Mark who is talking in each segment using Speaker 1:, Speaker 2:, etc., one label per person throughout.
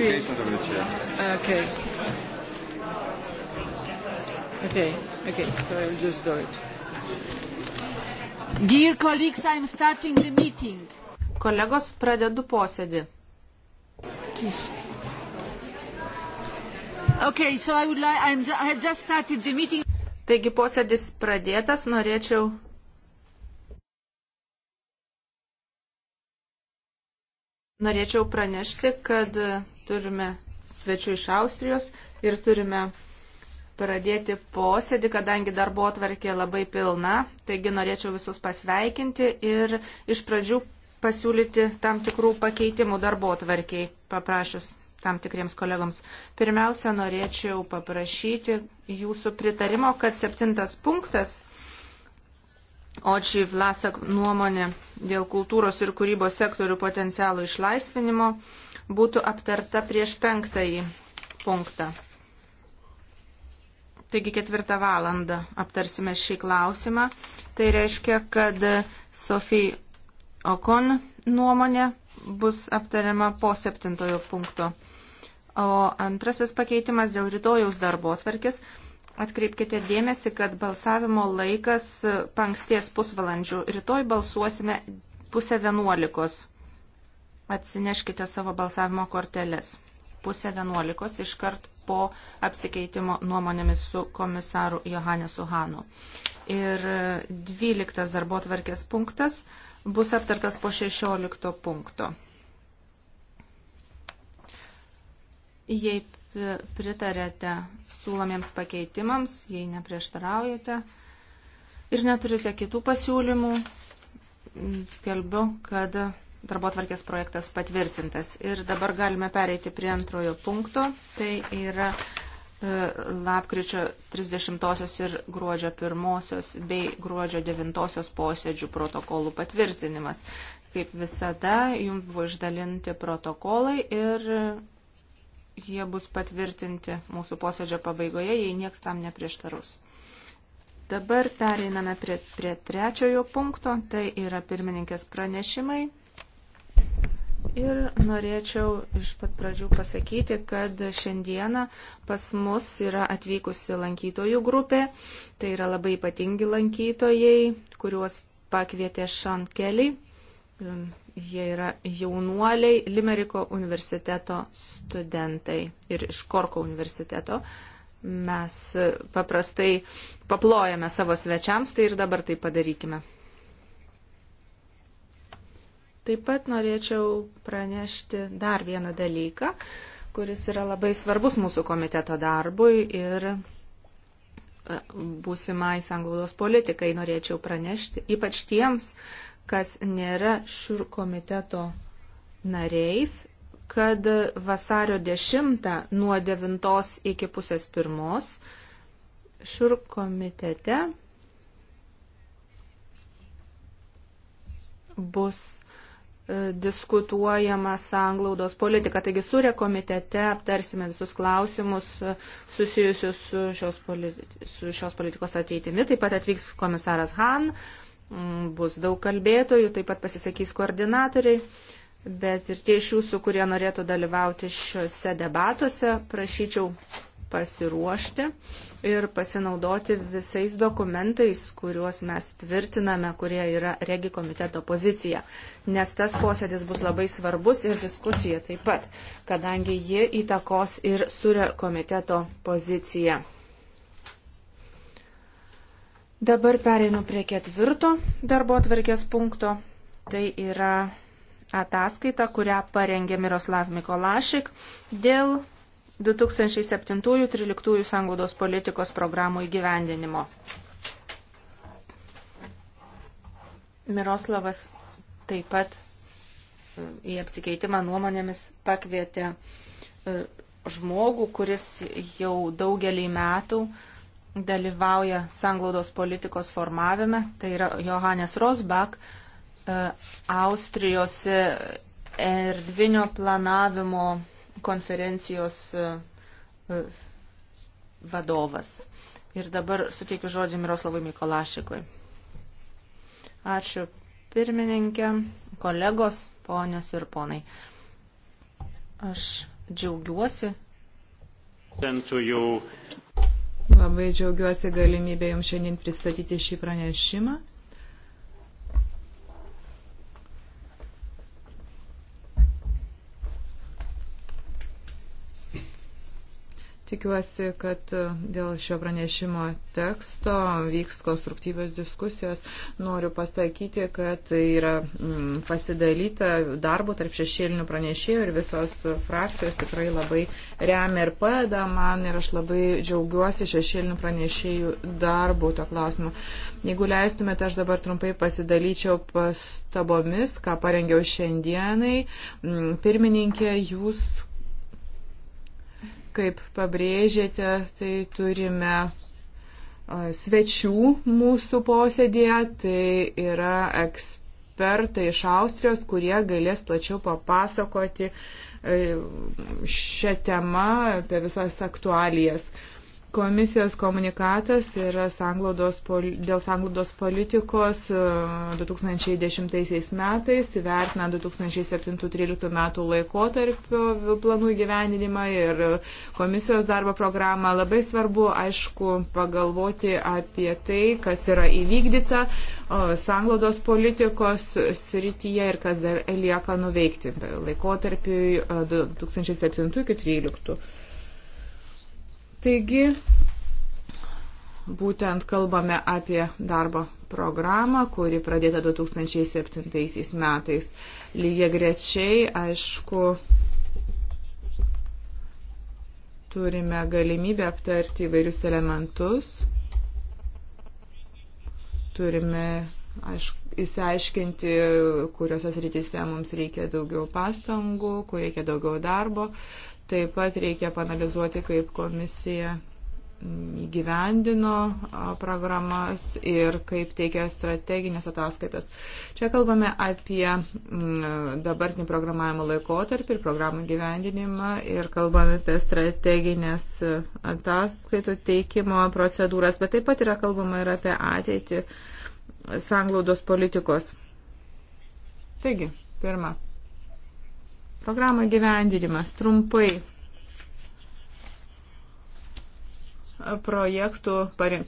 Speaker 1: indication of the
Speaker 2: chair. Okay. Okay, okay, so I will just do it. Dear colleagues, I am starting the meeting. Kolegos, pradedu posėdį. Please. Okay, so I would like, I'm, I have just started the meeting. Taigi posėdis pradėtas, norėčiau norėčiau pranešti, kad turime svečių iš Austrijos ir turime pradėti posėdį, kadangi darbo atvarkė labai pilna, taigi norėčiau visus pasveikinti ir iš pradžių pasiūlyti tam tikrų pakeitimų darbo atvarkiai, paprašus tam tikriems kolegoms. Pirmiausia, norėčiau paprašyti jūsų pritarimo, kad septintas punktas Očiai Vlasak nuomonė dėl kultūros ir kūrybos sektorių potencialo išlaisvinimo būtų aptarta prieš penktąjį punktą. Taigi ketvirtą valandą aptarsime šį klausimą. Tai reiškia, kad Sofija Okon nuomonė bus aptariama po septintojo punkto. O antrasis pakeitimas dėl rytojaus darbo atvarkis. Atkreipkite dėmesį, kad balsavimo laikas panksties pusvalandžių. Rytoj balsuosime pusę vienuolikos atsineškite savo balsavimo korteles. Pusė vienuolikos iškart po apsikeitimo nuomonėmis su komisaru Johannesu Hanu. Ir dvyliktas darbo tvarkės punktas bus aptartas po šešiolikto punkto. Jei pritarėte siūlomiems pakeitimams, jei neprieštaraujate ir neturite kitų pasiūlymų, skelbiu, kad darbo tvarkės projektas patvirtintas. Ir dabar galime pereiti prie antrojo punkto. Tai yra e, lapkričio 30 ir gruodžio 1 bei gruodžio 9 posėdžių protokolų patvirtinimas. Kaip visada, jums buvo išdalinti protokolai ir jie bus patvirtinti mūsų posėdžio pabaigoje, jei nieks tam neprieštarus. Dabar pereiname prie, prie trečiojo punkto, tai yra pirmininkės pranešimai. Ir norėčiau iš pat pradžių pasakyti, kad šiandieną pas mus yra atvykusi lankytojų grupė. Tai yra labai ypatingi lankytojai, kuriuos pakvietė Šankeliai. Um, jie yra jaunuoliai Limeriko universiteto studentai ir iš Korko universiteto. Mes paprastai paplojame savo svečiams, tai ir dabar tai padarykime. Taip pat norėčiau pranešti dar vieną dalyką, kuris yra labai svarbus mūsų komiteto darbui ir e, būsimai sanglaudos politikai norėčiau pranešti, ypač tiems, kas nėra šių komiteto nariais, kad vasario 10 nuo 9 iki pusės pirmos šiur komitete bus E, diskutuojama sanglaudos politika. Taigi surė komitete aptarsime visus klausimus e, susijusius su šios, politi su šios politikos ateitimi. Taip pat atvyks komisaras Han, bus daug kalbėtojų, taip pat pasisakys koordinatoriai. Bet ir tie iš jūsų, kurie norėtų dalyvauti šiuose debatuose, prašyčiau pasiruošti ir pasinaudoti visais dokumentais, kuriuos mes tvirtiname, kurie yra regi komiteto pozicija. Nes tas posėdis bus labai svarbus ir diskusija taip pat, kadangi ji įtakos ir surė komiteto poziciją. Dabar pereinu prie ketvirto darbo atvarkės punkto. Tai yra ataskaita, kurią parengė Miroslav Mikolašik dėl 2007-2013 sanglaudos politikos programų įgyvendinimo. Miroslavas taip pat e, į apsikeitimą nuomonėmis pakvietė e, žmogų, kuris jau daugelį metų dalyvauja sanglaudos politikos formavime, tai yra Johannes Rosbach, e, Austrijos erdvinio planavimo konferencijos e, e, vadovas. Ir dabar suteikiu žodį Miroslavui Mikolašikui. Ačiū pirmininkė, kolegos, ponios ir ponai. Aš
Speaker 3: džiaugiuosi. Labai džiaugiuosi galimybę Jums šiandien pristatyti šį pranešimą. Tikiuosi, kad e, dėl šio pranešimo teksto vyks konstruktyvios diskusijos. Noriu pasakyti, kad tai yra mm, pasidalyta darbo tarp šešėlinių pranešėjų ir visos frakcijos tikrai labai remia ir padeda man ir aš labai džiaugiuosi šešėlinių pranešėjų darbu to klausimu. Jeigu leistumėte, aš dabar trumpai pasidalyčiau pastabomis, ką parengiau šiandienai. Mm, pirmininkė, jūs kaip pabrėžėte, tai turime svečių mūsų posėdėje, tai yra ekspertai iš Austrijos, kurie galės plačiau papasakoti šią temą apie visas aktualijas. Komisijos komunikatas yra sanglaudos, dėl sanglaudos politikos 2010 e, metais, vertina 2007-2013 metų laikotarpio planų gyveninimą ir komisijos darbo programą. Labai svarbu, aišku, pagalvoti apie tai, kas yra įvykdyta sanglaudos politikos srityje ir kas dar lieka nuveikti laikotarpiui e, 2007-2013. Taigi, būtent kalbame apie darbo programą, kuri pradėta 2007 metais. Lygiai grečiai, aišku, turime galimybę aptarti įvairius elementus. Turime aišku, įsiaiškinti, kuriuose srityse mums reikia daugiau pastangų, kur reikia daugiau darbo. Taip pat reikia panalizuoti, kaip komisija įgyvendino programas ir kaip teikia strateginės ataskaitas. Čia kalbame apie dabartinį programavimo laikotarpį ir programų gyvendinimą ir kalbame apie strateginės ataskaitų teikimo procedūras, bet taip pat yra kalbama ir apie ateitį sanglaudos politikos. Taigi, pirma, Programų gyvendinimas trumpai. projektų,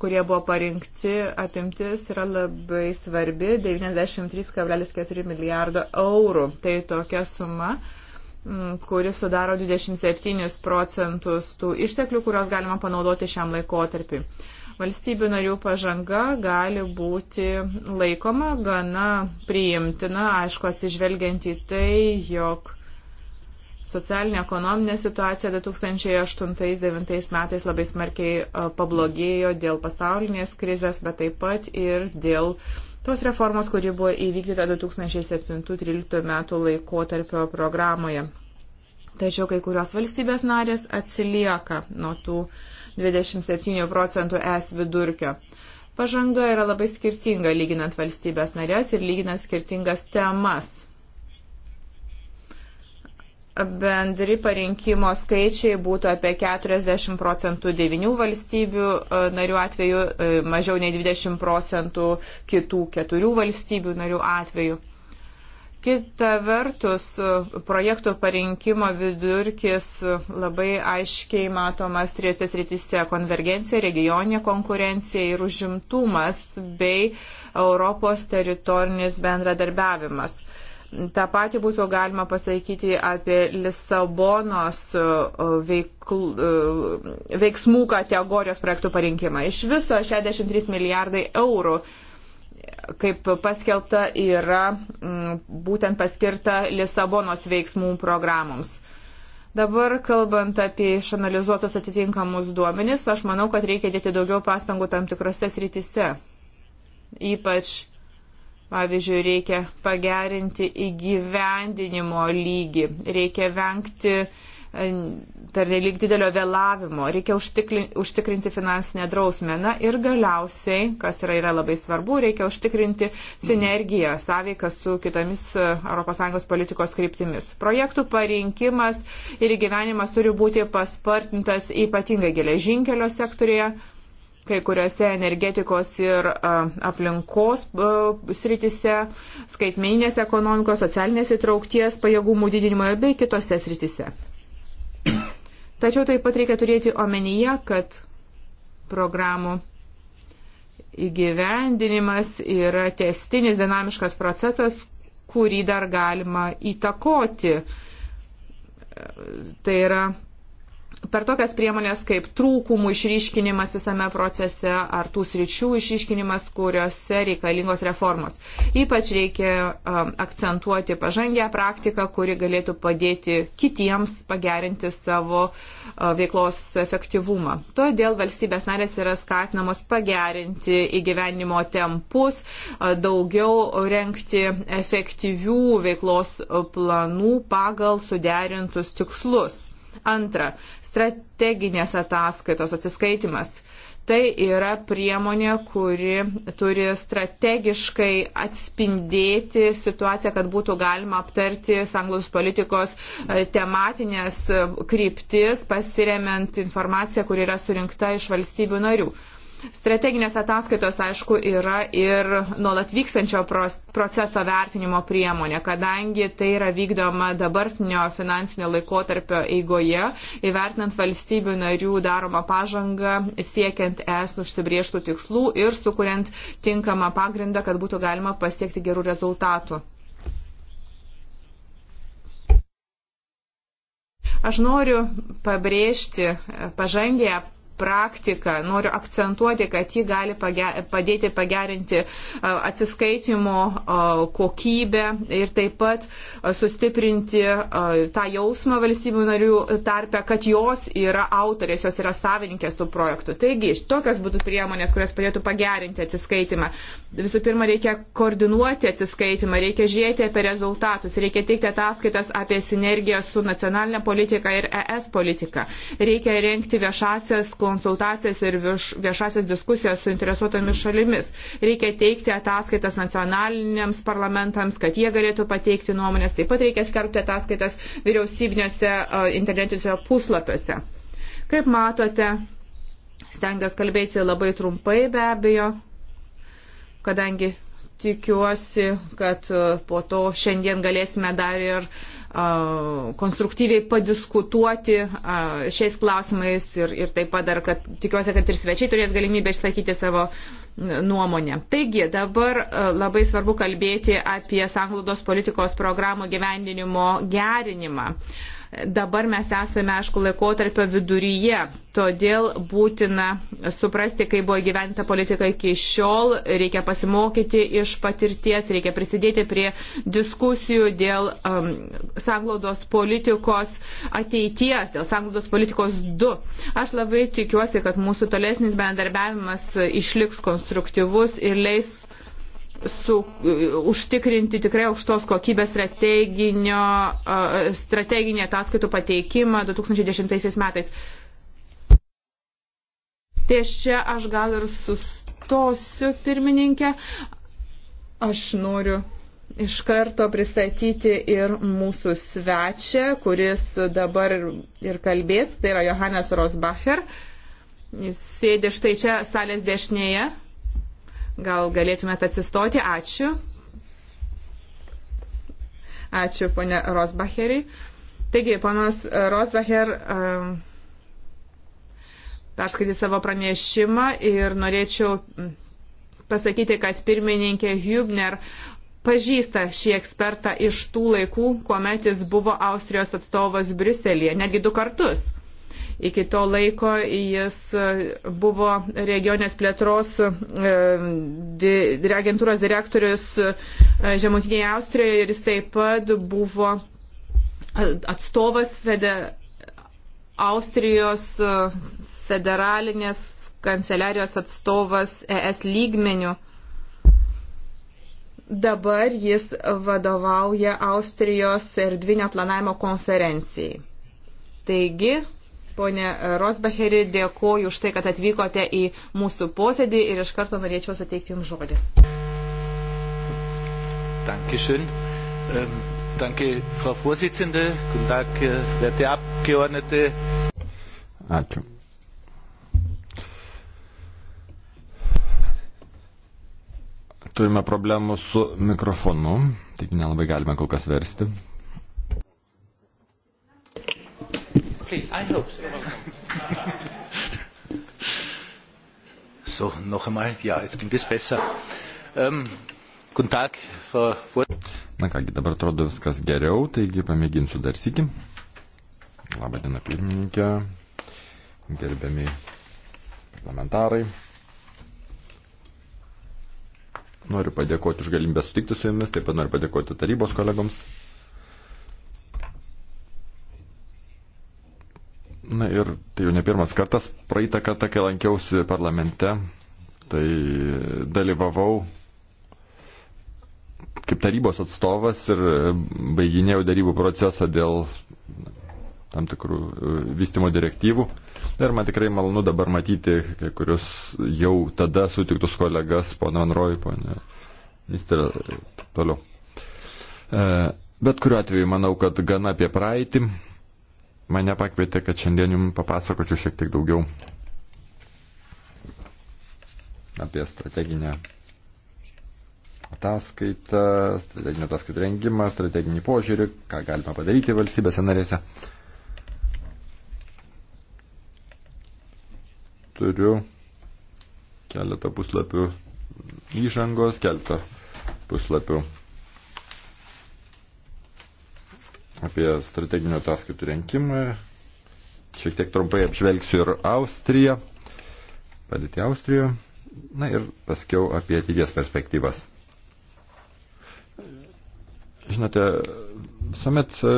Speaker 3: kurie buvo parinkti, apimtis yra labai svarbi - 93,4 milijardo eurų. Tai tokia suma, mm, kuris sudaro 27 procentus tų išteklių, kuriuos galima panaudoti šiam laikotarpiu. Valstybių narių pažanga gali būti laikoma gana priimtina, aišku, atsižvelgiant į tai, jog Socialinė ekonominė situacija 2008-2009 metais labai smarkiai e, pablogėjo dėl pasaulinės krizės, bet taip pat ir dėl tos reformos, kuri buvo įvykdyta 2007-2013 metų laikotarpio programoje. Tačiau kai kurios valstybės narės atsilieka nuo tų 27 procentų es vidurkio. Pažanga yra labai skirtinga lyginant valstybės narės ir lyginant skirtingas temas bendri parinkimo skaičiai būtų apie 40 procentų devinių valstybių e, narių atveju, e, mažiau nei 20 procentų kitų keturių valstybių narių atveju. Kita vertus, e, projektų parinkimo vidurkis labai aiškiai matomas trijose srityse - konvergencija, regioninė konkurencija ir užimtumas bei Europos teritorinis bendradarbiavimas. Ta pati būtų galima pasakyti apie Lisabonos e, veikl, e, veiksmų kategorijos projektų parinkimą. Iš viso 63 milijardai eurų kaip paskelbta yra būtent paskirta Lisabonos veiksmų programoms. Dabar, kalbant apie išanalizuotus atitinkamus duomenis, aš manau, kad reikia dėti daugiau pastangų tam tikrose srityse. Ypač Pavyzdžiui, reikia pagerinti įgyvendinimo lygį, reikia vengti e, pernelyg didelio vėlavimo, reikia užtikrinti finansinę drausmę. Na ir galiausiai, kas yra, yra labai svarbu, reikia užtikrinti sinergiją, sąveiką su kitomis e, ES politikos kryptimis. Projektų parinkimas ir įgyvenimas turi būti paspartintas ypatingai geležinkelio sektorėje kai kuriuose energetikos ir aplinkos sritise, skaitmeninės ekonomikos, socialinės įtraukties, pajėgumų didinimo bei kitose sritise. Tačiau taip pat reikia turėti omenyje, kad programų įgyvendinimas yra testinis dinamiškas procesas, kurį dar galima įtakoti. Tai yra per tokias priemonės kaip trūkumų išryškinimas visame procese ar tų sričių išryškinimas, kuriuose reikalingos reformos. Ypač reikia um, akcentuoti pažangę praktiką, kuri galėtų padėti kitiems pagerinti savo uh, veiklos efektyvumą. Todėl valstybės narės yra skatinamos pagerinti įgyvenimo tempus, uh, daugiau renkti efektyvių veiklos uh, planų pagal suderintus tikslus. Antra, strateginės ataskaitos atsiskaitimas. Tai yra priemonė, kuri turi strategiškai atspindėti situaciją, kad būtų galima aptarti sanglus politikos e, tematinės e, kryptis, pasiremiant informaciją, kuri yra surinkta iš valstybių narių. Strateginės ataskaitos, aišku, yra ir nuolat vykstančio proceso vertinimo priemonė, kadangi tai yra vykdoma dabartinio finansinio laikotarpio eigoje, įvertinant valstybių narių daromą pažangą, siekiant es užsibrieštų tikslų ir sukuriant tinkamą pagrindą, kad būtų galima pasiekti gerų rezultatų. Aš noriu pabrėžti pažangę praktika. Noriu akcentuoti, kad ji gali pager, padėti pagerinti atsiskaitimo kokybę ir taip pat sustiprinti tą jausmą valstybių narių tarpę, kad jos yra autorės, jos yra savininkės tų projektų. Taigi, tokios būtų priemonės, kurios padėtų pagerinti atsiskaitimą. Visų pirma, reikia koordinuoti atsiskaitimą, reikia žiūrėti apie rezultatus, reikia teikti ataskaitas apie sinergiją su nacionalinė politika ir ES politika. Reikia renkti viešasias konkursas konsultacijas ir vieš, viešasias diskusijas su interesuotomis šalimis. Reikia teikti ataskaitas nacionaliniams parlamentams, kad jie galėtų pateikti nuomonės. Taip pat reikia skelbti ataskaitas vyriausybinėse e, internetiniuose puslapiuose. Kaip matote, stengiuosi kalbėti labai trumpai be abejo, kadangi tikiuosi, kad e, po to šiandien galėsime dar ir e, konstruktyviai padiskutuoti e, šiais klausimais ir, ir taip pat dar, kad tikiuosi, kad ir svečiai turės galimybę išsakyti savo nuomonę. Taigi dabar labai svarbu kalbėti apie sanglaudos politikos programų gyvendinimo gerinimą. Uh, Dabar mes esame, aišku, laikotarpio viduryje, todėl būtina suprasti, kaip buvo gyventa politika iki šiol, reikia pasimokyti iš patirties, reikia prisidėti prie diskusijų dėl um, sanglaudos politikos ateities, dėl sanglaudos politikos 2. Aš labai tikiuosi, kad mūsų tolesnis bendarbiavimas išliks konstruktyvus ir leis su, e, užtikrinti tikrai aukštos kokybės e, strateginį ataskaitų pateikimą 2010 metais. Ties čia aš gal ir sustosiu, pirmininkė. Aš noriu iš karto pristatyti ir mūsų svečią, kuris dabar ir kalbės, tai yra Johannes Rosbacher. Jis sėdi štai čia salės dešinėje. Gal galėtumėt atsistoti? Ačiū. Ačiū, ponė Rosbacheriai. Taigi, ponas Rosbacher um, perskaitė savo pranešimą ir norėčiau mm, pasakyti, kad pirmininkė Hübner pažįsta šį ekspertą iš tų laikų, kuomet jis buvo Austrijos atstovas Briuselėje, netgi du kartus. Iki to laiko jis buvo regionės plėtros e, agentūros direktorius e, Žemutinėje Austrijoje ir jis taip pat buvo e, atstovas fede, Austrijos federalinės kanceliarijos atstovas ES lygmenių. Dabar jis vadovauja Austrijos erdvinio planavimo konferencijai. Taigi, Pone Rosbacheri, dėkoju už tai, kad atvykote į mūsų posėdį ir iš karto norėčiau suteikti Jums žodį.
Speaker 1: Dankeschön. Ähm, danke, Frau Vorsitzende. Guten Tag, äh, werte Abgeordnete. Ačiū. Turime problemų su mikrofonu, taigi nelabai galime kol kas versti.
Speaker 2: Please, I hope so.
Speaker 1: so, noch einmal. Ja, jetzt ging das besser. Ähm, guten Tag, Frau Vor Na kągi, dabar atrodo viskas geriau, taigi pamėginsiu dar sėkim. Labą dieną, pirmininkė, gerbiami parlamentarai. Noriu padėkoti už galimybę sutikti su jumis, taip pat noriu padėkoti tarybos kolegoms Na ir tai jau ne pirmas kartas, praeitą kartą, kai lankiausi parlamente, tai dalyvavau kaip tarybos atstovas ir baiginėjau darybų procesą dėl tam tikrų e, vystimo direktyvų. Ir man tikrai malonu dabar matyti kai kurius jau tada sutiktus kolegas, poną Anroj, poną ministrą toliau. E, bet kuriuo atveju manau, kad gana apie praeitį mane pakvietė, kad šiandien jums papasakočiau šiek tiek daugiau apie strateginę ataskaitą, strateginio ataskaitų rengimą, strateginį požiūrį, ką galima padaryti valstybėse narėse. Turiu keletą puslapių įžangos, keletą puslapių apie strateginių ataskaitų renkimą. Šiek tiek trumpai apžvelgsiu ir Austriją, padėti Austrijoje, na ir paskiau apie ateities perspektyvas. Žinote, visuomet e,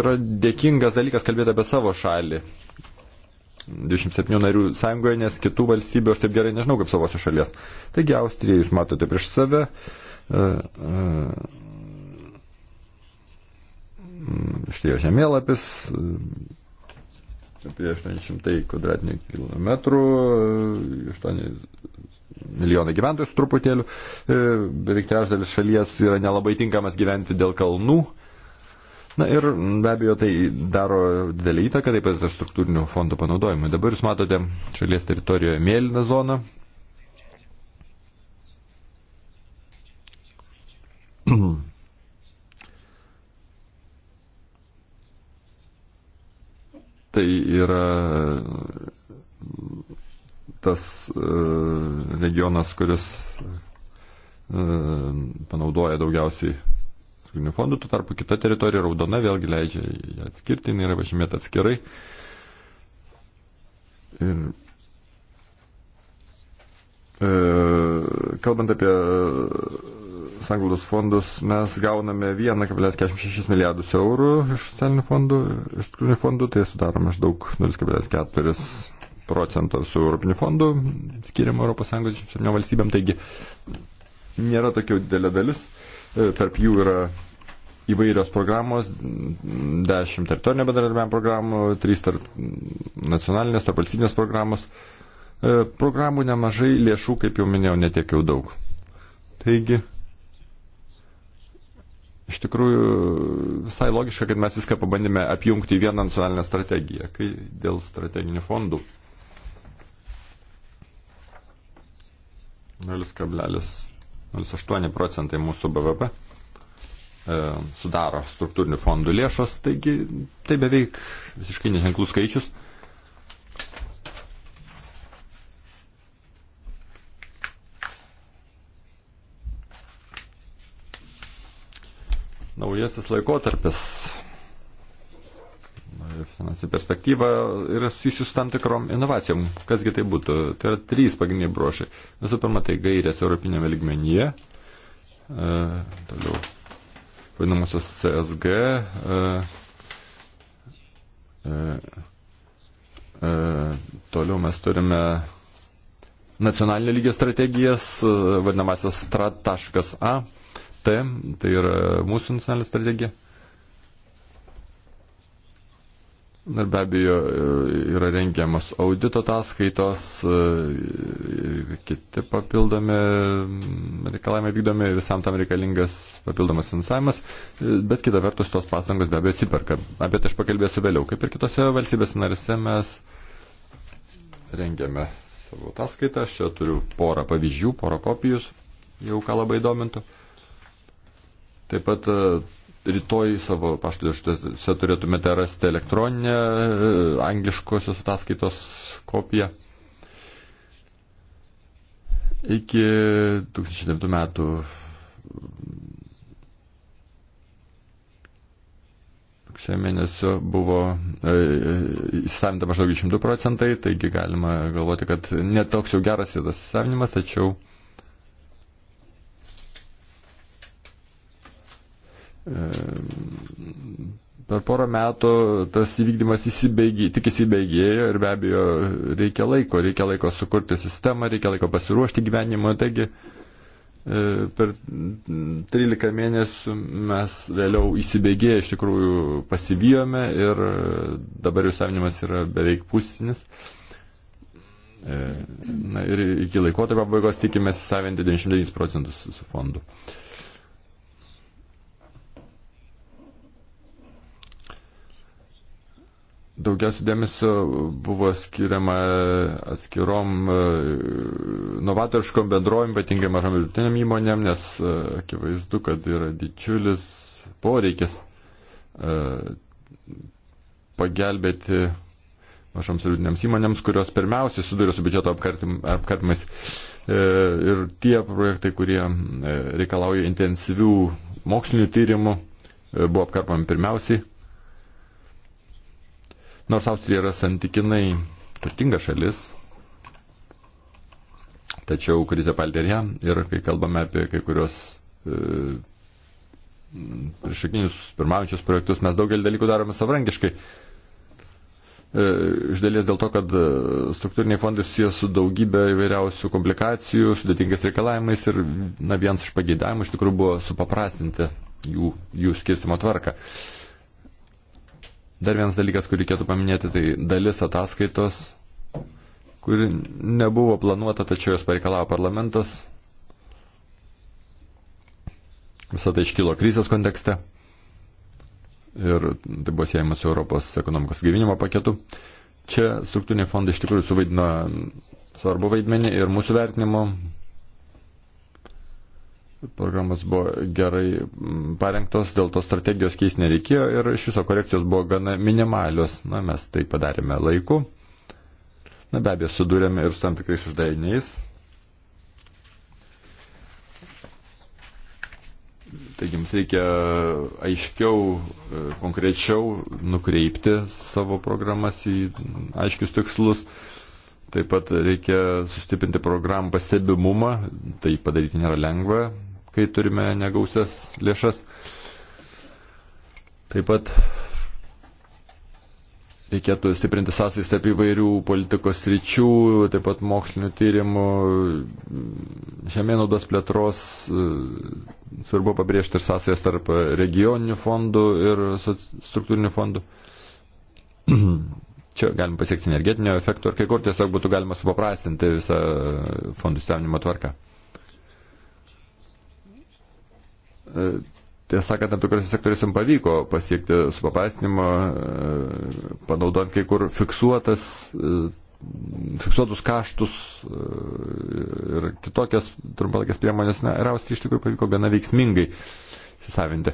Speaker 1: yra dėkingas dalykas kalbėti apie savo šalį. 27 narių sąjungoje, nes kitų valstybių aš taip gerai nežinau kaip savosios šalies. Taigi Austrija, jūs matote prieš save. Uh, uh, Mm, štai jo žemėlapis, apie mm, 800 kvadratinių kilometrų, 8 e, milijonai gyventojų su truputėliu, e, beveik trečdalis šalies yra nelabai tinkamas gyventi dėl kalnų. Na ir mm, be abejo tai daro didelį įtaką taip pat ir struktūrinių fondų panaudojimui. Dabar jūs matote šalies teritorijoje mėlyną zoną. Tai yra tas e, regionas, kuris e, panaudoja daugiausiai struktūrinių fondų, tuo tarpu kita teritorija raudona vėlgi leidžia ją atskirti, jinai yra pažymėta atskirai. Ir e, kalbant apie sanglus fondus mes gauname 1,46 milijardus eurų iš socialinių fondų, iš struktūrinių fondų, tai sudaro maždaug 0,4 procento su Europinių fondų skiriama ES 27 valstybėm, taigi nėra tokia didelė dalis. E, tarp jų yra įvairios programos, 10 teritorinio bendradarbiavimo programų, 3 tarp nacionalinės, tarp valstybinės programos. E, programų nemažai, lėšų, kaip jau minėjau, netiek jau daug. Taigi iš tikrųjų visai logiška, kad mes viską pabandėme apjungti į vieną nacionalinę strategiją, kai dėl strateginių fondų. 0,08 procentai mūsų BVP e, sudaro struktūrinių fondų lėšos, taigi tai beveik visiškai neženklus skaičius. naujasis laikotarpis, finansinė perspektyva yra susijusi su tam tikrom inovacijom. Kasgi tai būtų? Tai yra trys pagrindiniai brošai. Visų pirma, tai gairės europinėme ligmenyje, e, toliau vadinamosios CSG. E, e, e, toliau mes turime nacionalinio lygio strategijas, e, vadinamasias strat.a. E, TFT, tai yra mūsų nacionalinė strategija. Ir be abejo yra rengiamas audito ataskaitos ir kiti papildomi reikalavimai vykdomi, visam tam reikalingas papildomas finansavimas, bet kita vertus tos pastangos be abejo atsiperka. Apie tai aš pakalbėsiu vėliau. Kaip ir kitose valstybės narise mes rengiame savo ataskaitą, aš čia turiu porą pavyzdžių, porą kopijus, jau ką labai domintų. Taip pat e, rytoj savo pašto dėžutėse turėtumėte rasti elektroninę e, angliškosios ataskaitos kopiją. Iki 2009 metų rugsėjo mėnesio buvo e, įsisavinta maždaug 200 procentai, taigi galima galvoti, kad netoks jau geras yra tas įsisavinimas, tačiau Ehm, per porą metų tas įvykdymas įsibėgė, tik įsibėgėjo ir be abejo reikia laiko, reikia laiko sukurti sistemą, reikia laiko pasiruošti gyvenimui. Taigi e, per 13 mėnesių mes vėliau įsibėgėję iš tikrųjų pasivijome ir dabar jų savinimas yra beveik pusinis. E, na ir iki laikotarpio pabaigos tikimės savinti 99 procentus su fondu. Uh, Daugiausia dėmesio buvo skiriama atskirom e, novatoriškom bendrovim, ypatingai mažom ir vidutiniam įmonėm, nes e, akivaizdu, kad yra didžiulis poreikis e, pagelbėti mažoms ir vidutinėms įmonėms, kurios pirmiausiai suduria su biudžeto apkartimais. Ir tie projektai, kurie reikalauja intensyvių mokslinių tyrimų, buvo apkarpami pirmiausiai. Nors Austrija yra santykinai turtinga šalis, tačiau krizė palderė ir kai kalbame apie kai kurios e, priešakinius pirmaujančius projektus, mes daugelį dalykų darome savrankiškai. E, iš dalies dėl to, kad e, struktūriniai fondai susijęs su daugybė įvairiausių komplikacijų, sudėtingais reikalavimais ir na, vienas iš pageidavimų iš tikrųjų buvo supaprastinti jų, jų skirstimo tvarką. Uh, Dar vienas dalykas, kurį reikėtų paminėti, tai dalis ataskaitos, kuri nebuvo planuota, tačiau jos pareikalavo parlamentas. Visą tai iškilo krizės kontekste ir tai buvo siejama su Europos ekonomikos gyvinimo paketu. Čia struktūriniai fondai iš tikrųjų suvaidino svarbu vaidmenį ir mūsų vertinimo programos buvo gerai parengtos, dėl to strategijos keis nereikėjo ir iš viso korekcijos buvo gana minimalios. Na, mes tai padarėme laiku. Na, be abejo, sudūrėme ir su tam tikrais uždaviniais. Taigi mums reikia aiškiau, e, konkrečiau nukreipti savo programas į aiškius tikslus. Taip pat reikia sustiprinti programų pastebimumą, tai padaryti nėra lengva, kai turime negausias lėšas. Taip pat reikėtų stiprinti sąsajas tarp įvairių politikos ryčių, taip pat mokslinių tyrimų, žemėnaudos plėtros, svarbu pabrėžti ir sąsajas tarp regioninių fondų ir struktūrinių fondų. Čia galim pasiekti energetinio efekto ir kai kur tiesiog būtų galima supaprastinti visą fondų stebinimo tvarką. E, tiesą sakant, tam tikrose sektoriuose pavyko pasiekti supaprastinimo, e, panaudojant kai kur fiksuotas, e, fiksuotus kaštus ir kitokias trumpalakės priemonės. Na, rausti iš tikrųjų pavyko gana veiksmingai įsisavinti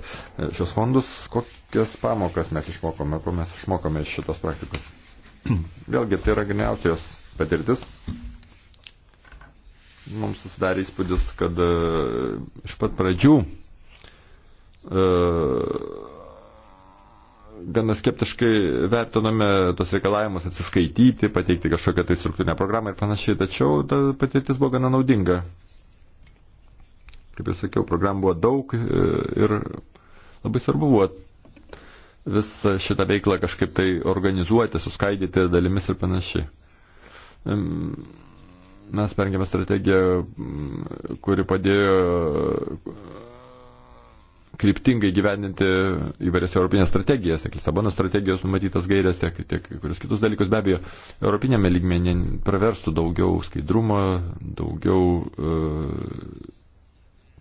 Speaker 1: šios fondus. Kokias pamokas mes išmokome, ko mes išmokome iš šitos praktikos? Vėlgi, tai yra gniausios patirtis mums susidarė įspūdis, kad iš pat pradžių E, gana skeptiškai vertiname tos reikalavimus atsiskaityti, pateikti kažkokią tai struktūrinę programą ir panašiai, tačiau ta patirtis buvo gana naudinga. Kaip jau sakiau, programų buvo daug e, ir labai svarbu buvo visą šitą veiklą kažkaip tai organizuoti, suskaidyti dalimis ir panašiai. Mes pergėme strategiją, kuri padėjo kryptingai gyveninti įvairias europinės strategijas, tiek Lisabono strategijos numatytas gairias, tiek, tiek kurios kitus dalykus. Be abejo, europinėme lygmenį praverstų daugiau skaidrumo, daugiau e,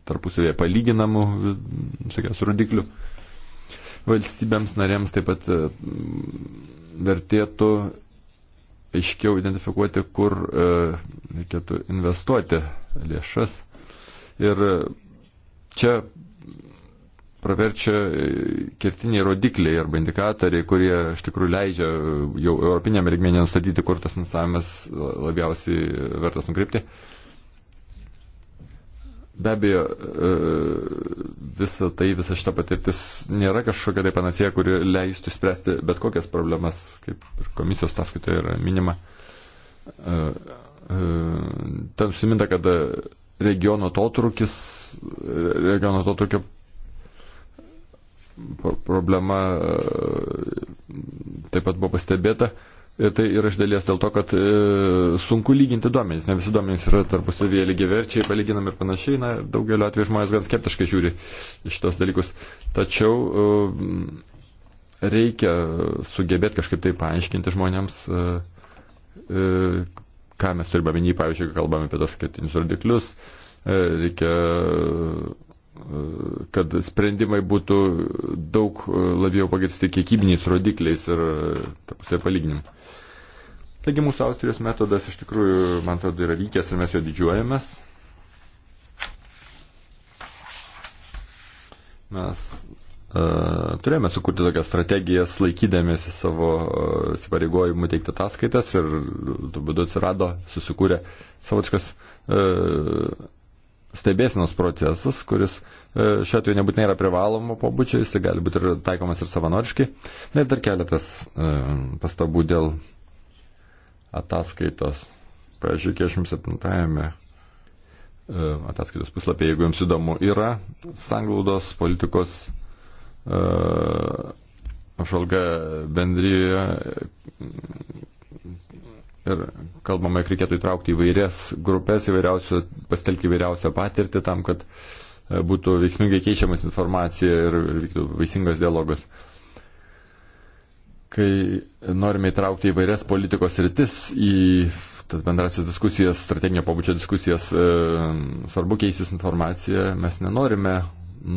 Speaker 1: tarpusavėje palyginamų, sakės, rodiklių. Valstybėms narėms taip pat e, vertėtų aiškiau identifikuoti, kur e, reikėtų investuoti lėšas. Ir e, čia praverčia e, kertiniai rodikliai arba indikatoriai, kurie iš tikrųjų leidžia e, jau europinėme lygmenyje nustatyti, kur tas finansavimas labiausiai e, vertas nukreipti. Be abejo, visa tai, visa šita patirtis nėra kažkokia tai panasija, kuri leistų spręsti bet kokias problemas, kaip ir komisijos taskaitoje yra minima. Ten suminta, kad regiono totrukis, regiono totrukio problema e, taip pat buvo pastebėta. E, tai ir tai yra iš dalies dėl to, kad e, sunku lyginti duomenys, ne visi duomenys yra tarpusavyje lygiaverčiai, palyginami ir panašiai, na, daugelio atveju žmonės gan skeptiškai žiūri šitos dalykus. Tačiau e, reikia sugebėti kažkaip tai paaiškinti žmonėms, e, e ką mes turime minį, pavyzdžiui, kalbame apie tos skaitinius rodiklius, e, reikia kad sprendimai būtų daug e, labiau pagirsti kiekybiniais rodikliais ir e, tarpusavio palyginimu. Taigi mūsų Austrijos metodas iš tikrųjų, man atrodo, yra vykęs ir mes jo didžiuojamės. Mes uh, turėjome sukurti tokias strategijas, laikydamėsi savo įsipareigojimų uh, teikti ataskaitas ir tuo būdu atsirado, susikūrė savotiškas uh, stebėsinos procesas, kuris E, šiuo atveju nebūtinai yra privalomo pobūdžio, jis tai gali būti ir taikomas ir savanoriškai. Na ir dar keletas e, pastabų dėl ataskaitos. Pavyzdžiui, 47 e, ataskaitos puslapyje, jeigu jums įdomu, yra sanglaudos politikos apžvalga bendryje ir kalbama, kad reikėtų įtraukti įvairias grupės, įvairiausių, pastelkti įvairiausią patirtį tam, kad uh, E, būtų veiksmingai keičiamas informacija ir vyktų vaisingas dialogas. Kai norime įtraukti įvairias politikos rytis į tas bendrasis diskusijas, strateginio pabudžio diskusijas, e, svarbu keisis informacija, mes nenorime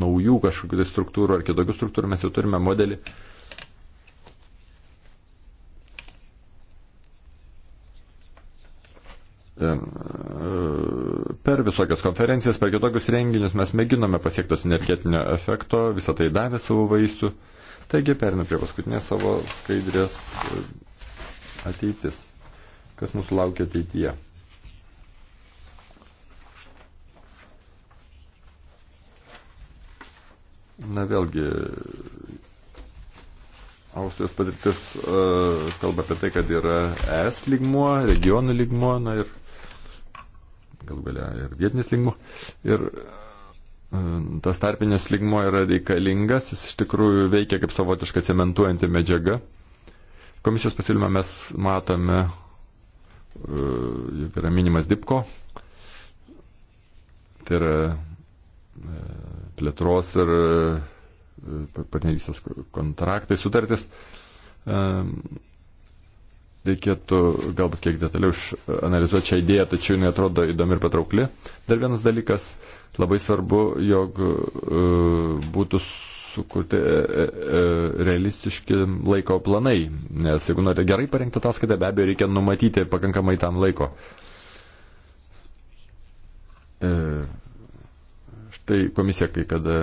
Speaker 1: naujų kažkokių tai struktūrų ar kitokių struktūrų, mes jau turime modelį, E, per visokias konferencijas, per kitokius renginius mes mėginome pasiektos energetinio efekto, visą tai davė savo vaisių. Taigi perinu prie paskutinės savo skaidrės e, ateitis. Kas mūsų laukia ateityje? Na vėlgi, Austrijos patirtis uh, kalba apie tai, kad yra ES lygmuo, regionų lygmuo, na ir galų galia ir vietinis lygmo. Ir e, tas tarpinis lygmo yra reikalingas, jis iš tikrųjų veikia kaip savotiška cementuojanti medžiaga. Komisijos pasiūlymą mes matome, e, juk yra minimas DIPKO, tai yra e, plėtros ir partnerystės kontraktai, sutartis reikėtų galbūt kiek detaliau analizuoti šią idėją, tačiau jinai atrodo įdomi ir patraukli. Dar vienas dalykas, labai svarbu, jog e, būtų sukurti e, e, realistiški laiko planai, nes jeigu norite gerai parengti ataskaitą, be abejo, reikia numatyti pakankamai tam laiko. Štai komisija kai kada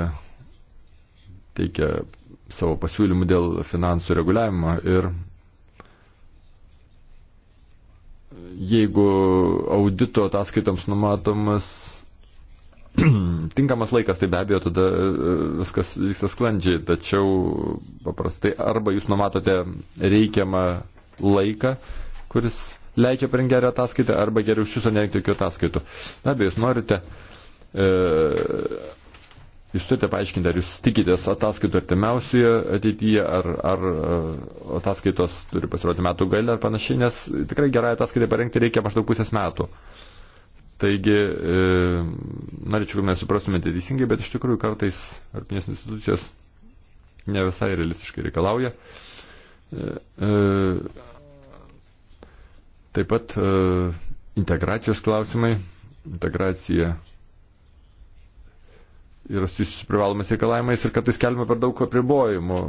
Speaker 1: teikia savo pasiūlymų dėl finansų reguliavimo ir jeigu audito ataskaitoms numatomas tinkamas laikas, tai be abejo tada e, viskas vyksta sklandžiai, tačiau paprastai arba jūs numatote reikiamą laiką, kuris leidžia parengti gerą ataskaitą, arba geriau iš jūsų nereikti jokių ataskaitų. Be abejo, jūs norite e, Jūs turite paaiškinti, ar jūs tikitės ataskaitų artimiausioje ateityje, ar, ar e, ataskaitos turi pasirodyti metų gale ar panašiai, nes tikrai gerai ataskaitai parengti reikia maždaug pusės metų. Taigi, e, norėčiau, kad mes suprastumėte teisingai, bet iš tikrųjų kartais Europinės institucijos ne visai realistiškai reikalauja. E, e, taip pat e, integracijos klausimai, integracija yra susijusi su privalomais reikalavimais ir kartais kelime per daug apribojimų.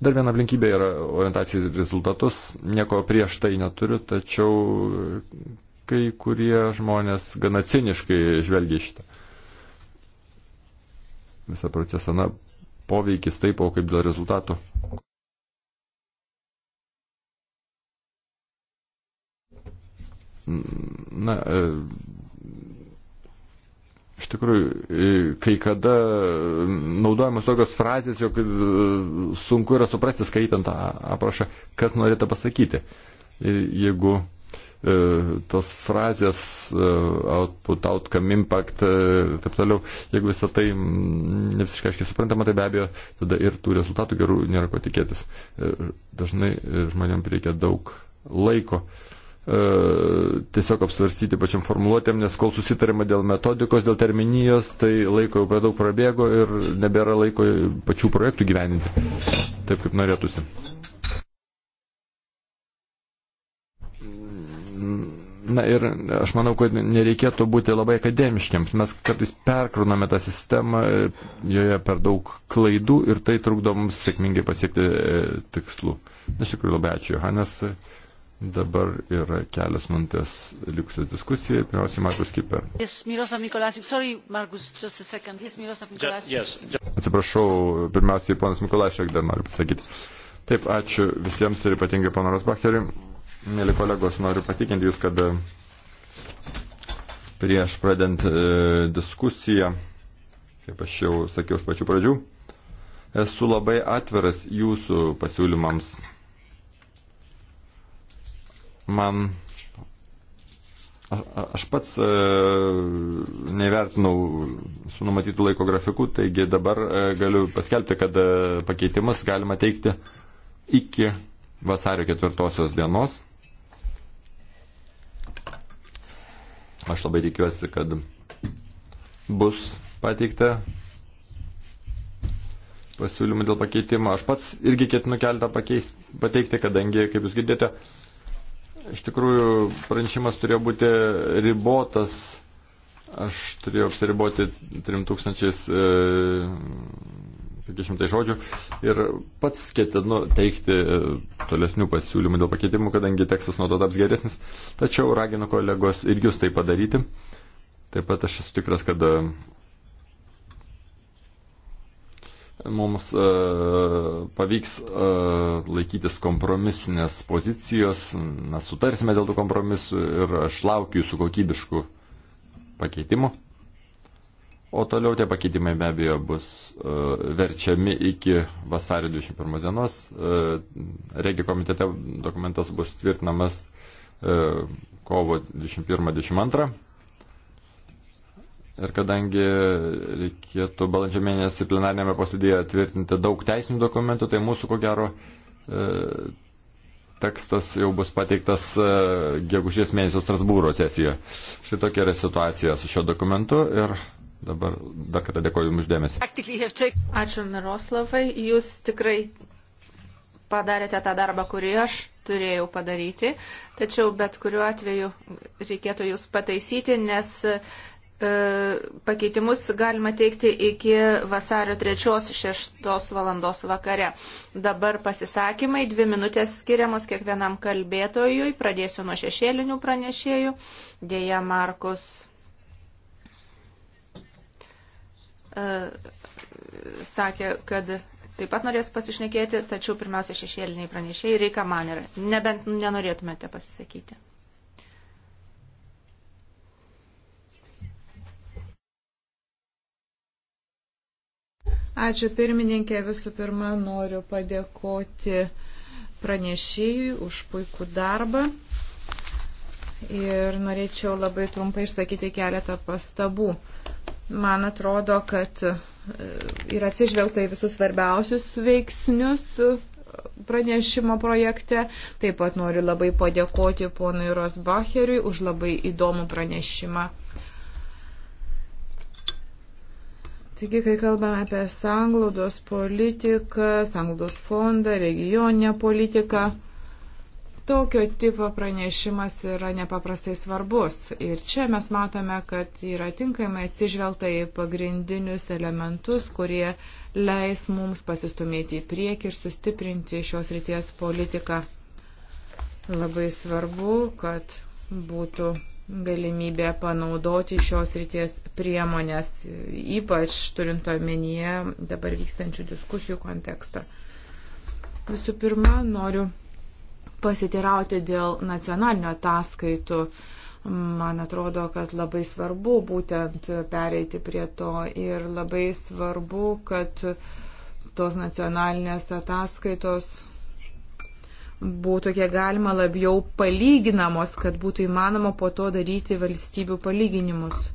Speaker 1: Dar viena aplinkybė yra orientacija į rezultatus. Nieko prieš tai neturiu, tačiau kai kurie žmonės gana ciniškai žvelgia šitą visą procesą. Na, poveikis taip, o kaip dėl rezultatų. Na, e, Iš tikrųjų, kai kada naudojamos tokios frazės, jog sunku yra suprasti, skaitant tą aprašą, kas norėtų pasakyti. Ir jeigu e, tos frazės e, output, outcome, impact ir e, taip toliau, jeigu visą tai ne visiškai aiškiai suprantama, tai be abejo tada ir tų rezultatų gerų nėra ko tikėtis. Dažnai žmonėm reikia daug laiko. Uh, E, tiesiog apsvarstyti pačiam formuluotėm, nes kol susitarima dėl metodikos, dėl terminijos, tai laiko jau per daug prabėgo ir nebėra laiko pačių projektų gyveninti, taip kaip norėtųsi. Na ir aš manau, kad nereikėtų būti labai akademiškiams. Mes kartais perkrūname tą sistemą, joje per daug klaidų ir tai trukdo mums sėkmingai pasiekti e, tikslų. Na, iš tikrųjų labai ačiū, Johannes. Dabar yra kelias minutės likusios diskusijai. Pirmiausiai, Markus Kiper. Atsiprašau, pirmiausiai, ponas Mikolašek dar noriu pasakyti. Taip, ačiū visiems ir ypatingai panoras Bacheriui. Mėly kolegos, noriu patikinti Jūs, kad e, prieš pradant e, diskusiją, kaip aš jau sakiau iš pačių pradžių, esu labai atviras Jūsų pasiūlymams man. A, aš pats e, nevertinau su numatytų laiko grafiku, taigi dabar e, galiu paskelbti, kad e, pakeitimus galima teikti iki vasario ketvirtosios dienos. Aš labai tikiuosi, kad bus pateikta pasiūlymų dėl pakeitimo. Aš pats irgi ketinu keletą pakeis, pateikti, kadangi, kaip jūs girdėjote, Iš tikrųjų, pranešimas turėjo būti ribotas. Aš turėjau apsiriboti 3500 e, žodžių ir pats ketinu teikti e, tolesnių pasiūlymų dėl pakeitimų, kadangi tekstas nuo to taps geresnis. Tačiau raginu kolegos ir jūs tai padaryti. Taip pat aš esu tikras, kad mums e, pavyks e, laikytis kompromisinės pozicijos, mes sutarsime dėl tų kompromisų ir aš laukiu jūsų kokybiškų pakeitimų. O toliau tie pakeitimai be abejo bus e, verčiami iki vasario 21 dienos. Regio komitete dokumentas bus tvirtinamas kovo 21-22. Ir kadangi reikėtų balandžio mėnesį plenarnėme posėdėje tvirtinti daug teisinių dokumentų, tai mūsų ko gero e, tekstas jau bus pateiktas e, gegužės mėnesio Strasbūro sesijoje. Štai tokia yra situacija su šiuo dokumentu ir dabar dar kartą dėkoju Jums
Speaker 2: uždėmesi. Ačiū Miroslavai, Jūs tikrai padarėte tą darbą, kurį aš turėjau padaryti, tačiau bet kuriuo atveju reikėtų jūs pataisyti, nes E, pakeitimus galima teikti iki vasario 3-6 valandos vakare. Dabar pasisakymai, dvi minutės skiriamos kiekvienam kalbėtojui. Pradėsiu nuo šešėlinių pranešėjų. Dėja, Markus e, sakė, kad taip pat norės pasišnekėti, tačiau pirmiausia šešėliniai pranešėjai reikia man ir nebent nenorėtumėte pasisakyti.
Speaker 3: Ačiū pirmininkė, visų pirma noriu padėkoti pranešėjui už puikų darbą ir norėčiau labai trumpai išsakyti keletą pastabų. Man atrodo, kad e, yra atsižvelgta į visus svarbiausius veiksnius e, pranešimo projekte. Taip pat noriu labai padėkoti ponui Rosbacheriui už labai įdomų pranešimą. Taigi, kai kalbame apie sanglaudos politiką, sanglaudos fondą, regioninę politiką, tokio tipo pranešimas yra nepaprastai svarbus. Ir čia mes matome, kad yra tinkamai atsižvelgta į pagrindinius elementus, kurie leis mums pasistumėti į priekį ir sustiprinti šios ryties politiką. Labai svarbu, kad būtų galimybė panaudoti šios ryties priemonės, ypač turint omenyje dabar vykstančių diskusijų kontekstą. Visų pirma, noriu pasitirauti dėl nacionalinio ataskaitų. Man atrodo, kad labai svarbu būtent pereiti prie to ir labai svarbu, kad tos nacionalinės ataskaitos būtų kiek galima labiau palyginamos, kad būtų įmanoma po to daryti valstybių palyginimus.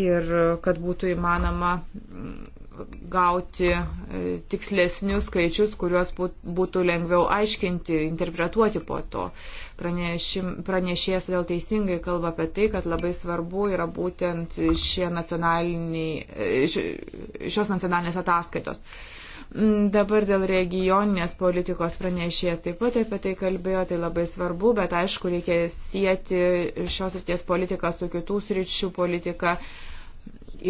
Speaker 3: Ir kad būtų įmanoma mm, gauti e, tikslesnius skaičius, kuriuos būtų lengviau aiškinti, interpretuoti po to. Pranešėjas vėl teisingai kalba apie tai, kad labai svarbu yra būtent šie nacionaliniai, e, šios nacionalinės ataskaitos. Mm, dabar dėl regioninės politikos pranešėjas taip pat apie tai kalbėjo, tai labai svarbu, bet aišku, reikia sieti šios ryties politiką su kitų sričių politika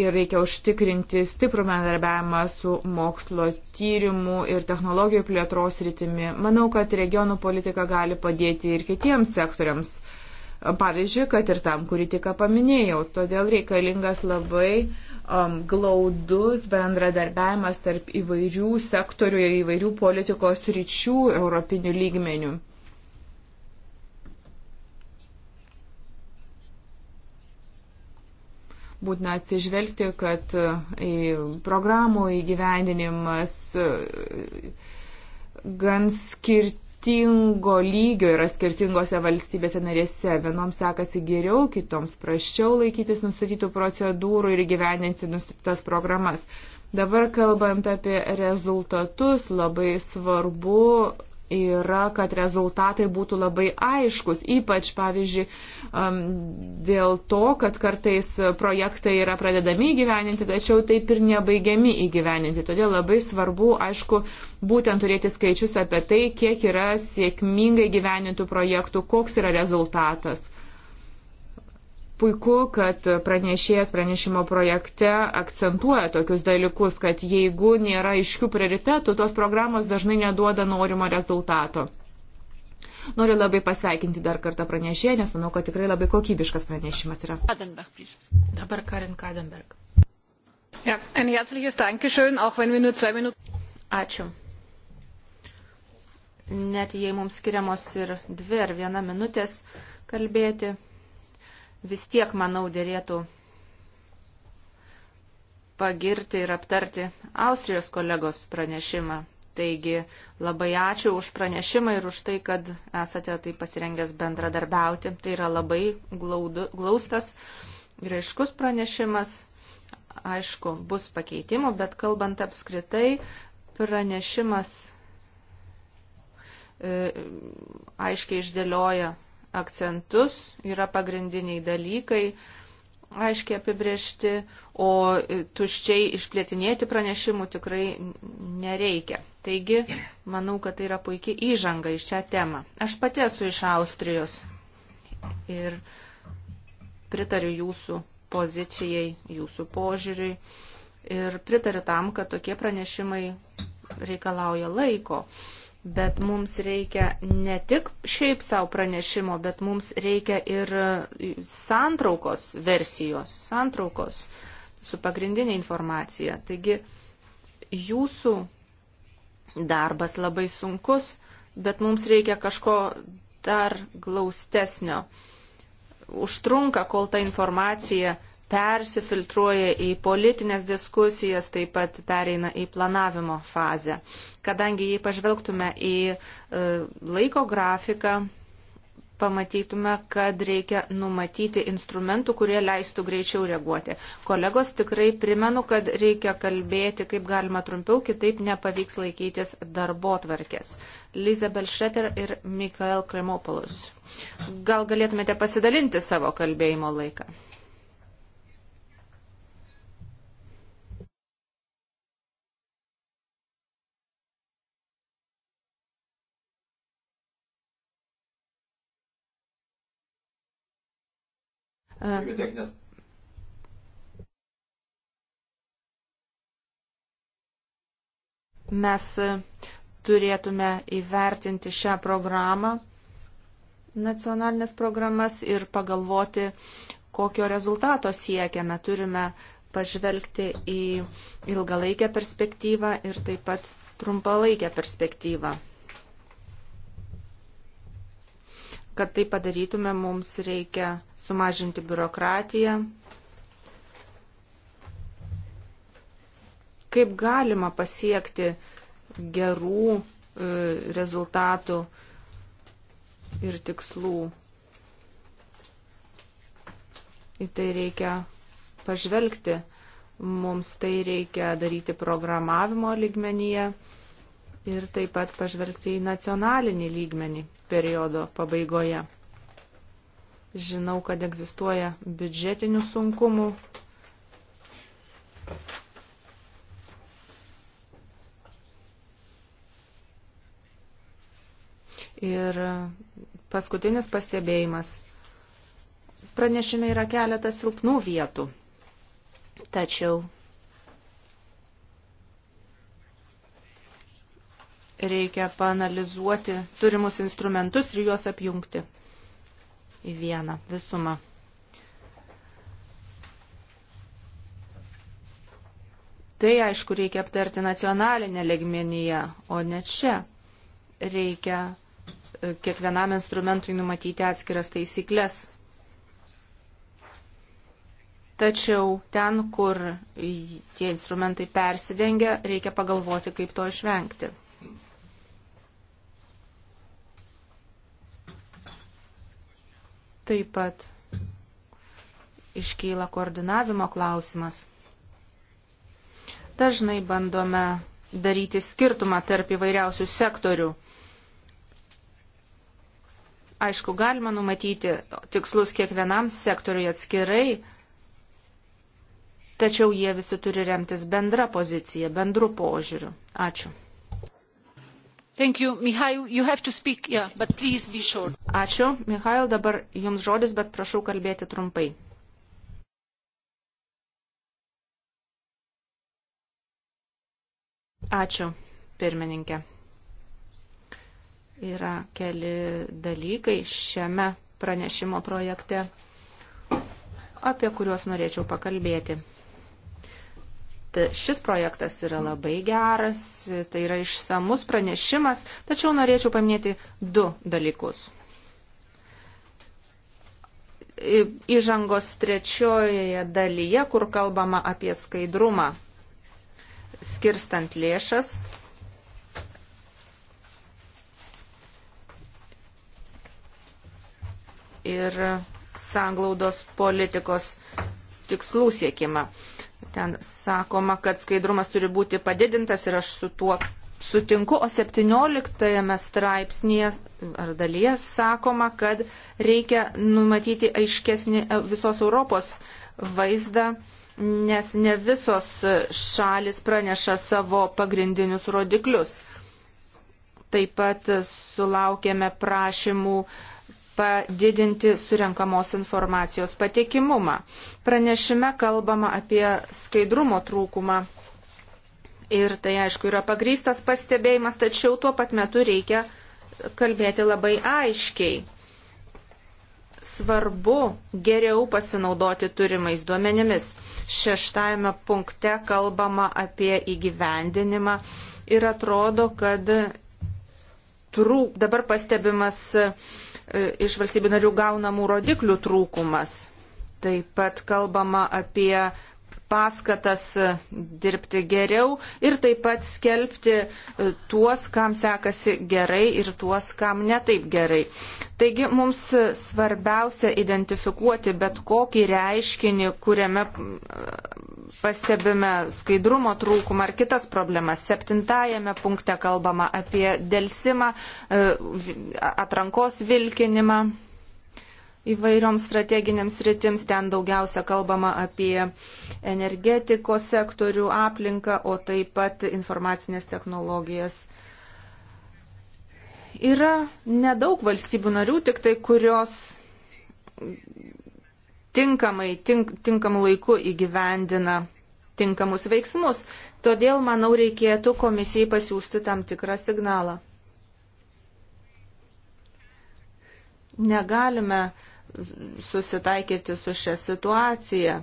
Speaker 3: ir reikia užtikrinti stiprų bendarbiavimą su mokslo tyrimų ir technologijų plėtros rytimi. Manau, kad regionų politika gali padėti ir kitiems sektoriams Pavyzdžiui, kad ir tam, kurį tik paminėjau. Todėl reikalingas labai um, glaudus bendradarbiavimas tarp įvairių sektorių ir įvairių politikos ryčių europinių lygmenių. būtina atsižvelgti, kad uh, į programų įgyvendinimas uh, gan skirti skirtingo lygio yra skirtingose valstybėse narėse. Vienoms sekasi geriau, kitoms praščiau laikytis nustatytų procedūrų ir gyveninti nustatytas programas. Dabar kalbant apie rezultatus, labai svarbu yra, kad rezultatai būtų labai aiškus, ypač, pavyzdžiui, um, dėl to, kad kartais projektai yra pradedami įgyveninti, tačiau taip ir nebaigiami įgyveninti. Todėl labai svarbu, aišku, būtent turėti skaičius apie tai, kiek yra sėkmingai gyvenintų projektų, koks yra rezultatas. Puiku, kad pranešėjas pranešimo projekte akcentuoja tokius dalykus, kad jeigu nėra iškių prioritetų, tos programos dažnai neduoda norimo rezultato. Noriu labai pasveikinti dar kartą pranešėją, nes manau, kad tikrai labai kokybiškas pranešimas yra.
Speaker 2: Kadenberg, Dabar Karin Kadenberg.
Speaker 3: Ja, ein herzliches Dankeschön, auch wenn wir nur zwei Minuten. Ačiū
Speaker 2: net jei mums skiriamos ir dvi ar viena minutės kalbėti, vis tiek, manau, dėlėtų pagirti ir aptarti Austrijos kolegos pranešimą. Taigi labai ačiū už pranešimą ir už tai, kad esate tai pasirengęs bendradarbiauti. Tai yra labai glaudu, glaustas ir aiškus pranešimas. Aišku, bus pakeitimų, bet kalbant apskritai, pranešimas e, aiškiai išdėlioja akcentus, yra pagrindiniai dalykai aiškiai apibriešti, o tuščiai išplėtinėti pranešimų tikrai nereikia. Taigi, manau, kad tai yra puikia įžanga į šią temą. Aš pati esu iš Austrijos ir pritariu jūsų pozicijai, jūsų požiūriui ir pritariu tam, kad tokie pranešimai reikalauja laiko. Bet mums reikia ne tik šiaip savo pranešimo, bet mums reikia ir e, santraukos versijos, santraukos su pagrindinė informacija. Taigi jūsų darbas labai sunkus, bet mums reikia kažko dar glaustesnio. Užtrunka, kol ta informacija persifiltruoja į politinės diskusijas, taip pat pereina į planavimo fazę. Kadangi jei pažvelgtume į e, laiko grafiką, pamatytume, kad reikia numatyti instrumentų, kurie leistų greičiau reaguoti. Kolegos, tikrai primenu, kad reikia kalbėti kaip galima trumpiau, kitaip nepavyks laikytis darbo tvarkės. Liza Belšeter ir Mikael Kremopolus. Gal galėtumėte pasidalinti savo kalbėjimo laiką?
Speaker 1: Techninės
Speaker 2: mes e, turėtume įvertinti šią programą, nacionalinės programas ir pagalvoti, kokio rezultato siekiame. Turime pažvelgti į ilgalaikę perspektyvą ir taip pat trumpalaikę perspektyvą. Kad tai padarytume, mums reikia sumažinti biurokratiją. Kaip galima pasiekti gerų e, rezultatų ir tikslų. Į tai reikia pažvelgti. Mums tai reikia daryti programavimo lygmenyje ir taip pat pažvelgti į nacionalinį lygmenį periodo pabaigoje. Žinau, kad egzistuoja biudžetinių sunkumų. Ir paskutinis pastebėjimas. Pranešime yra keletas silpnų vietų. Tačiau reikia panalizuoti turimus instrumentus ir juos apjungti į vieną visumą. Tai aišku reikia aptarti nacionalinę legmenyje, o ne čia. Reikia e, kiekvienam instrumentui numatyti atskiras taisyklės. Tačiau ten, kur tie instrumentai persidengia, reikia pagalvoti, kaip to išvengti. Taip pat iškyla koordinavimo klausimas. Dažnai bandome daryti skirtumą tarp įvairiausių sektorių. Aišku, galima numatyti tikslus kiekvienam sektoriui atskirai, tačiau jie visi turi remtis bendra pozicija, bendru požiūriu. Ačiū. You, Mihail, you speak, yeah, Ačiū, Mihail, dabar jums žodis, bet prašau kalbėti trumpai. Ačiū, pirmininkė. Yra keli dalykai šiame pranešimo projekte, apie kuriuos norėčiau pakalbėti kad šis projektas yra labai geras, tai yra išsamus pranešimas, tačiau norėčiau paminėti du dalykus. Įžangos trečiojoje dalyje, kur kalbama apie skaidrumą, skirstant lėšas, ir sanglaudos politikos tikslų siekimą. Ten sakoma, kad skaidrumas turi būti padidintas ir aš su tuo sutinku, o 17 straipsnėje ar dalyje sakoma, kad reikia numatyti aiškesnį visos Europos vaizdą, nes ne visos šalis praneša savo pagrindinius rodiklius. Taip pat sulaukėme prašymų uh, padidinti surenkamos informacijos patikimumą. Pranešime kalbama apie skaidrumo trūkumą. Ir tai, aišku, yra pagrystas pastebėjimas, tačiau tuo pat metu reikia kalbėti labai aiškiai. Svarbu geriau pasinaudoti turimais duomenimis. Šeštajame punkte kalbama apie įgyvendinimą ir atrodo, kad trūk, dabar pastebimas uh, E, iš valstybių narių gaunamų rodiklių trūkumas. Taip pat kalbama apie paskatas e, dirbti geriau ir taip pat skelbti e, tuos, kam sekasi gerai ir tuos, kam netaip gerai. Taigi mums svarbiausia identifikuoti bet kokį reiškinį, kuriame e, pastebime skaidrumo trūkumą ar kitas problemas. Septintajame punkte kalbama apie dėlsimą, atrankos vilkinimą įvairioms strateginėms rytims. Ten daugiausia kalbama apie energetikos sektorių, aplinką, o taip pat informacinės technologijas. Yra nedaug valstybių narių, tik tai kurios tinkamai, tink, tinkamu laiku įgyvendina tinkamus veiksmus. Todėl, manau, reikėtų komisijai pasiūsti tam tikrą signalą. Negalime susitaikyti su šią situaciją.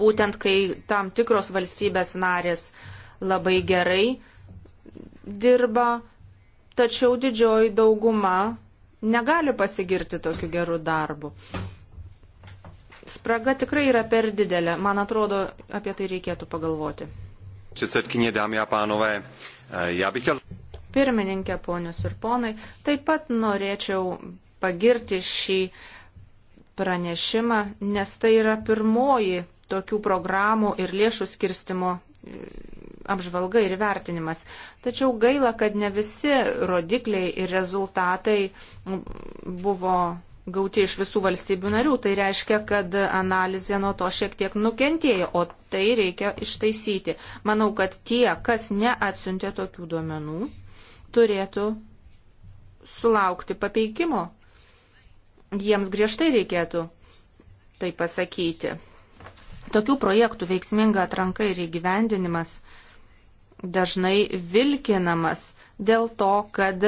Speaker 2: Būtent kai tam tikros valstybės narės labai gerai dirba, tačiau didžioji dauguma negali pasigirti tokiu geru darbu. Spraga tikrai yra per didelė. Man atrodo, apie tai reikėtų pagalvoti.
Speaker 1: Předsedkyně, dámy a pánové, já bych chtěl.
Speaker 2: Pirmininkė, ponius ir ponai, taip pat norėčiau pagirti šį pranešimą, nes tai yra pirmoji tokių programų ir lėšų skirstimo e, apžvalga ir vertinimas. Tačiau gaila, kad ne visi rodikliai ir rezultatai buvo gauti iš visų valstybių narių. Tai reiškia, kad analizė nuo to šiek tiek nukentėjo, o tai reikia ištaisyti. Manau, kad tie, kas neatsiuntė tokių duomenų, turėtų sulaukti papeikimo jiems griežtai reikėtų tai pasakyti. Tokių projektų veiksminga atranka ir įgyvendinimas dažnai vilkinamas dėl to, kad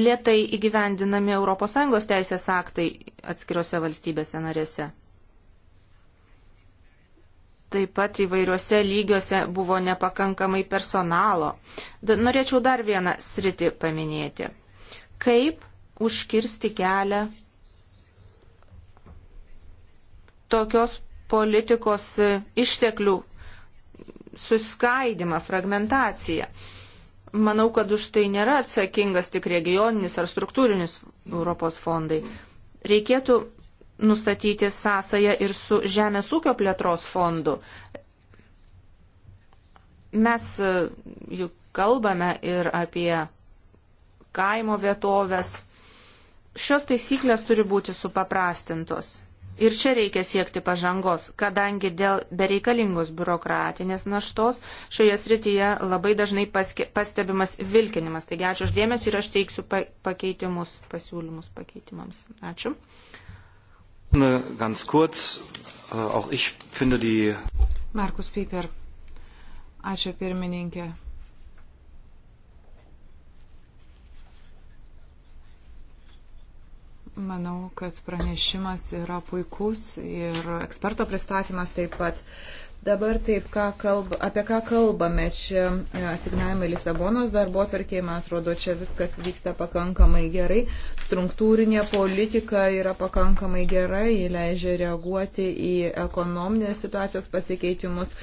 Speaker 2: lietai įgyvendinami ES teisės aktai atskiriuose valstybėse narėse. Taip pat įvairiuose lygiuose buvo nepakankamai personalo. Norėčiau dar vieną sritį paminėti. Kaip užkirsti kelią tokios politikos išteklių suskaidimą, fragmentaciją. Manau, kad už tai nėra atsakingas tik regioninis ar struktūrinis Europos fondai. Reikėtų nustatyti sąsają ir su Žemės ūkio plėtros fondu. Mes e, juk kalbame ir apie kaimo vietovės. Šios taisyklės turi būti supaprastintos. Ir čia reikia siekti pažangos, kadangi dėl bereikalingos biurokratinės naštos šioje srityje labai dažnai paske, pastebimas vilkinimas. Taigi ačiū uždėmesi ir aš teiksiu pakeitimus, pasiūlymus pakeitimams. Ačiū. Ganz kurz, äh, auch ich finde die.
Speaker 3: Markus Piper. Ačiū pirmininkė. Manau, kad pranešimas yra puikus ir eksperto pristatymas taip pat. Dabar taip, ką kalb, apie ką kalbame. Čia e, asignavimai Lisabonos darbo atverkiai, man atrodo, čia viskas vyksta pakankamai gerai. Struktūrinė politika yra pakankamai gera, ji leidžia reaguoti į ekonominės situacijos pasikeitimus.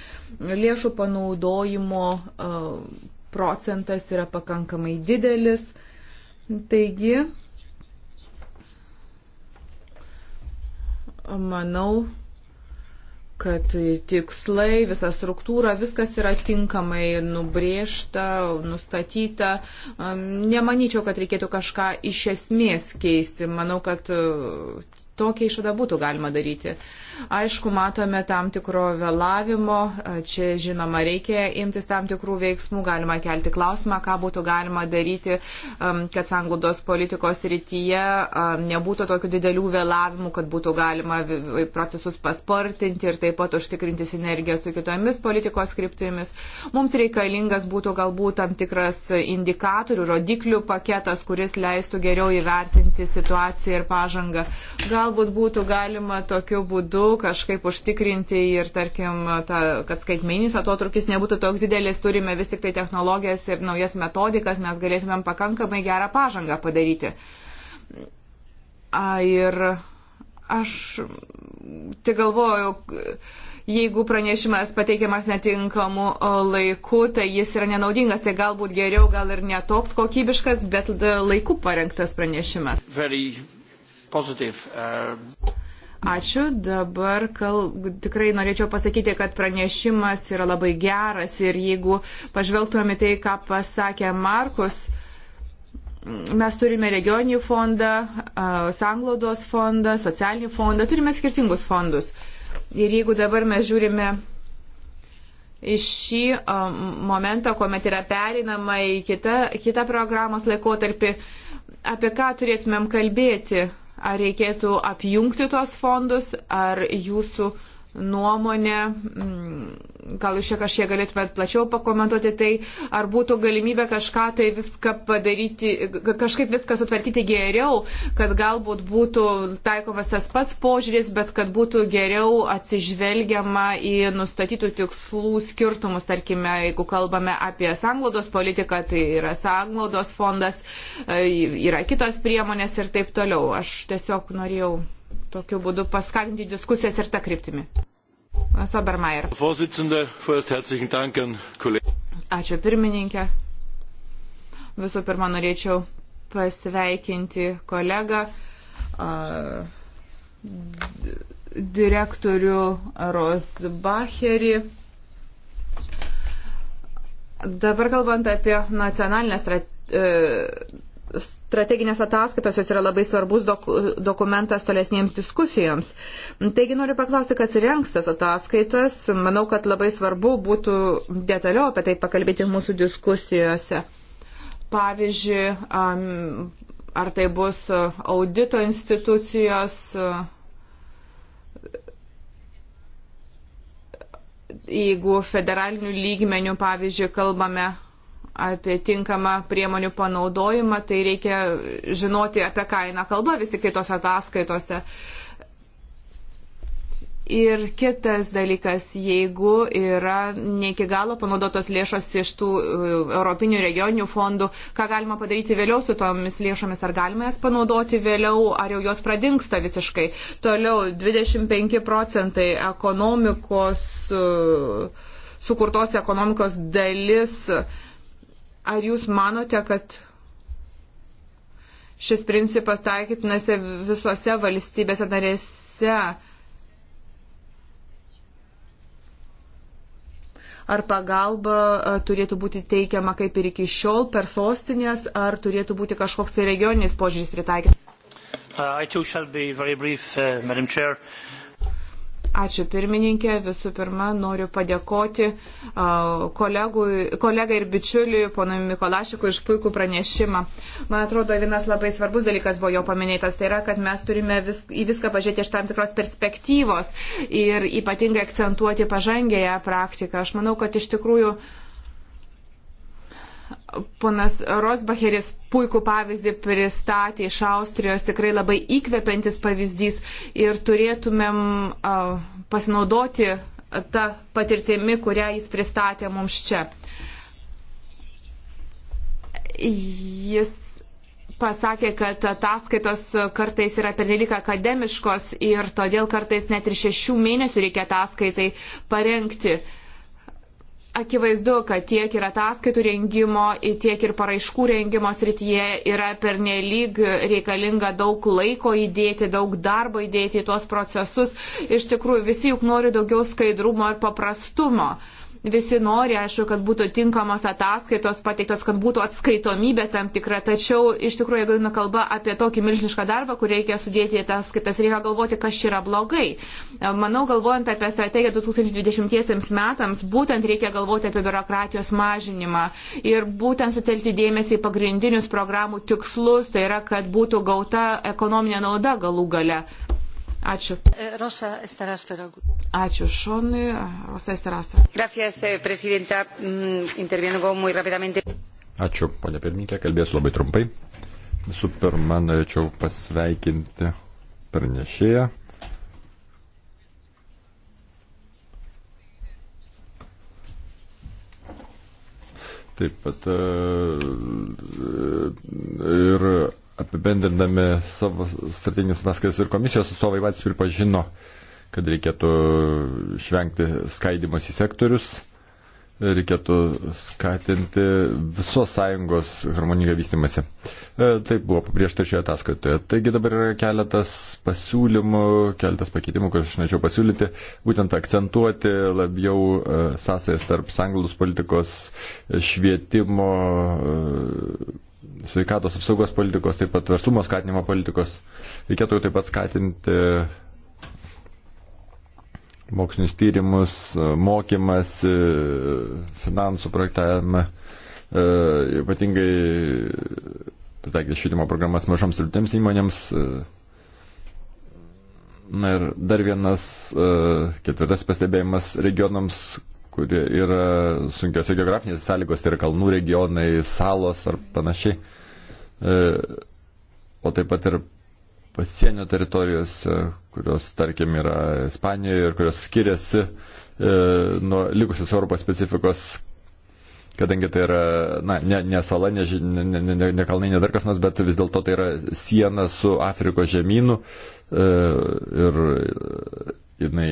Speaker 3: Lėšų panaudojimo e, procentas yra pakankamai didelis. Taigi, manau, kad tikslai, visa struktūra, viskas yra tinkamai nubrėžta, nustatyta. Nemanyčiau, kad reikėtų kažką iš esmės keisti. Manau, kad tokią išvadą būtų galima daryti. Aišku, matome tam tikro vėlavimo, čia žinoma reikia imtis tam tikrų veiksmų, galima kelti klausimą, ką būtų galima daryti, um, kad sanglaudos politikos rytyje um, nebūtų tokių didelių vėlavimų, kad būtų galima procesus paspartinti ir taip pat užtikrinti sinergiją su kitomis politikos kryptimis. Mums reikalingas būtų galbūt tam tikras indikatorių, rodiklių paketas, kuris leistų geriau įvertinti situaciją ir pažangą. Gal galbūt būtų galima tokiu būdu kažkaip užtikrinti ir, tarkim, ta, kad skaitmeninis atotrukis nebūtų toks didelis, turime vis tik tai technologijas ir naujas metodikas, mes galėtumėm pakankamai gerą pažangą padaryti. A, ir aš tik galvoju, jeigu pranešimas pateikiamas netinkamu laiku, tai jis yra nenaudingas, tai galbūt geriau, gal ir netoks kokybiškas, bet e, laiku parengtas pranešimas. Very positive. Uh... Ačiū. Dabar kal... tikrai norėčiau pasakyti, kad pranešimas yra labai geras ir jeigu pažvelgtumėme tai, ką pasakė Markus, mes turime regioninį fondą, e, sanglaudos fondą, socialinį fondą, turime skirtingus fondus. Ir jeigu dabar mes žiūrime į šį e, momentą, kuomet yra perinama į kitą, kitą programos laikotarpį, apie ką turėtumėm kalbėti? Ar reikėtų apjungti tuos fondus, ar jūsų nuomonę, mm, gal iš čia kažkiek galėtumėt plačiau pakomentuoti, tai ar būtų galimybė kažką tai viską padaryti, kažkaip viską sutvarkyti geriau, kad galbūt būtų taikomas tas pats požiūris, bet kad būtų geriau atsižvelgiama į nustatytų tikslų skirtumus, tarkime, jeigu kalbame apie sanglaudos politiką, tai yra sanglaudos fondas, e, yra kitos priemonės ir taip toliau. Aš tiesiog norėjau tokiu būdu paskatinti diskusijas ir tą kryptimį. Sobermeier. Ačiū pirmininkė. Visų pirma, norėčiau pasveikinti kolegą, direktorių Rosbacherį. Dabar kalbant apie nacionalinę strategiją strateginės ataskaitos jos yra labai svarbus doku, dokumentas tolesniems diskusijoms. Taigi noriu paklausti, kas renks tas ataskaitas. Manau, kad labai svarbu būtų detaliau apie tai pakalbėti mūsų diskusijose. Pavyzdžiui, ar tai bus audito institucijos jeigu federalinių lygmenių, pavyzdžiui, kalbame apie tinkamą priemonių panaudojimą, tai reikia žinoti, apie ką eina kalba vis tik tai tos ataskaitose. Ir kitas dalykas, jeigu yra ne iki galo panaudotos lėšos iš tų uh, Europinių regioninių fondų, ką galima padaryti vėliau su tomis lėšomis, ar galima jas panaudoti vėliau, ar jau jos pradingsta visiškai. Toliau 25 procentai ekonomikos, uh, sukurtos ekonomikos dalis uh, Ar jūs manote, kad šis principas taikytinas visose valstybėse narėse? Ar pagalba e, turėtų būti teikiama kaip ir iki šiol per sostinės, ar turėtų būti kažkoks tai regioninis požiūris pritaikytas? Uh, Ačiū pirmininkė. Visų pirma, noriu padėkoti kolegui, kolegai ir bičiuliui, ponui Mikolašikui, iš puikų pranešimą. Man atrodo, vienas labai svarbus dalykas buvo jo paminėtas, tai yra, kad mes turime vis, į viską pažiūrėti iš tam tikros perspektyvos ir ypatingai akcentuoti pažangėją praktiką. Aš manau, kad iš tikrųjų. Uh, ponas Rosbacheris puikų pavyzdį pristatė iš Austrijos, tikrai labai įkvepiantis pavyzdys ir turėtumėm pasinaudoti tą patirtimį, kurią jis pristatė mums čia. Jis pasakė, kad ataskaitos kartais yra pernelyg akademiškos ir todėl kartais net ir šešių mėnesių reikia ataskaitai parengti. Uh, akivaizdu, kad tiek ir ataskaitų rengimo, tiek ir paraiškų rengimo srityje yra pernelyg reikalinga daug laiko įdėti, daug darbo įdėti į tuos procesus. Iš tikrųjų, visi juk nori daugiau skaidrumo ir paprastumo. Uh, Visi nori, aišku, kad būtų tinkamos ataskaitos pateiktos, kad būtų atskaitomybė tam tikra, tačiau iš tikrųjų, jeigu eina kalba apie tokį milžinišką darbą, kur reikia sudėti tas skaitas, reikia galvoti, kas čia yra blogai. E, manau, galvojant apie strategiją 2020 metams, būtent reikia galvoti apie biurokratijos mažinimą ir būtent sutelkti dėmesį į pagrindinius programų tikslus, tai yra, kad būtų gauta ekonominė nauda galų gale. Ačiū. Rosa Estaras Ferragut. Ačiū Šonui. Rosa Estaras. Gracias, eh, prezidenta. Mm, intervengo muy rápidamente.
Speaker 1: Ačiū, ponė pirmininkė. Kalbėsiu labai trumpai. Visų pirma, norėčiau pasveikinti pranešėją. Taip pat e, e, ir apibendrindami savo strateginės ataskaitas ir komisijos atstovai patys pripažino, kad reikėtų išvengti skaidimus į sektorius, reikėtų skatinti visos sąjungos harmoningą vystimąsi. E, Taip buvo pabrėžta šioje ataskaitoje. Taigi dabar yra keletas pasiūlymų, keletas pakeitimų, kuriuos aš norėčiau pasiūlyti, būtent akcentuoti labiau e, sąsajas tarp sanglus politikos švietimo sveikatos apsaugos politikos, taip pat verslumo skatinimo politikos. Reikėtų taip pat skatinti mokslinius tyrimus, mokymas, finansų projektavimą, e, ypatingai pritaikyti švietimo programas mažoms ir tiems įmonėms. E, Na ir dar vienas e, ketvirtas pastebėjimas regionams, kurie yra sunkiose geografinėse sąlygos, tai yra kalnų regionai, salos ar panašiai. E, o taip pat ir pasienio teritorijos, e, kurios, tarkim, yra Ispanijoje ir kurios skiriasi e, nuo likusios Europos specifikos, kadangi tai yra, na, ne, ne sala, ne, ne, ne, ne kalnai, ne dar kas nors, bet vis dėlto tai yra siena su Afrikos žemynu e, ir e, jinai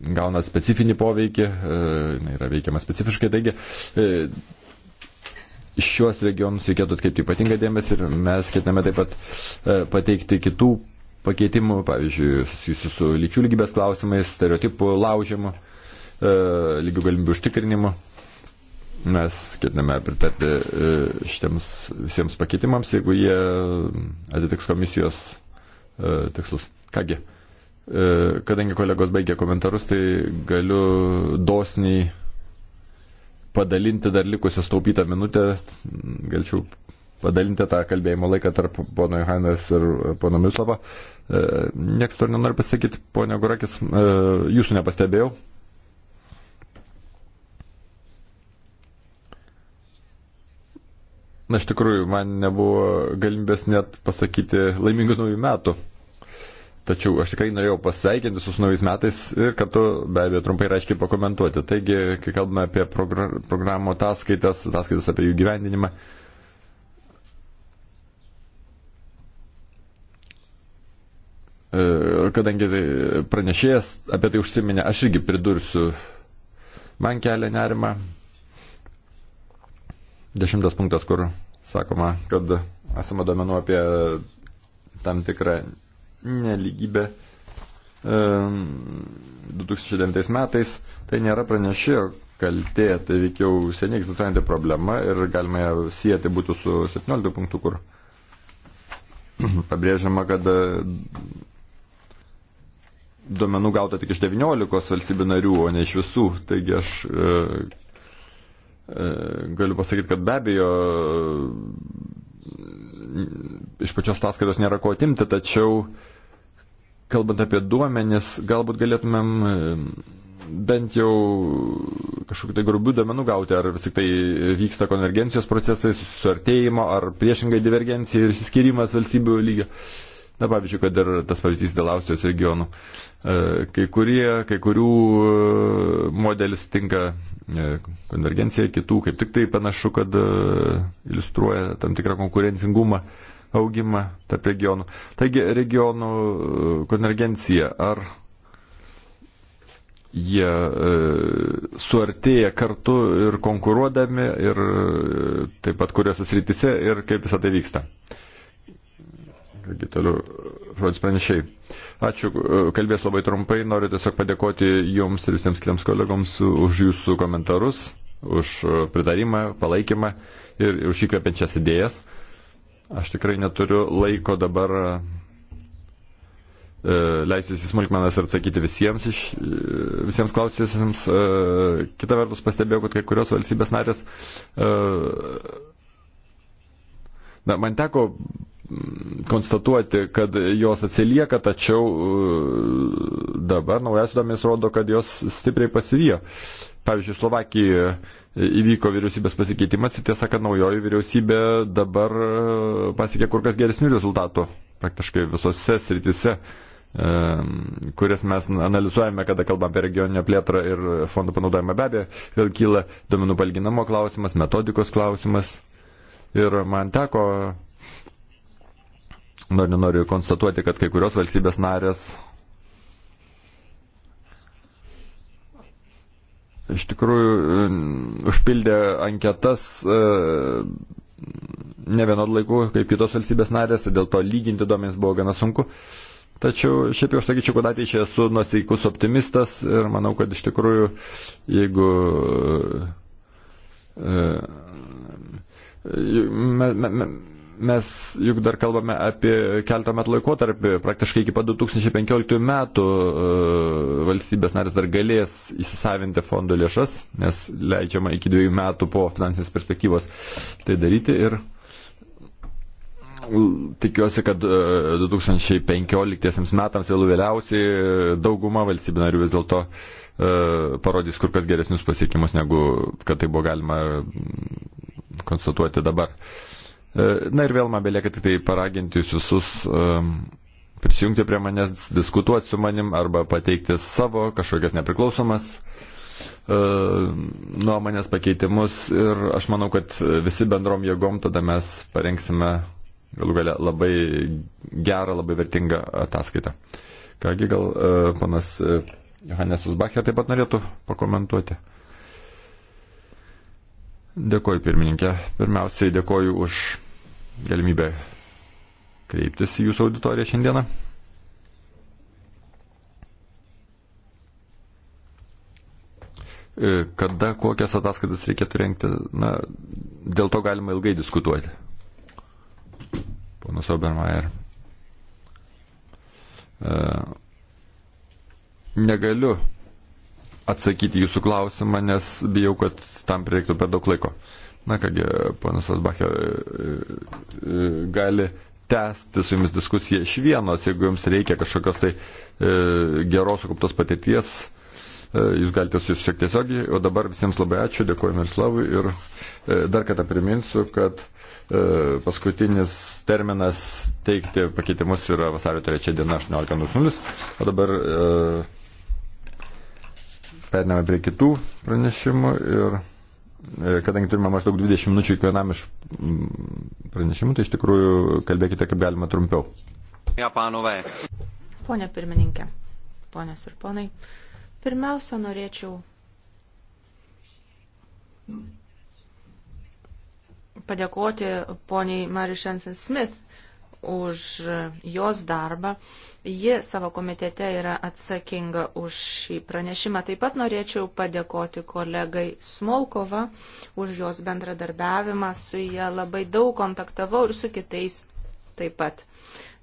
Speaker 1: gauna specifinį poveikį, e, jinai yra veikiama specifiškai, taigi e, šiuos regionus reikėtų atkreipti ypatingą dėmesį ir mes ketiname taip pat e, pateikti kitų pakeitimų, pavyzdžiui, susijusių su lyčių lygybės klausimais, stereotipų laužimu, lygių galimybių užtikrinimu. Mes ketiname pritarti šitiems visiems pakeitimams, jeigu jie atitiks komisijos tikslus. Kągi, E, kadangi kolegos baigė komentarus, tai galiu dosniai padalinti dar likusią staupytą minutę, galčiau padalinti tą kalbėjimo laiką tarp pono Johannes ir pono Mislavo. E, Niekas to nenori pasakyti, ponia Gurakis, e, jūsų nepastebėjau. Na, iš tikrųjų, man nebuvo galimybės net pasakyti laimingų naujų metų. Tačiau aš tikrai norėjau pasveikinti su naujais metais ir kartu be abejo trumpai ir aiškiai pakomentuoti. Taigi, kai kalbame apie progr programų ataskaitas, ataskaitas apie jų gyvendinimą. E, kadangi pranešėjas apie tai užsiminė, aš irgi pridursiu, man kelia nerima. Dešimtas punktas, kur sakoma, kad esame duomenų apie tam tikrą neligybę 2009 metais. Tai nėra pranešėjo kaltė, tai veikiau seniai egzistuojanti problema ir galima ją sieti būtų su 17 punktu, kur pabrėžiama, kad e, duomenų gauta tik iš 19 valstybių narių, o ne iš visų. Taigi aš e, e, galiu pasakyti, kad be abejo e, iš pačios ataskaitos nėra ko atimti, tačiau e, kalbant apie duomenis, galbūt galėtumėm bent jau kažkokiu tai grubių domenų gauti, ar vis tik tai vyksta konvergencijos procesai, suartėjimo, ar priešingai divergencija ir išsiskirimas valstybių lygio. Na, pavyzdžiui, kad ir tas pavyzdys dėl Austrijos regionų. E, kai, kurie, kai kurių e, modelis tinka e, konvergencija, kitų kaip tik tai panašu, kad iliustruoja tam tikrą konkurencingumą augimą tarp regionų. Taigi regionų e, konvergencija, ar jie e, suartėja kartu ir konkuruodami, ir e, taip pat kuriuose srityse ir kaip visą tai vyksta. Taigi toliau e, žodis pranešiai. Ačiū, e, kalbės labai trumpai, noriu tiesiog padėkoti jums ir visiems kitiems kolegoms už jūsų komentarus, už pritarimą, palaikymą ir už įkvepiančias idėjas. Aš tikrai neturiu laiko dabar e, leistis į smulkmenas ir atsakyti visiems, iš, e, visiems klausimams. E, kita vertus pastebėjau, kad kai kurios valstybės narės. Na, man teko mm, konstatuoti, kad jos atsilieka, tačiau dabar naujausi duomenys rodo, kad jos stipriai pasivijo. Uh, Pavyzdžiui, Slovakijoje įvyko vyriausybės pasikeitimas ir tiesa, kad naujoji vyriausybė dabar e, pasiekė kur kas geresnių rezultatų praktiškai visose sritise, e, kurias mes analizuojame, kada kalbam apie regioninę plėtrą ir fondų panaudojimą. Be abejo, vėl kyla duomenų palginamo klausimas, metodikos klausimas. Ir man teko, noriu, noriu konstatuoti, kad kai kurios valstybės narės iš tikrųjų užpildė anketas e, ne vienodų laikų, kaip kitos valstybės narės, dėl to lyginti duomenys buvo gana sunku. Tačiau šiaip jau sakyčiau, kad ateičiai esu nuseikus optimistas ir manau, kad iš tikrųjų, jeigu e, me, me, me, mes juk dar kalbame apie keltą metų laikotarpį, praktiškai iki pat 2015 metų e, valstybės narės dar galės įsisavinti fondo lėšas, nes leidžiama iki dviejų metų po finansinės perspektyvos tai daryti ir tikiuosi, kad 2015 e, metams vėlų vėliausiai dauguma valstybių narių vis dėlto e, parodys kur kas geresnius pasiekimus, negu kad tai buvo galima konstatuoti dabar. Uh, E, na ir vėl man belieka tik tai paraginti jūs visus e, prisijungti prie manęs, diskutuoti su manim arba pateikti savo kažkokias nepriklausomas e, nuomonės pakeitimus ir aš manau, kad visi bendrom jėgom tada mes parengsime galų galę labai gerą, labai vertingą ataskaitą. Kągi gal panas Johannes Uzbachė taip pat norėtų pakomentuoti. Dėkoju pirmininkė. Pirmiausiai dėkoju už galimybę kreiptis į jūsų auditoriją šiandieną. E, kada kokias ataskaitas reikėtų renkti, na, dėl to galima ilgai diskutuoti. Ponas Obermeier. E, negaliu atsakyti jūsų klausimą, nes bijau, kad tam prireiktų per daug laiko. Na kągi, ponas Osbacher e, e, gali tęsti su jumis diskusiją iš vienos, jeigu jums reikia kažkokios tai e, geros sukauptos patirties, e, jūs galite susisiekti tiesiogiai. O dabar visiems labai ačiū, dėkuoju Mirslavui ir e, dar kartą priminsiu, kad e, paskutinis terminas teikti pakeitimus yra vasario 3 diena 18.00, o dabar Periname prie kitų pranešimų ir e, kadangi turime maždaug 20 minučių kiekvienam iš mm, pranešimų, tai iš tikrųjų kalbėkite kaip galima trumpiau.
Speaker 2: Pone pirmininkė, ponės ir ponai, pirmiausia norėčiau padėkoti poniai Mary Shenson Smith už jos darbą. Ji savo komitete yra atsakinga už šį pranešimą. Taip pat norėčiau padėkoti kolegai Smolkova už jos bendradarbiavimą. Su jie labai daug kontaktavau ir su kitais taip pat.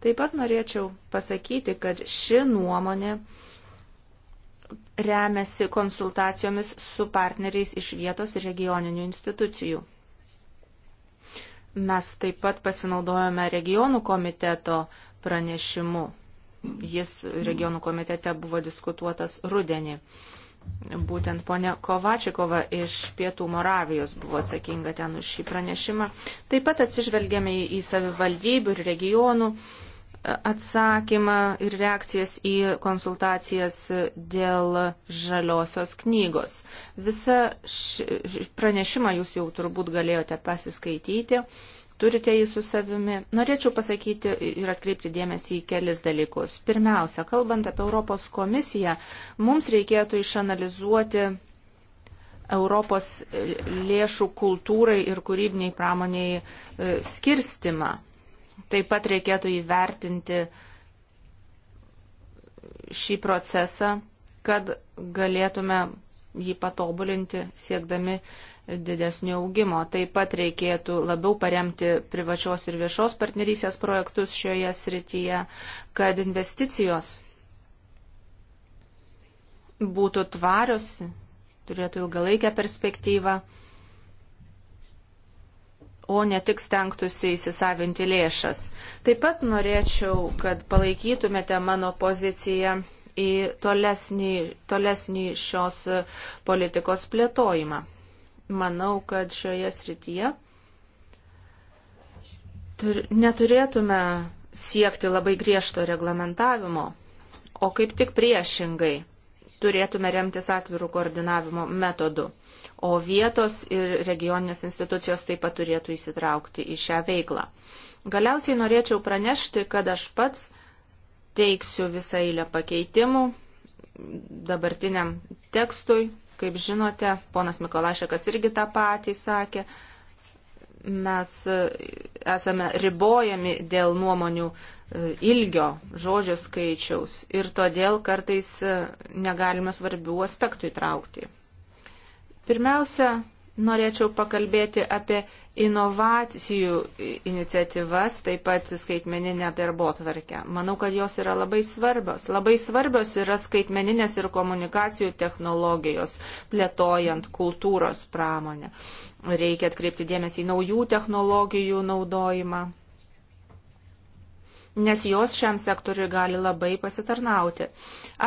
Speaker 2: Taip pat norėčiau pasakyti, kad ši nuomonė remiasi konsultacijomis su partneriais iš vietos ir regioninių institucijų. Mes taip pat pasinaudojame regionų komiteto pranešimu. Jis regionų komitete buvo diskutuotas rudenį. Būtent ponia Kovačikova iš Pietų Moravijos buvo atsakinga ten už šį pranešimą. Taip pat atsižvelgėme į savivaldybių ir regionų uh, atsakymą ir reakcijas į konsultacijas dėl žaliosios knygos. Visą pranešimą jūs jau turbūt galėjote pasiskaityti, turite jį su savimi. Norėčiau pasakyti ir atkreipti dėmesį į kelis dalykus. Pirmiausia, kalbant apie Europos komisiją, mums reikėtų išanalizuoti Europos lėšų kultūrai ir kūrybiniai pramoniai e, skirstimą Taip pat reikėtų įvertinti šį procesą, kad galėtume jį patobulinti siekdami didesnio augimo. Taip pat reikėtų labiau paremti privačios ir viešos partnerysės projektus šioje srityje, kad investicijos būtų tvarios, turėtų ilgalaikę perspektyvą o ne tik stengtųsi įsisavinti lėšas. Taip pat norėčiau, kad palaikytumėte mano poziciją į tolesnį, tolesnį šios e, politikos plėtojimą. Manau, kad šioje srityje tur, neturėtume siekti labai griežto reglamentavimo, o kaip tik priešingai turėtume remtis atvirų koordinavimo metodu, o vietos ir regioninės institucijos taip pat turėtų įsitraukti į šią veiklą. Galiausiai norėčiau pranešti, kad aš pats teiksiu visą eilę pakeitimų dabartiniam tekstui. Kaip žinote, ponas Mikolašekas irgi tą patį sakė mes e, esame ribojami dėl nuomonių e, ilgio, žodžio skaičiaus ir todėl kartais e, negalime svarbių aspektų įtraukti. Pirmiausia, norėčiau pakalbėti apie inovacijų iniciatyvas, taip pat skaitmeninę darbo tvarkę. Manau, kad jos yra labai svarbios. Labai svarbios yra skaitmeninės ir komunikacijų technologijos, plėtojant kultūros pramonę. Reikia atkreipti dėmesį į naujų technologijų naudojimą, nes jos šiam sektoriui gali labai pasitarnauti.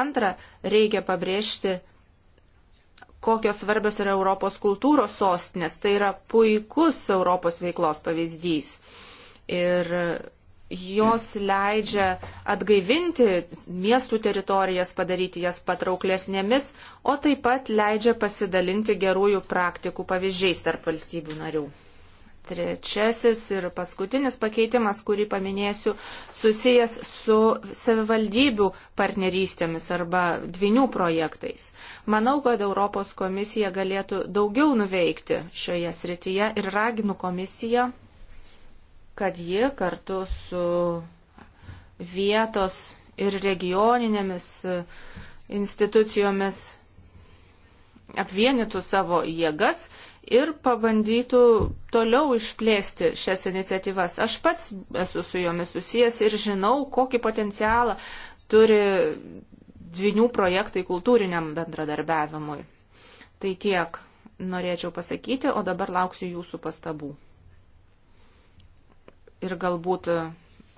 Speaker 2: Antra, reikia pabrėžti, kokios svarbios yra Europos kultūros sostinės. Tai yra puikus Europos veiklos pavyzdys. Ir jos leidžia atgaivinti miestų teritorijas, padaryti jas patrauklesnėmis, o taip pat leidžia pasidalinti gerųjų praktikų pavyzdžiais tarp valstybių narių. Trečiasis ir paskutinis pakeitimas, kurį paminėsiu, susijęs su savivaldybių partnerystėmis arba dvinių projektais. Manau, kad Europos komisija galėtų daugiau nuveikti šioje srityje ir raginu komisiją, kad ji kartu su vietos ir regioninėmis institucijomis apvienytų savo jėgas ir pabandytų toliau išplėsti šias iniciatyvas. Aš pats esu su jomis susijęs ir žinau, kokį potencialą turi dvinių projektai kultūriniam bendradarbiavimui. Tai tiek norėčiau pasakyti, o dabar lauksiu jūsų pastabų. Ir galbūt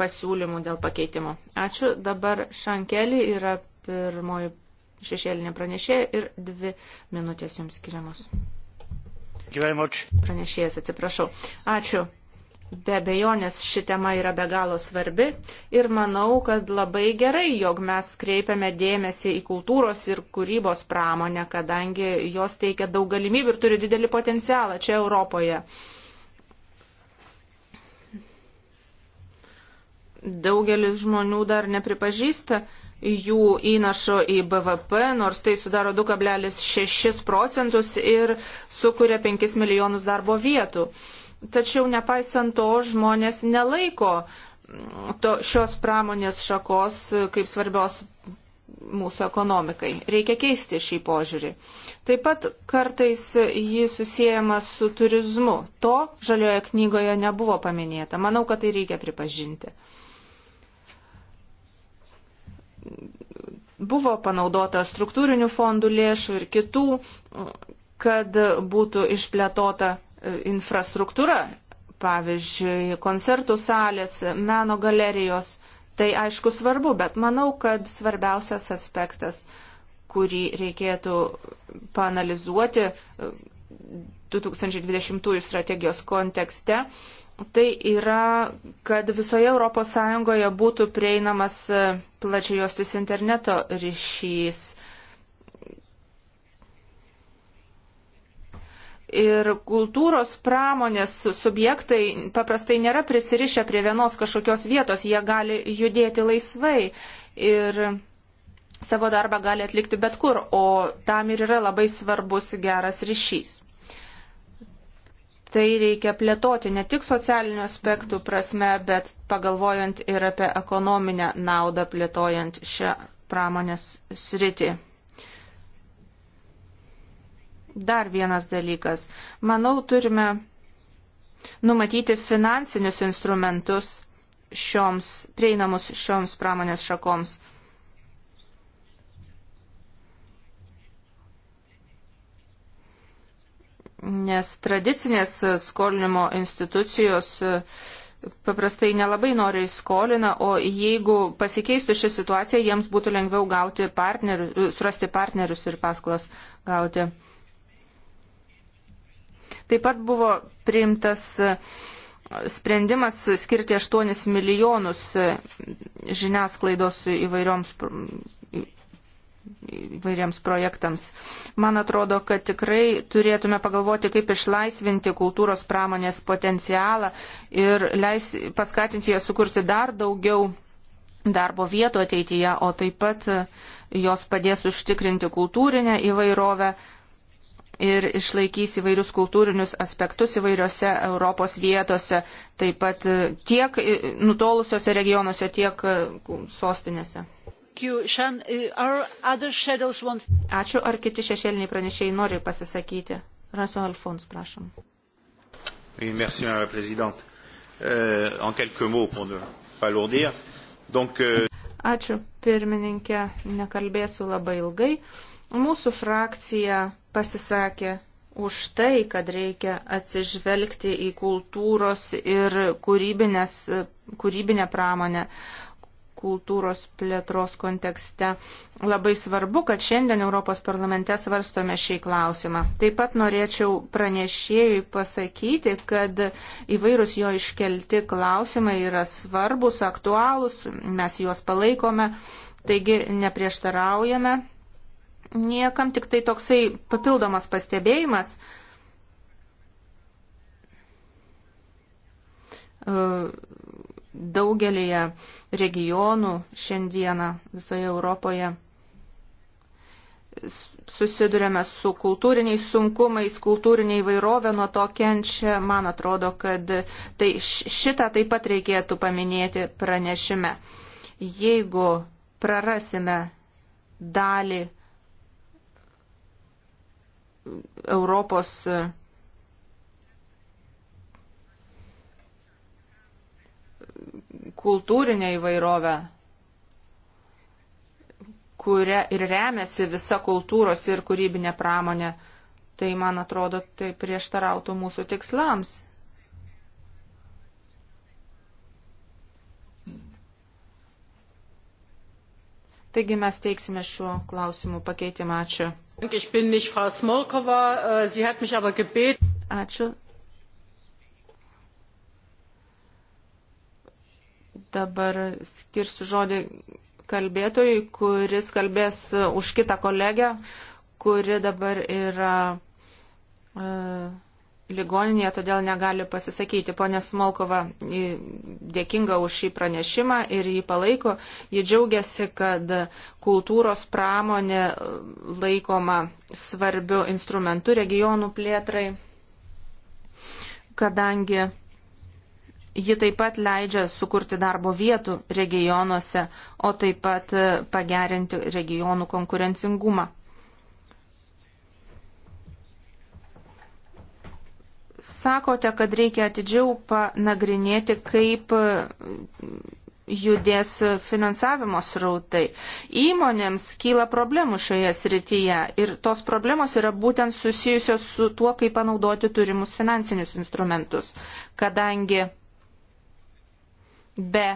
Speaker 2: pasiūlymų dėl pakeitimo. Ačiū. Dabar Šankelį yra pirmoji šešėlinė pranešėja ir dvi minutės jums skiriamos. Pranešėjas, atsiprašau. Ačiū. Be abejonės ši tema yra be galo svarbi ir manau, kad labai gerai, jog mes kreipiame dėmesį į kultūros ir kūrybos pramonę, kadangi jos teikia daug galimybių ir turi didelį potencialą čia Europoje. Daugelis žmonių dar nepripažįsta, jų įnašo į BVP, nors tai sudaro 2,6 procentus ir sukuria 5 milijonus darbo vietų. Tačiau nepaisant to žmonės nelaiko mm, to, šios pramonės šakos e, kaip svarbios mūsų ekonomikai. Reikia keisti šį požiūrį. Taip pat kartais jį susijęma su turizmu. To žalioje knygoje nebuvo paminėta. Manau, kad tai reikia pripažinti buvo panaudota struktūrinių fondų lėšų ir kitų, kad būtų išplėtota e, infrastruktūra, pavyzdžiui, koncertų salės, meno galerijos. Tai aišku svarbu, bet manau, kad svarbiausias aspektas, kurį reikėtų panalizuoti 2020 e, strategijos kontekste, tai yra, kad visoje ES būtų prieinamas e, plačiajostis interneto ryšys. ir kultūros pramonės subjektai paprastai nėra prisirišę prie vienos kažkokios vietos, jie gali judėti laisvai ir savo darbą gali atlikti bet kur, o tam ir yra labai svarbus geras ryšys tai reikia plėtoti ne tik socialinių aspektų prasme, bet pagalvojant ir apie ekonominę naudą plėtojant šią pramonės sritį. Dar vienas dalykas. Manau, turime numatyti finansinius instrumentus šioms prieinamus šioms pramonės šakoms. nes tradicinės skolinimo institucijos e, paprastai nelabai noriai skolina, o jeigu pasikeistų ši situacija, jiems būtų lengviau gauti partnerių, e, surasti partnerius ir paskolas gauti. Taip pat buvo priimtas e, sprendimas skirti 8 milijonus žiniasklaidos įvairioms įvairiems projektams. Man atrodo, kad tikrai turėtume pagalvoti, kaip išlaisvinti kultūros pramonės potencialą ir leis, paskatinti ją sukurti dar daugiau darbo vietų ateityje, o taip pat jos padės užtikrinti kultūrinę įvairovę ir išlaikys įvairius kultūrinius aspektus įvairiose Europos vietose, taip pat tiek nutolusiuose regionuose, tiek sostinėse. Uh, Ačiū, ar kiti šešėliniai pranešėjai nori pasisakyti? Raso Alfons, prašom. Oui, merci, Madame la Présidente. Euh, en quelques mots, pour ne pas lourdir. Donc, euh... Ačiū, pirmininkė, nekalbėsiu labai ilgai. Mūsų frakcija pasisakė už tai, kad reikia atsižvelgti į kultūros ir kūrybinę pramonę, kultūros plėtros kontekste. Labai svarbu, kad šiandien Europos parlamente svarstome šį klausimą. Taip pat norėčiau pranešėjui pasakyti, kad įvairūs jo iškelti klausimai yra svarbus, aktualūs, mes juos palaikome, taigi neprieštaraujame. Niekam tik tai toksai papildomas pastebėjimas daugelėje regionų šiandieną visoje Europoje susidurėme su kultūriniais sunkumais, kultūrinė įvairovė nuo to kenčia. Man atrodo, kad tai šitą taip pat reikėtų paminėti pranešime. Jeigu prarasime dalį Europos kultūrinę įvairovę, kuria ir remiasi visa kultūros ir kūrybinė pramonė, tai, man atrodo, tai prieštarautų mūsų tikslams. Taigi mes teiksime šiuo klausimu pakeitimą. Ačiū. Äh, Ačiū. Dabar skirsiu žodį kalbėtojui, kuris kalbės e, už kitą kolegę, kuri dabar yra e, ligoninėje, todėl negali pasisakyti. Pone Smolkova dėkinga už šį pranešimą ir jį palaiko. Ji džiaugiasi, kad kultūros pramonė e, laikoma svarbiu instrumentu regionų plėtrai, kadangi Ji taip pat leidžia sukurti darbo vietų regionuose, o taip pat e, pagerinti regionų konkurencingumą. Sakote, kad reikia atidžiau panagrinėti, kaip e, judės finansavimo srautai. Įmonėms kyla problemų šioje srityje ir tos problemos yra būtent susijusios su tuo, kaip panaudoti turimus finansinius instrumentus, kadangi be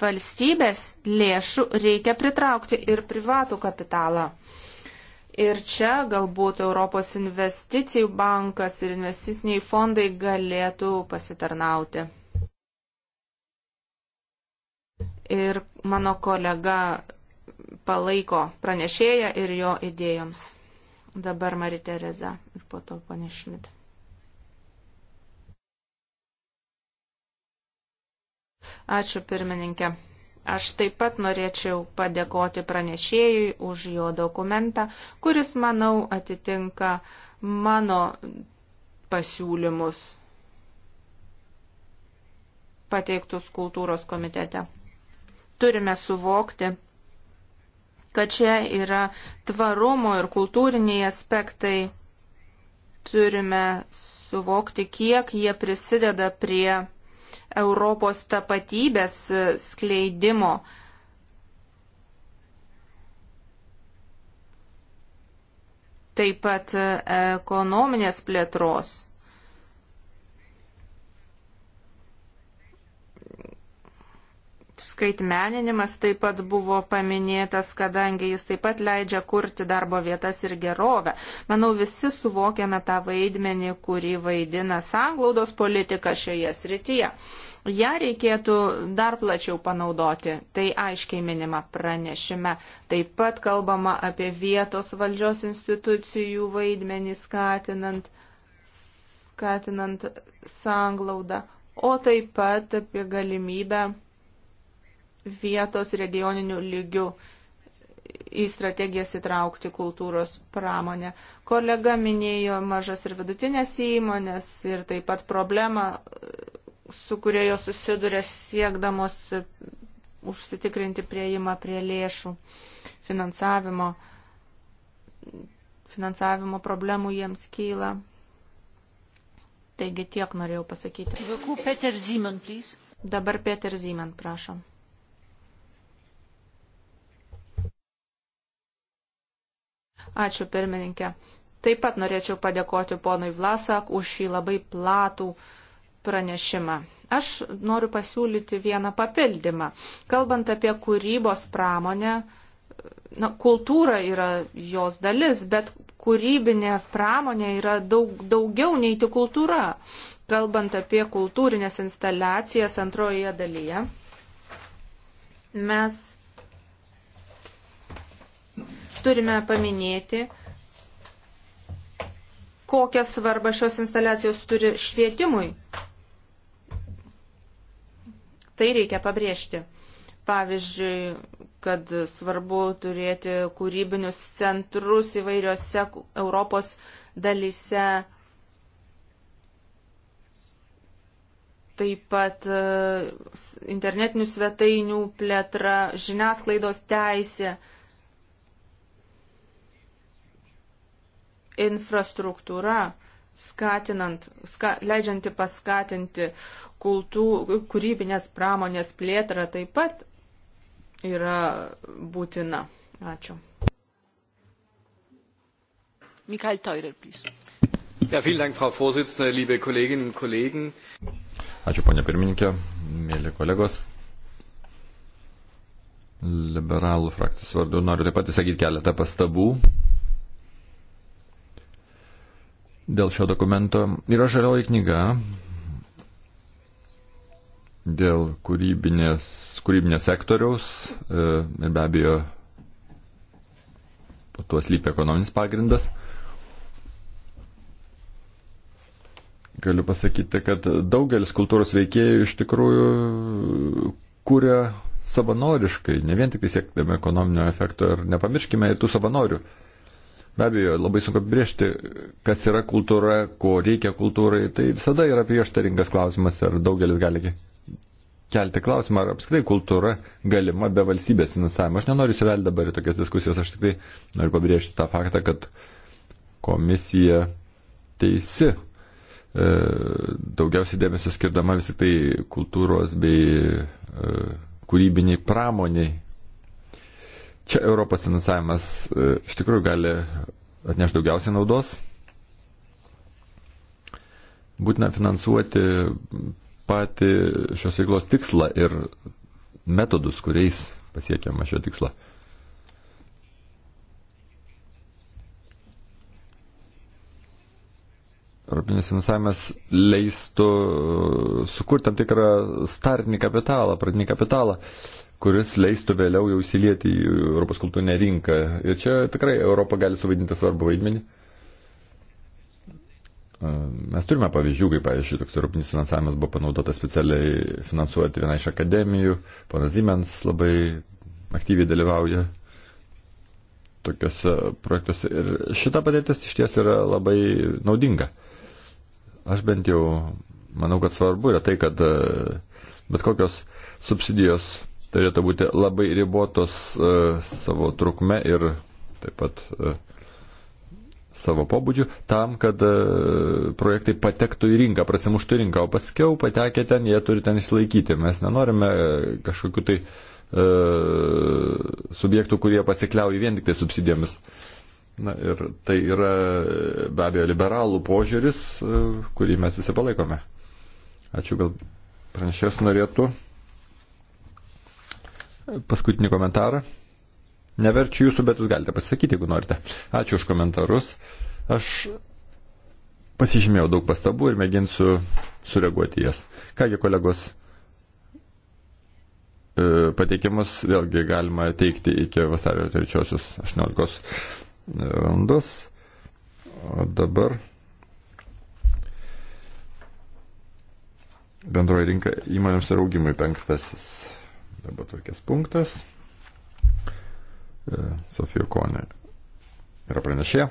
Speaker 2: valstybės lėšų reikia pritraukti ir privatų kapitalą. Ir čia galbūt Europos investicijų bankas ir investiciniai fondai galėtų pasitarnauti. Ir mano kolega palaiko pranešėją ir jo idėjoms. Dabar Maritereza ir po to panešmit. Ačiū pirmininkė. Aš taip pat norėčiau padėkoti pranešėjui už jo dokumentą, kuris, manau, atitinka mano pasiūlymus pateiktus kultūros komitete. Turime suvokti, kad čia yra tvarumo ir kultūriniai aspektai. Turime suvokti, kiek jie prisideda prie Europos tapatybės skleidimo. Taip pat ekonominės plėtros. Skaitmeninimas taip pat buvo paminėtas, kadangi jis taip pat leidžia kurti darbo vietas ir gerovę. Manau, visi suvokiame tą vaidmenį, kurį vaidina sanglaudos politika šioje srityje. Ja reikėtų dar plačiau panaudoti, tai aiškiai minima pranešime. Taip pat kalbama apie vietos valdžios institucijų vaidmenį skatinant, skatinant sanglaudą, o taip pat apie galimybę vietos regioninių lygių į strategijas įtraukti kultūros pramonę. Kolega minėjo mažas ir vidutinės įmonės ir taip pat problemą, su kuria jos susiduria siekdamos užsitikrinti prieimą prie lėšų finansavimo. Finansavimo problemų jiems kyla. Taigi tiek norėjau pasakyti. Dabar Peter Zimen, prašom. Ačiū pirmininkė. Taip pat norėčiau padėkoti ponui Vlasak už šį labai platų pranešimą. Aš noriu pasiūlyti vieną papildymą. Kalbant apie kūrybos pramonę, na, kultūra yra jos dalis, bet kūrybinė pramonė yra daug, daugiau nei tik kultūra. Kalbant apie kultūrinės instaliacijas antroje dalyje, mes turime paminėti, kokią svarbą šios instaliacijos turi švietimui. Tai reikia pabrėžti. Pavyzdžiui, kad svarbu turėti kūrybinius centrus įvairiose Europos dalyse. Taip pat e, internetinių svetainių plėtra, žiniasklaidos teisė. infrastruktūra, skatinant, ska, leidžianti paskatinti kultų, kūrybinės pramonės plėtrą taip pat yra būtina. Ačiū. Mikael Teurer, please.
Speaker 1: Ja, vielen Dank, Frau Vorsitzende, liebe Kolleginnen und Kollegen. Ačiū, ponia pirmininkė, mėly kolegos. Liberalų frakcijos vardu noriu taip pat įsakyti keletą pastabų dėl šio dokumento yra žalioji knyga dėl kūrybinės, kūrybinės sektoriaus e, ir be abejo po tuo slypi ekonominis pagrindas. Galiu pasakyti, kad daugelis kultūros veikėjų iš tikrųjų kuria savanoriškai, ne vien tik tai siekdami ekonominio efekto ir nepamirškime ir tų savanorių. Uh, Be abejo, labai sunku apibriežti, kas yra kultūra, ko reikia kultūrai. Tai visada yra prieštaringas klausimas ir daugelis gali kelti klausimą, ar apskritai kultūra galima be valstybės finansavimo. Aš nenoriu įsivelti dabar į tokias diskusijas, aš tik tai noriu pabrėžti tą faktą, kad komisija teisi e, daugiausiai dėmesio skirdama vis tik tai kultūros bei e, kūrybiniai pramoniai Čia Europos finansavimas e, iš tikrųjų gali atnešti daugiausiai naudos. Būtina finansuoti patį šios veiklos tikslą ir metodus, kuriais pasiekiama šio tikslo. Europinis finansavimas leistų e, sukurti tam tikrą startinį kapitalą, pradinį kapitalą, kuris leistų vėliau jau įsilieti į Europos kultūrinę rinką. Ir čia tikrai Europa gali suvaidinti svarbu vaidmenį. Mes turime pavyzdžių, kaip, pavyzdžiui, toks europinis finansavimas buvo panaudotas specialiai finansuoti vieną iš akademijų, ponas Zimens labai aktyviai dalyvauja tokiuose projektuose. Ir šita patirtis iš ties yra labai naudinga. Aš bent jau manau, kad svarbu yra tai, kad bet kokios subsidijos turėtų būti labai ribotos e, savo trukme ir taip pat e, savo pobūdžių, tam, kad e, projektai patektų į rinką, prasimuštų į rinką, o paskiau patekę ten, jie turi ten išlaikyti. Mes nenorime kažkokiu tai subjektų, kurie pasikliauja vien tik tai subsidijomis. Na ir tai yra be abejo liberalų požiūris, kurį mes visi palaikome. Ačiū, gal pranešės norėtų paskutinį komentarą. Neverčiu jūsų, bet jūs galite pasakyti, jeigu norite. Ačiū už komentarus. Aš pasižymėjau daug pastabų ir mėginsiu sureaguoti jas. Kągi, kolegos, e, pateikimus vėlgi galima teikti iki vasario 3.18 e, valandos. O dabar bendroji rinka įmonėms ir augimui penktasis darbo tvarkės punktas. E, Sofija Konė yra pranešė.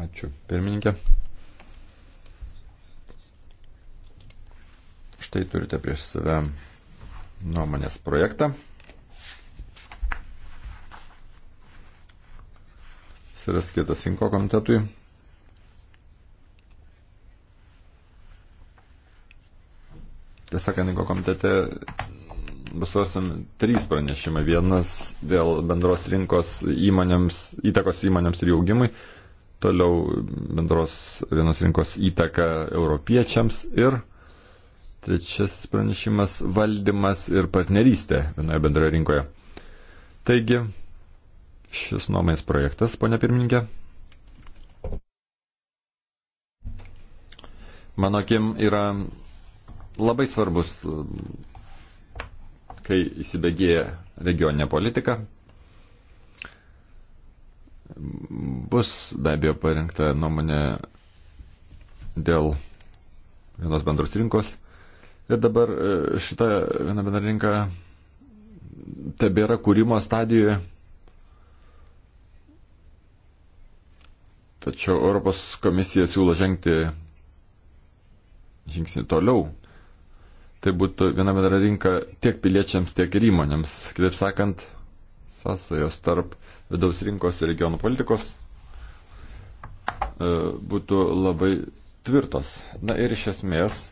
Speaker 1: Ačiū, pirmininkė. Štai turite prieš save nuomonės projektą. Jis yra skirtas Inko komitetui. Tiesą sakant, Inko komitete bus svarstami trys pranešimai. Vienas dėl bendros rinkos įmonėms, įtakos įmonėms ir jų augimui, toliau bendros vienos rinkos įtaka europiečiams ir trečiasis pranešimas - valdymas ir partnerystė vienoje bendroje rinkoje. Taigi, šis nuomonės projektas, ponia pirmininkė. Mano akim yra labai svarbus, kai įsibėgėja regioninė politika. Bus be abejo parengta nuomonė dėl vienos bendros rinkos. Ir dabar e, šita viena bendra rinka tebėra kūrimo stadijoje. Tačiau Europos komisija siūlo žengti žingsnį toliau, tai būtų viena bendra rinka tiek piliečiams, tiek ir įmonėms. Kitaip sakant, sąsajos tarp vidaus rinkos ir regionų politikos e, būtų labai tvirtos. Na ir iš esmės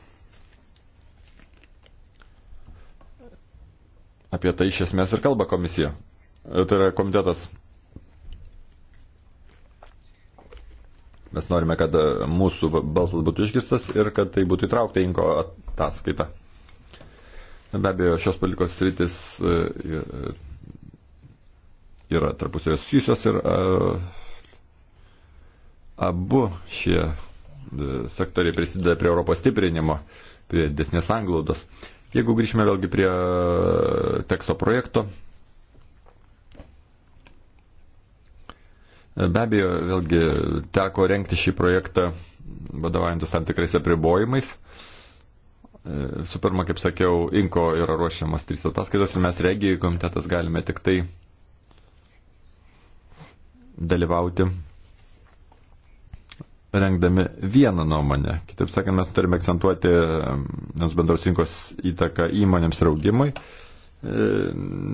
Speaker 1: apie tai iš esmės ir kalba komisija. E, tai yra komitetas. Mes norime, kad e, mūsų balsas būtų išgirstas ir kad tai būtų įtraukta inko ataskaita. Be abejo, šios politikos sritis e, e, yra tarpusavės susijusios ir e, abu šie sektoriai prisideda prie Europos stiprinimo, prie desnės anglaudos. Jeigu grįžime vėlgi prie teksto projekto, be abejo, vėlgi teko renkti šį projektą vadovaujantis tam tikrais apribojimais. Uh, Su pirma, kaip sakiau, Inko yra ruošiamas trys ataskaitos ir mes regijai komitetas galime tik tai dalyvauti rengdami vieną nuomonę. Kitaip sakant, mes turime akcentuoti nes bendros rinkos įtaką įmonėms ir augimui, e,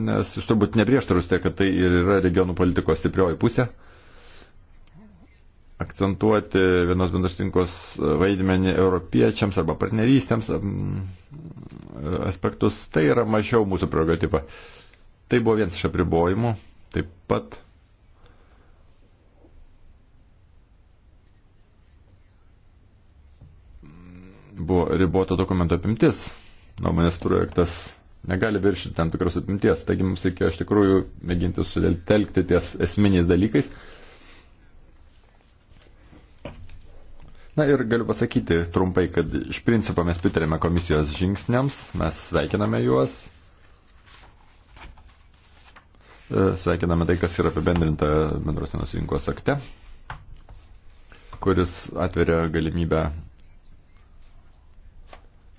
Speaker 1: nes jūs turbūt neprieštarusite, kad tai ir yra regionų politikos stiprioji pusė akcentuoti vienos bendros rinkos vaidmenį europiečiams arba partnerystėms aspektus, tai yra mažiau mūsų prerogatyva. Tai buvo vienas iš apribojimų. Taip pat buvo riboto dokumento apimtis. Nuomonės projektas negali viršyti tam tikros apimties. Taigi mums reikėjo iš tikrųjų mėginti sudelkti ties esminiais dalykais Na ir galiu pasakyti trumpai, kad iš principo mes pritarėme komisijos žingsniams, mes sveikiname juos. E, sveikiname tai, kas yra apibendrinta bendrosios rinkos akte, kuris atveria galimybę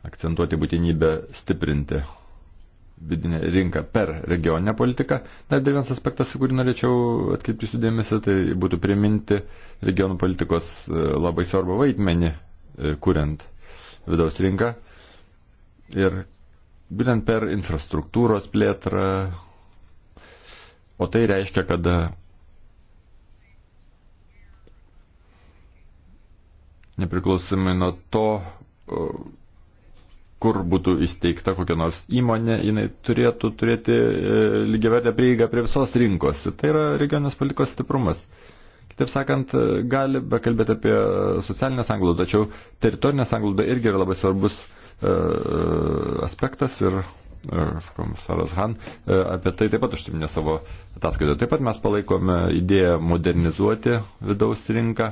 Speaker 1: akcentuoti būtinybę stiprinti vidinę rinką per regioninę politiką. Dar dar vienas aspektas, į kurį norėčiau atkreipti jūsų dėmesį, tai būtų priminti regionų politikos e, labai svarbą vaidmenį, e, kuriant vidaus rinką. Ir būtent per infrastruktūros plėtrą. O tai reiškia, kad e, nepriklausomai nuo to, kur būtų įsteigta kokia nors įmonė, jinai turėtų turėti e, lygiavertę prieigą prie visos rinkos. Tai yra regioninės politikos stiprumas. Kitaip sakant, e, gali bekalbėti apie socialinę sanglaudą, tačiau teritorinė sanglauda irgi yra labai svarbus e, aspektas ir komisaras Han apie tai taip pat užsiminė savo ataskaitą. Taip pat mes palaikome idėją modernizuoti vidaus rinką,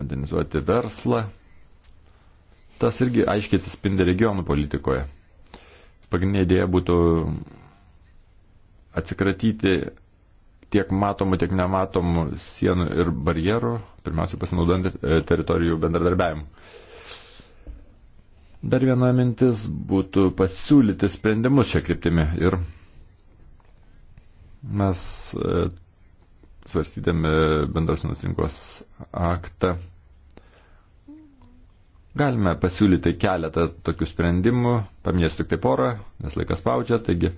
Speaker 1: modernizuoti verslą tas irgi aiškiai atsispindi regionų politikoje. Pagrindinė idėja būtų atsikratyti tiek matomų, tiek nematomų sienų ir barjerų, pirmiausia pasinaudojant e, teritorijų bendradarbiavimu. Dar viena mintis būtų pasiūlyti sprendimus šią kryptimį ir mes e, svarstydami bendrosios rinkos aktą Galime pasiūlyti keletą tokių sprendimų, paminėsiu tik tai porą, nes laikas spaudžia, taigi e,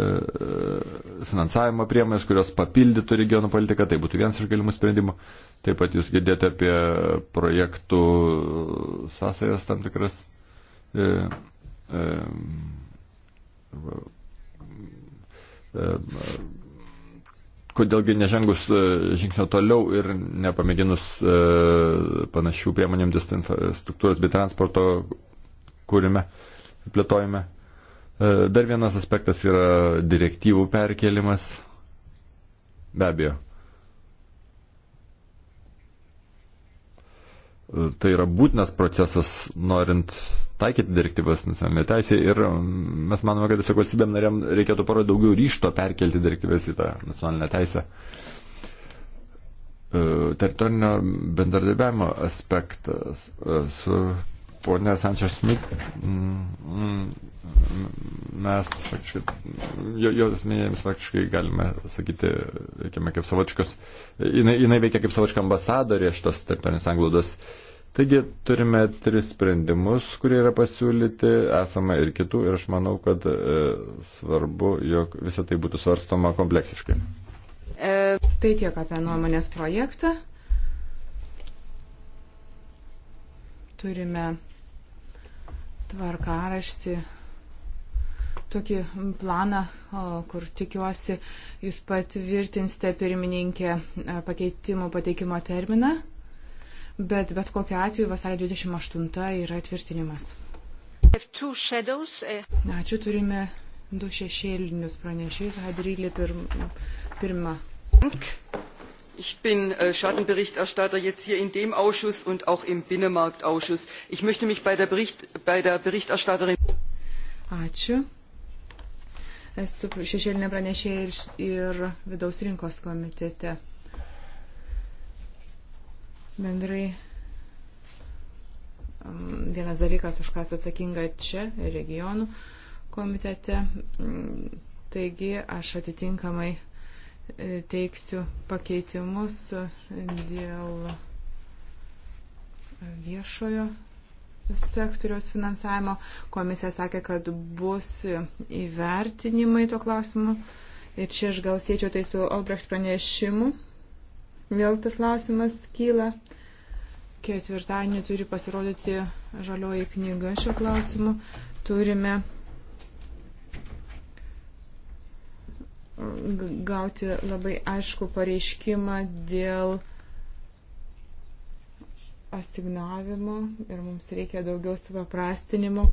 Speaker 1: e, finansavimo priemonės, kurios papildytų regionų politiką, tai būtų vienas iš galimų sprendimų. Taip pat jūs girdėjote apie projektų sąsajas tam tikras. E, e, e, e, kodėlgi nežengus e, žingsnio toliau ir nepamėginus e, panašių priemonėmis infrastruktūros bei transporto kūrime, plėtojime. E, dar vienas aspektas yra direktyvų perkelimas. Be abejo. Tai yra būtinas procesas, norint taikyti direktyvas nacionalinė teisė ir um, mes manome, kad tiesiog valstybėm narėm reikėtų parodyti daugiau ryšto perkelti direktyvas į tą nacionalinę teisę. E, teritorinio bendradarbiavimo aspektas e, su ponė Sančias Smith, mm, mm, mes faktiškai, jo, jos minėjams faktiškai galime sakyti, veikime kaip savočkos, jinai, jinai veikia kaip savočka ambasadorė šitos teritorinės anglodos uh, Taigi turime tris sprendimus, kurie yra pasiūlyti, esame ir kitų ir aš manau, kad e, svarbu, jog visą tai būtų svarstoma kompleksiškai.
Speaker 3: E, tai tiek apie nuomonės projektą. Turime tvarkaraštį, tokį planą, kur tikiuosi jūs patvirtinsite pirmininkė e, pakeitimų pateikimo terminą bet bet kokiu atveju vasario 28 yra tvirtinimas. Eh. Ačiū, turime du šešėlinius pranešėjus, Hadrylį pirm, pirmą.
Speaker 1: Ich bin äh, Schattenberichterstatter jetzt
Speaker 2: hier in dem Ausschuss und auch im Binnenmarktausschuss. Ich möchte mich bei der, Bericht, bei der Berichterstatterin.
Speaker 3: Ačiū. Esu šešėlinė pranešėja ir, ir vidaus rinkos komitete. Bendrai vienas dalykas, už ką esu atsakinga čia, regionų komitete. Taigi aš atitinkamai e, teiksiu pakeitimus dėl viešojo sektoriaus finansavimo. Komisija sakė, kad bus įvertinimai to klausimu. Ir čia aš gal siečiau tai su Albrecht pranešimu vėl tas klausimas kyla. Ketvirtadienį turi pasirodyti žalioji knyga šio klausimu. Turime gauti labai aišku pareiškimą dėl asignavimo ir mums reikia daugiau supaprastinimo.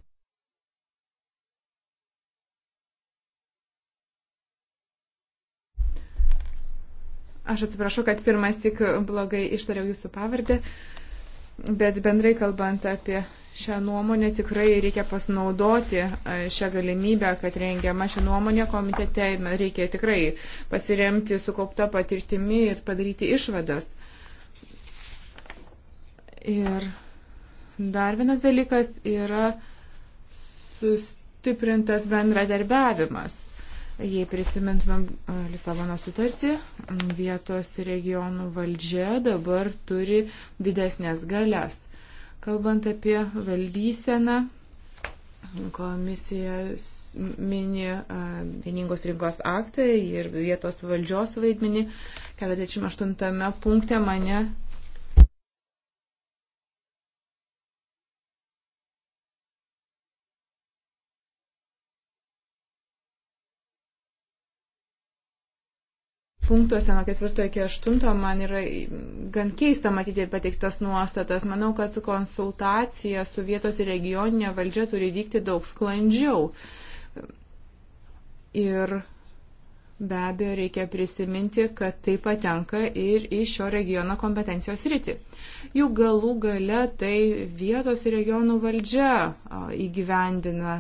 Speaker 3: Aš atsiprašau, kad pirmas tik blogai ištariau jūsų pavardę, bet bendrai kalbant apie šią nuomonę, tikrai reikia pasinaudoti šią galimybę, kad rengiama šią nuomonę komitete, reikia tikrai pasiremti sukaupta patirtimi ir padaryti išvadas. Ir dar vienas dalykas yra sustiprintas bendradarbiavimas Jei prisimintumėm e, Lisabono sutartį, vietos regionų valdžia dabar turi didesnės galias. Kalbant apie valdyseną, komisija mini e, vieningos rinkos aktai ir vietos valdžios vaidmenį. 48 punkte mane punktuose nuo ketvirto iki aštunto man yra gan keista matyti pateiktas nuostatas. Manau, kad konsultacija su vietos ir regioninė valdžia turi vykti daug sklandžiau. Ir be abejo reikia prisiminti, kad tai patenka ir į šio regiono kompetencijos rytį. Juk galų gale tai vietos ir regionų valdžia įgyvendina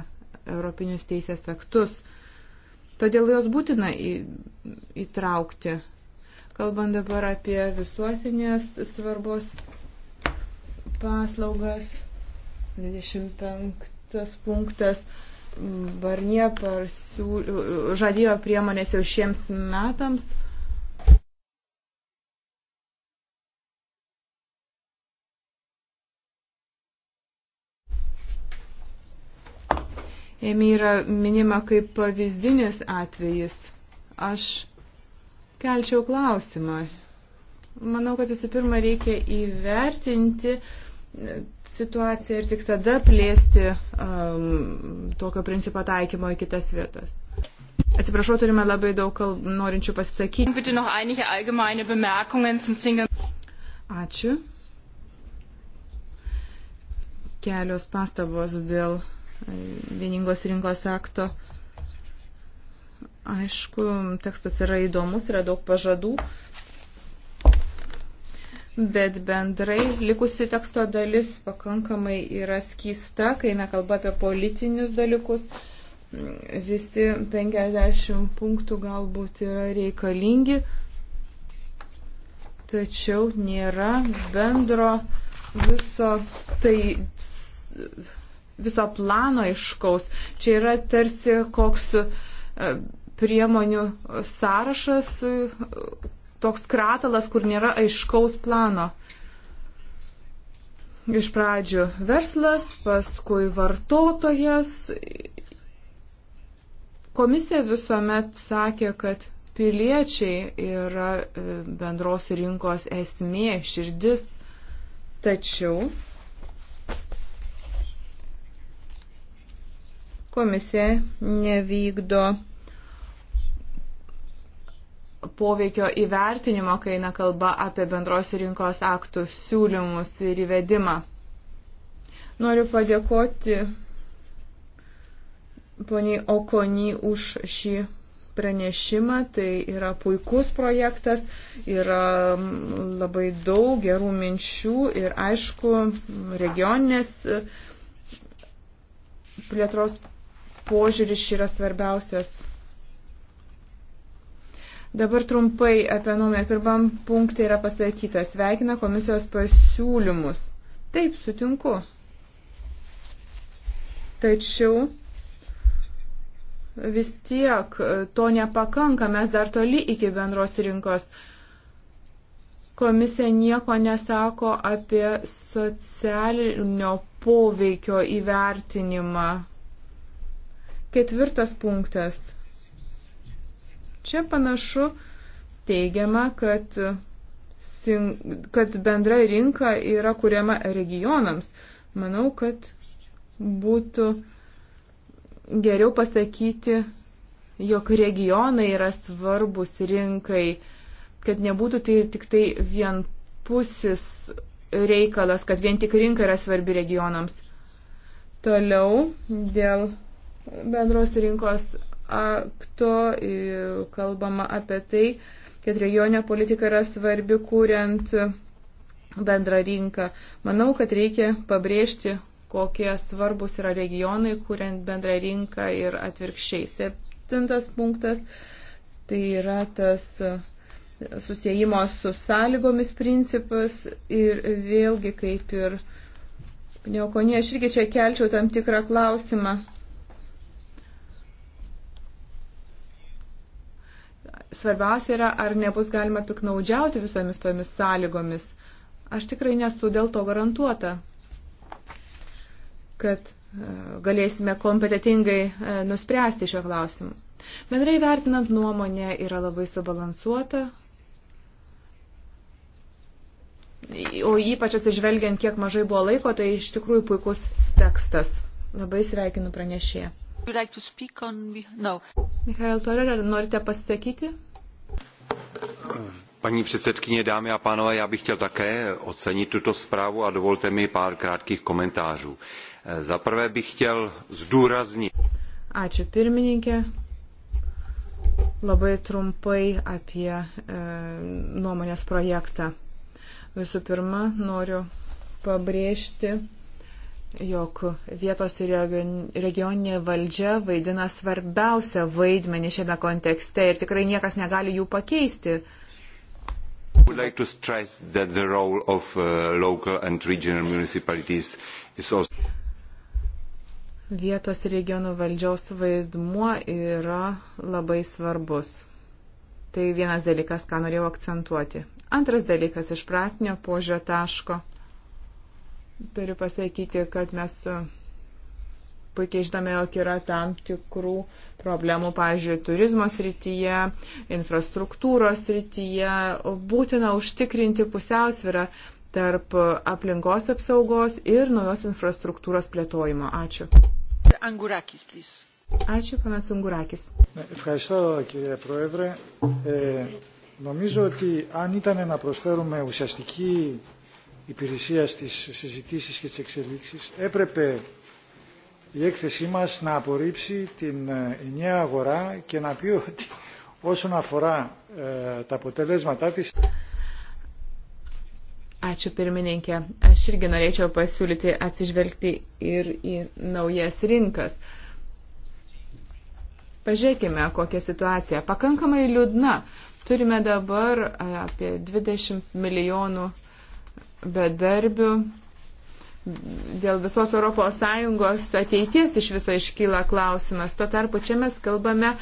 Speaker 3: Europinius teisės aktus. Todėl jos būtina į, įtraukti. Kalbant dabar apie visuotinės svarbos paslaugas, 25 punktas. Barnie žadėjo priemonės jau šiems metams Emi yra minima kaip pavyzdinis atvejis. Aš kelčiau klausimą. Manau, kad visų pirma reikia įvertinti situaciją ir tik tada plėsti um, tokio principo taikymo į kitas vietas. Atsiprašau, turime labai daug kalb, norinčių pasisakyti. Ačiū. Kelios pastabos dėl vieningos rinkos akto. Aišku, tekstas yra įdomus, yra daug pažadų, bet bendrai likusi teksto dalis pakankamai yra skysta, kai eina kalba apie politinius dalykus. Visi 50 punktų galbūt yra reikalingi, tačiau nėra bendro viso tai viso plano iškaus. Čia yra tarsi koks e, priemonių sąrašas, e, toks kratalas, kur nėra aiškaus plano. Iš pradžių verslas, paskui vartotojas. Komisija visuomet sakė, kad piliečiai yra e, bendros rinkos esmė, širdis. Tačiau Komisija nevykdo poveikio įvertinimo, kai eina kalba apie bendros rinkos aktų siūlymus ir įvedimą. Noriu padėkoti poniai Okony už šį pranešimą. Tai yra puikus projektas, yra labai daug gerų minčių ir aišku, regioninės plėtros požiūris yra svarbiausias. Dabar trumpai apie nuomonę. Pirmam punktai yra pasakyta. Sveikina komisijos pasiūlymus. Taip, sutinku. Tačiau vis tiek to nepakanka, mes dar toli iki bendros rinkos. Komisija nieko nesako apie socialinio poveikio įvertinimą Ketvirtas punktas. Čia panašu teigiama, kad, kad bendra rinka yra kuriama regionams. Manau, kad būtų geriau pasakyti, jog regionai yra svarbus rinkai, kad nebūtų tai tik tai vienpusis reikalas, kad vien tik rinka yra svarbi regionams. Toliau dėl bendros rinkos akto kalbama apie tai, kad regioninė politika yra svarbi kūriant bendrą rinką. Manau, kad reikia pabrėžti, kokie svarbus yra regionai, kuriant bendrą rinką ir atvirkščiai. Septintas punktas tai yra tas susijimo su sąlygomis principas ir vėlgi kaip ir neokonė, aš irgi čia kelčiau tam tikrą klausimą Svarbiausia yra, ar nebus galima piknaudžiauti visomis tomis sąlygomis. Aš tikrai nesu dėl to garantuota, kad e, galėsime kompetitingai e, nuspręsti šio klausimu. Bendrai vertinant nuomonė yra labai subalansuota, o ypač atsižvelgiant, kiek mažai buvo laiko, tai iš tikrųjų puikus tekstas. Labai sveikinu pranešėją. Like on... no. Mikhail Torerė, norite pasisakyti?
Speaker 1: Paní předsedkyně, dámy a pánové, já bych chtěl také ocenit tuto zprávu a dovolte mi pár krátkých komentářů. Za prvé bych chtěl zdůraznit.
Speaker 3: Ačiū pirmininkė. Labai trumpai apie e, nuomonės projektą. Visų pirma, noriu pabrėžti jog vietos ir regioninė valdžia vaidina svarbiausią vaidmenį šiame kontekste ir tikrai niekas negali jų pakeisti.
Speaker 1: Like of, uh, also...
Speaker 3: Vietos ir regionų valdžios vaidmuo yra labai svarbus. Tai vienas dalykas, ką norėjau akcentuoti. Antras dalykas iš praktinio požio taško Turiu pasakyti, kad mes e, puikiai žinome, jog yra tam tikrų problemų, pavyzdžiui, turizmo srityje, infrastruktūros srityje. Būtina užtikrinti pusiausvirą tarp aplinkos apsaugos ir naujos infrastruktūros plėtojimo. Ačiū. Angurakis, plys. Ačiū, panas Angurakis. Ευχαριστώ, κύριε Πρόεδρε. Ε, νομίζω ότι αν ήταν να προσφέρουμε ουσιαστική
Speaker 1: υπηρεσία στις συζητήσεις και τις εξελίξεις, έπρεπε η έκθεσή μας να απορρίψει την ενιαία αγορά και να πει ότι όσον αφορά ε, τα αποτελέσματά της...
Speaker 3: Ačiū pirmininkė. Aš irgi norėčiau pasiūlyti atsižvelgti ir į naujas rinkas. Pažiūrėkime, kokia situacija. Pakankamai liūdna. Turime dabar e, apie 20 milijonų bedarbių, dėl visos ES ateities iš viso iškyla klausimas. Tuo tarpu čia mes kalbame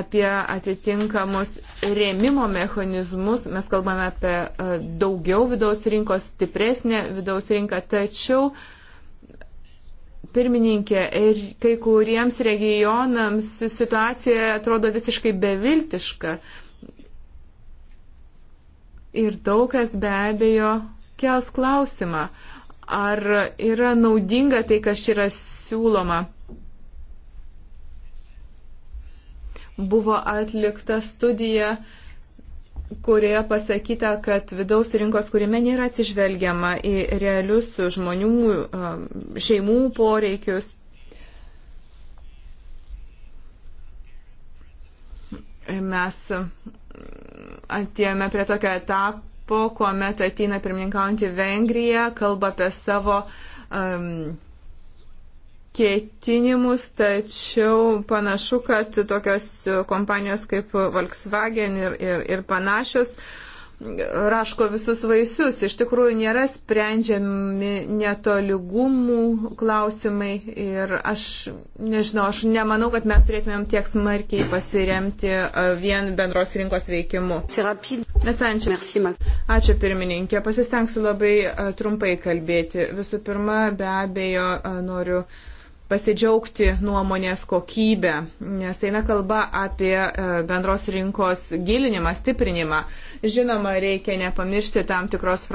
Speaker 3: apie atitinkamus rėmimo mechanizmus, mes kalbame apie e, daugiau vidaus rinkos, stipresnę vidaus rinką, tačiau pirmininkė ir kai kuriems regionams situacija atrodo visiškai beviltiška. Ir daug kas be abejo kels klausimą, ar yra naudinga tai, kas yra siūloma. Buvo atlikta studija, kurioje pasakyta, kad vidaus rinkos kūrime nėra atsižvelgiama į realius žmonių, um, šeimų poreikius, mes atėjome prie tokio etap, etapu, kuomet ateina pirmininkaujantį Vengriją, kalba apie savo um, ketinimus, tačiau panašu, kad tokios kompanijos kaip Volkswagen ir, ir, ir panašios uh, raško visus vaisius. Iš tikrųjų nėra sprendžiami netoligumų klausimai ir aš nežinau, aš nemanau, kad mes turėtumėm tiek smarkiai pasiremti e, vien bendros rinkos veikimu. Ačiū pirmininkė, pasistengsiu labai e, trumpai kalbėti. Visų pirma, be abejo, e, noriu pasidžiaugti nuomonės kokybę, nes eina kalba apie e, bendros rinkos gilinimą, stiprinimą. Žinoma, reikia nepamiršti tam tikros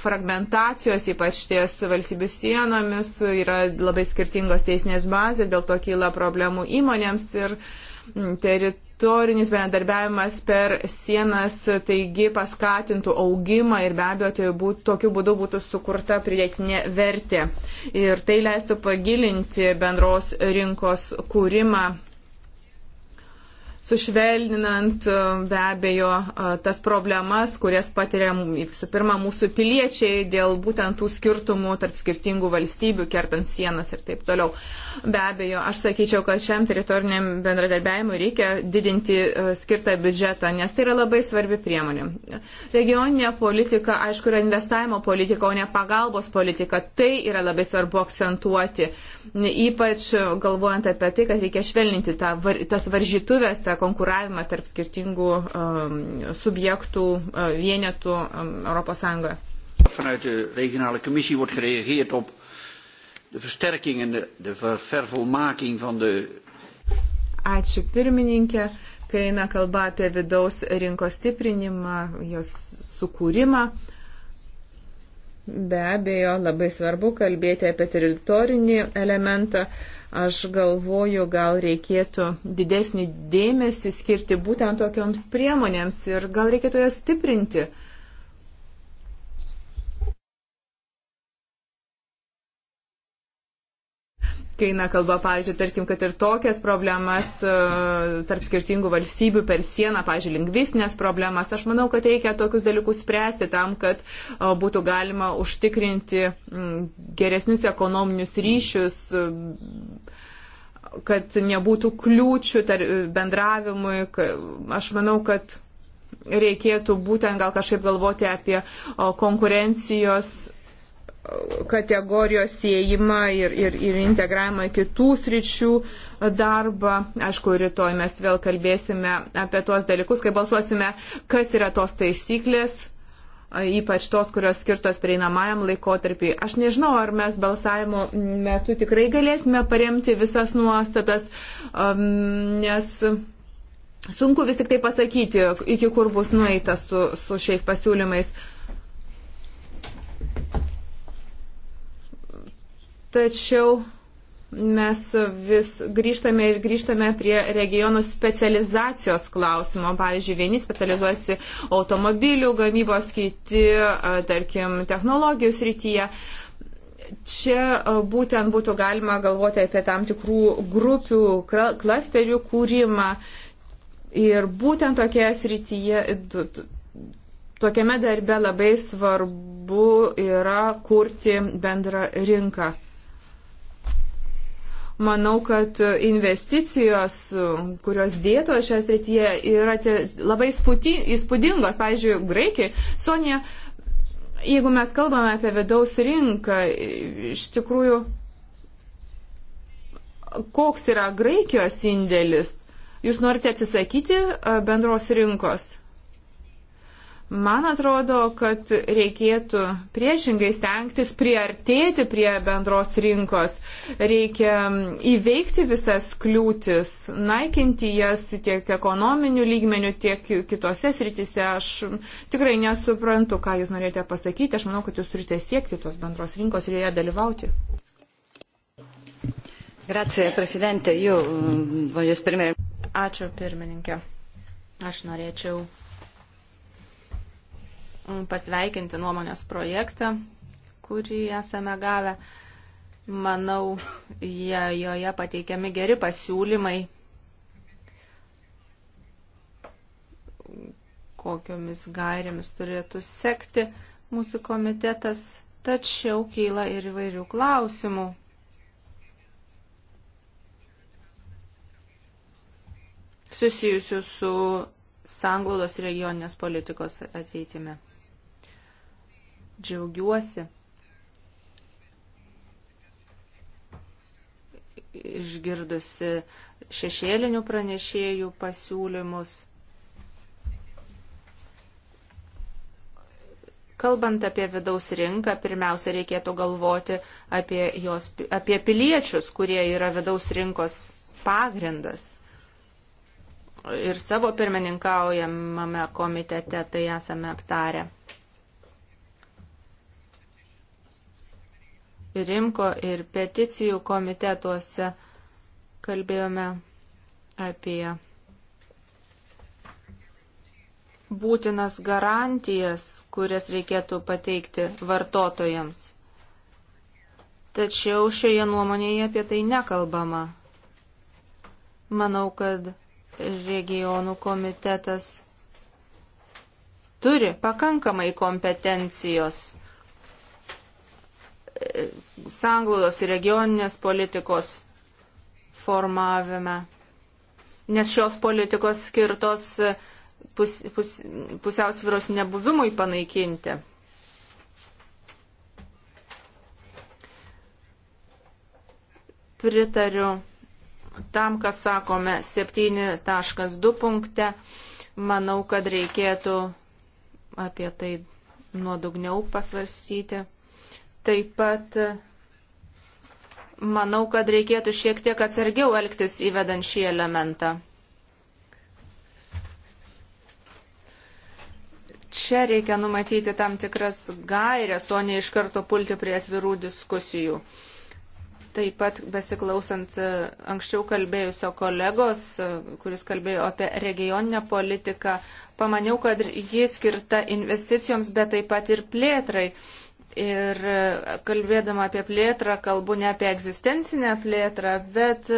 Speaker 3: fragmentacijos, ypač ties valstybių sienomis, yra labai skirtingos teisinės bazės, dėl to kyla problemų įmonėms ir teritorijos sektorinis bendarbiavimas per sienas taigi paskatintų augimą ir be abejo tai būt, tokiu būdu būtų sukurta pridėtinė vertė. Ir tai leistų pagilinti bendros rinkos kūrimą sušvelninant e, be abejo e, tas problemas, kurias patiria visų pirma mūsų piliečiai dėl būtent tų skirtumų tarp skirtingų valstybių, kertant sienas ir taip toliau. Be abejo, aš sakyčiau, kad šiam teritoriniam bendradarbiavimui reikia didinti e, skirtą biudžetą, nes tai yra labai svarbi priemonė. Regioninė politika, aišku, yra investavimo politika, o ne pagalbos politika. Tai yra labai svarbu akcentuoti, ypač galvojant apie tai, kad reikia švelninti tą, tas varžytuvės, tą konkuravimą tarp skirtingų um, subjektų, uh, vienetų um, Europos Sąjungoje.
Speaker 2: Vanuit de regionale commissie wordt gereageerd op de versterking en de, de ver, vervolmaking van
Speaker 1: de.
Speaker 3: Ačiū pirmininkė, kai eina kalba apie vidaus rinkos stiprinimą, jos sukūrimą. Be abejo, labai svarbu kalbėti apie teritorinį elementą. Uh, Aš galvoju, gal reikėtų didesnį dėmesį skirti būtent tokioms priemonėms ir gal reikėtų jas stiprinti. kai eina kalba, pavyzdžiui, tarkim, kad ir tokias problemas e, tarp skirtingų valstybių per sieną, pavyzdžiui, lingvistinės problemas, aš manau, kad reikia tokius dalykus spręsti tam, kad e, būtų galima užtikrinti geresnius ekonominius ryšius kad nebūtų kliūčių bendravimui. Aš manau, kad reikėtų būtent gal kažkaip galvoti apie konkurencijos kategorijos siejimą ir, ir, ir integravimą kitų sričių darbą. Aišku, rytoj mes vėl kalbėsime apie tuos dalykus, kai balsuosime, kas yra tos taisyklės ypač tos, kurios skirtos prieinamajam laikotarpiai. Aš nežinau, ar mes balsavimo metu tikrai galėsime paremti visas nuostatas, um, nes sunku vis tik tai pasakyti, iki kur bus nueita su, su šiais pasiūlymais. Tačiau mes vis grįžtame ir grįžtame prie regionų specializacijos klausimo. Pavyzdžiui, vieni specializuojasi automobilių gamybos, kiti, tarkim, technologijų srityje. Čia būtent būtų galima galvoti apie tam tikrų grupių, klasterių kūrimą. Ir būtent tokioje srityje, tokiame darbe labai svarbu yra kurti bendrą rinką. Manau, kad investicijos, kurios dėtos šią srityje, yra labai sputi, įspūdingos. Pavyzdžiui, Graikijai, Sonija, jeigu mes kalbame apie vidaus rinką, iš tikrųjų, koks yra Graikijos indėlis? Jūs norite atsisakyti bendros rinkos? Man atrodo, kad reikėtų priešingai stengtis priartėti prie bendros rinkos. Reikia įveikti visas kliūtis, naikinti jas tiek ekonominių lygmenių, tiek kitose sritise. Aš tikrai nesuprantu, ką Jūs norėjote pasakyti. Aš manau, kad Jūs turite siekti tos bendros rinkos ir joje dalyvauti. Grazie, Presidente.
Speaker 2: Io mm, voglio esprimere. Ačiū, pirmininkė. Aš norėčiau pasveikinti nuomonės projektą, kurį esame gavę. Manau, jie, joje pateikiami geri pasiūlymai, kokiomis gairėmis turėtų sekti mūsų komitetas, tačiau keila ir įvairių klausimų. susijusių su sanglaudos regioninės politikos ateitimi. Džiaugiuosi išgirdusi šešėlinių pranešėjų pasiūlymus. Kalbant apie vidaus rinką, pirmiausia, reikėtų galvoti apie, jos, apie piliečius, kurie yra vidaus rinkos pagrindas. Ir savo pirmininkaujamame komitete tai esame aptarę. Rimko ir peticijų komitetuose kalbėjome apie būtinas garantijas, kurias reikėtų pateikti vartotojams. Tačiau šioje nuomonėje apie tai nekalbama. Manau, kad regionų komitetas turi pakankamai kompetencijos sanglaudos ir regioninės politikos formavime, nes šios politikos skirtos pus, pus, pusiausvyros nebuvimui panaikinti. Pritariu tam, kas sakome 7.2 punkte. Manau, kad reikėtų apie tai nuodugniau pasvarstyti. Taip pat manau, kad reikėtų šiek tiek atsargiau elgtis įvedant šį elementą. Čia reikia numatyti tam tikras gairias, o ne iš karto pulti prie atvirų diskusijų. Taip pat besiklausant e, anksčiau kalbėjusio kolegos, e, kuris kalbėjo apie regioninę politiką, pamaniau, kad ji skirta investicijoms, bet taip pat ir plėtrai. Ir kalbėdama apie plėtrą, kalbu ne apie egzistencinę plėtrą, bet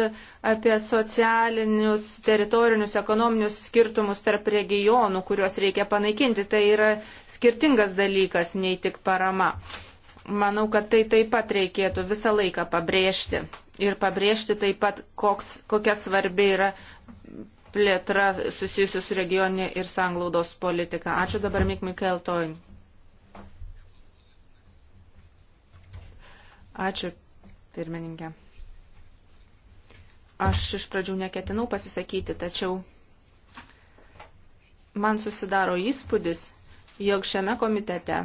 Speaker 2: apie socialinius, teritorinius, ekonominius skirtumus tarp regionų, kuriuos reikia panaikinti. Tai yra skirtingas dalykas nei tik parama. Manau, kad tai taip pat reikėtų visą laiką pabrėžti. Ir pabrėžti taip pat, koks, kokia svarbi yra plėtra susijusi su regioninė ir sanglaudos politika. Ačiū dabar Mik Mikael Toin. Ačiū, pirmininkė. Aš iš pradžių neketinau pasisakyti, tačiau man susidaro įspūdis, jog šiame komitete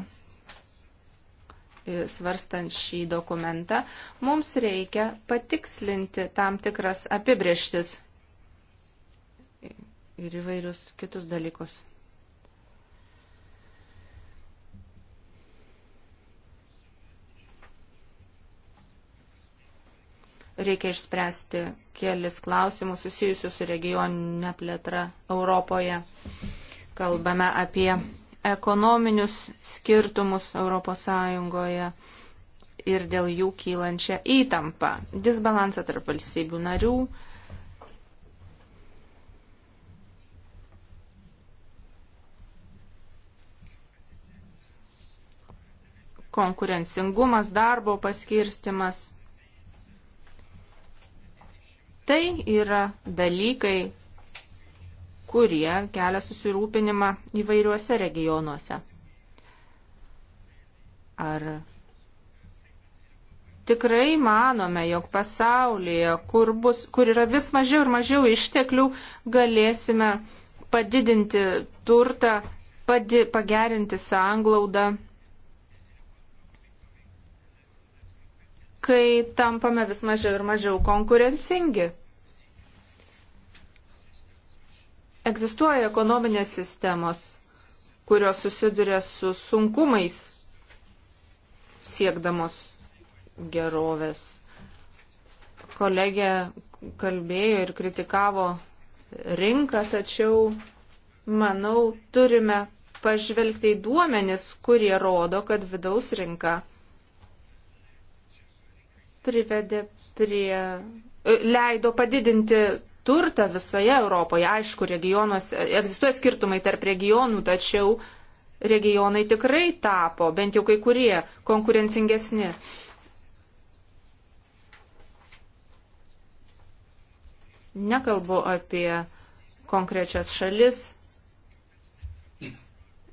Speaker 2: svarstant šį dokumentą, mums reikia patikslinti tam tikras apibrieštis ir įvairius kitus dalykus. reikia išspręsti kelis klausimus susijusius su regioninė plėtra Europoje. Kalbame apie ekonominius skirtumus ES ir dėl jų kylančią įtampą, disbalansą tarp valstybių narių. konkurencingumas, darbo paskirstimas. Tai yra dalykai, kurie kelia susirūpinimą įvairiuose regionuose. Ar tikrai manome, jog pasaulyje, kur, bus, kur yra vis mažiau ir mažiau išteklių, galėsime padidinti turtą, padi, pagerinti sąnglaudą kai tampame vis mažiau ir mažiau konkurencingi. Egzistuoja ekonominės sistemos, kurios susiduria su sunkumais siekdamos gerovės. Kolegė kalbėjo ir kritikavo rinką, tačiau, manau, turime pažvelgti į duomenis, kurie rodo, kad vidaus rinka privedė prie, e, leido padidinti turtą visoje Europoje. Aišku, regionuose egzistuoja skirtumai tarp regionų, tačiau regionai tikrai tapo, bent jau kai kurie, konkurencingesni. Nekalbu apie konkrečias šalis.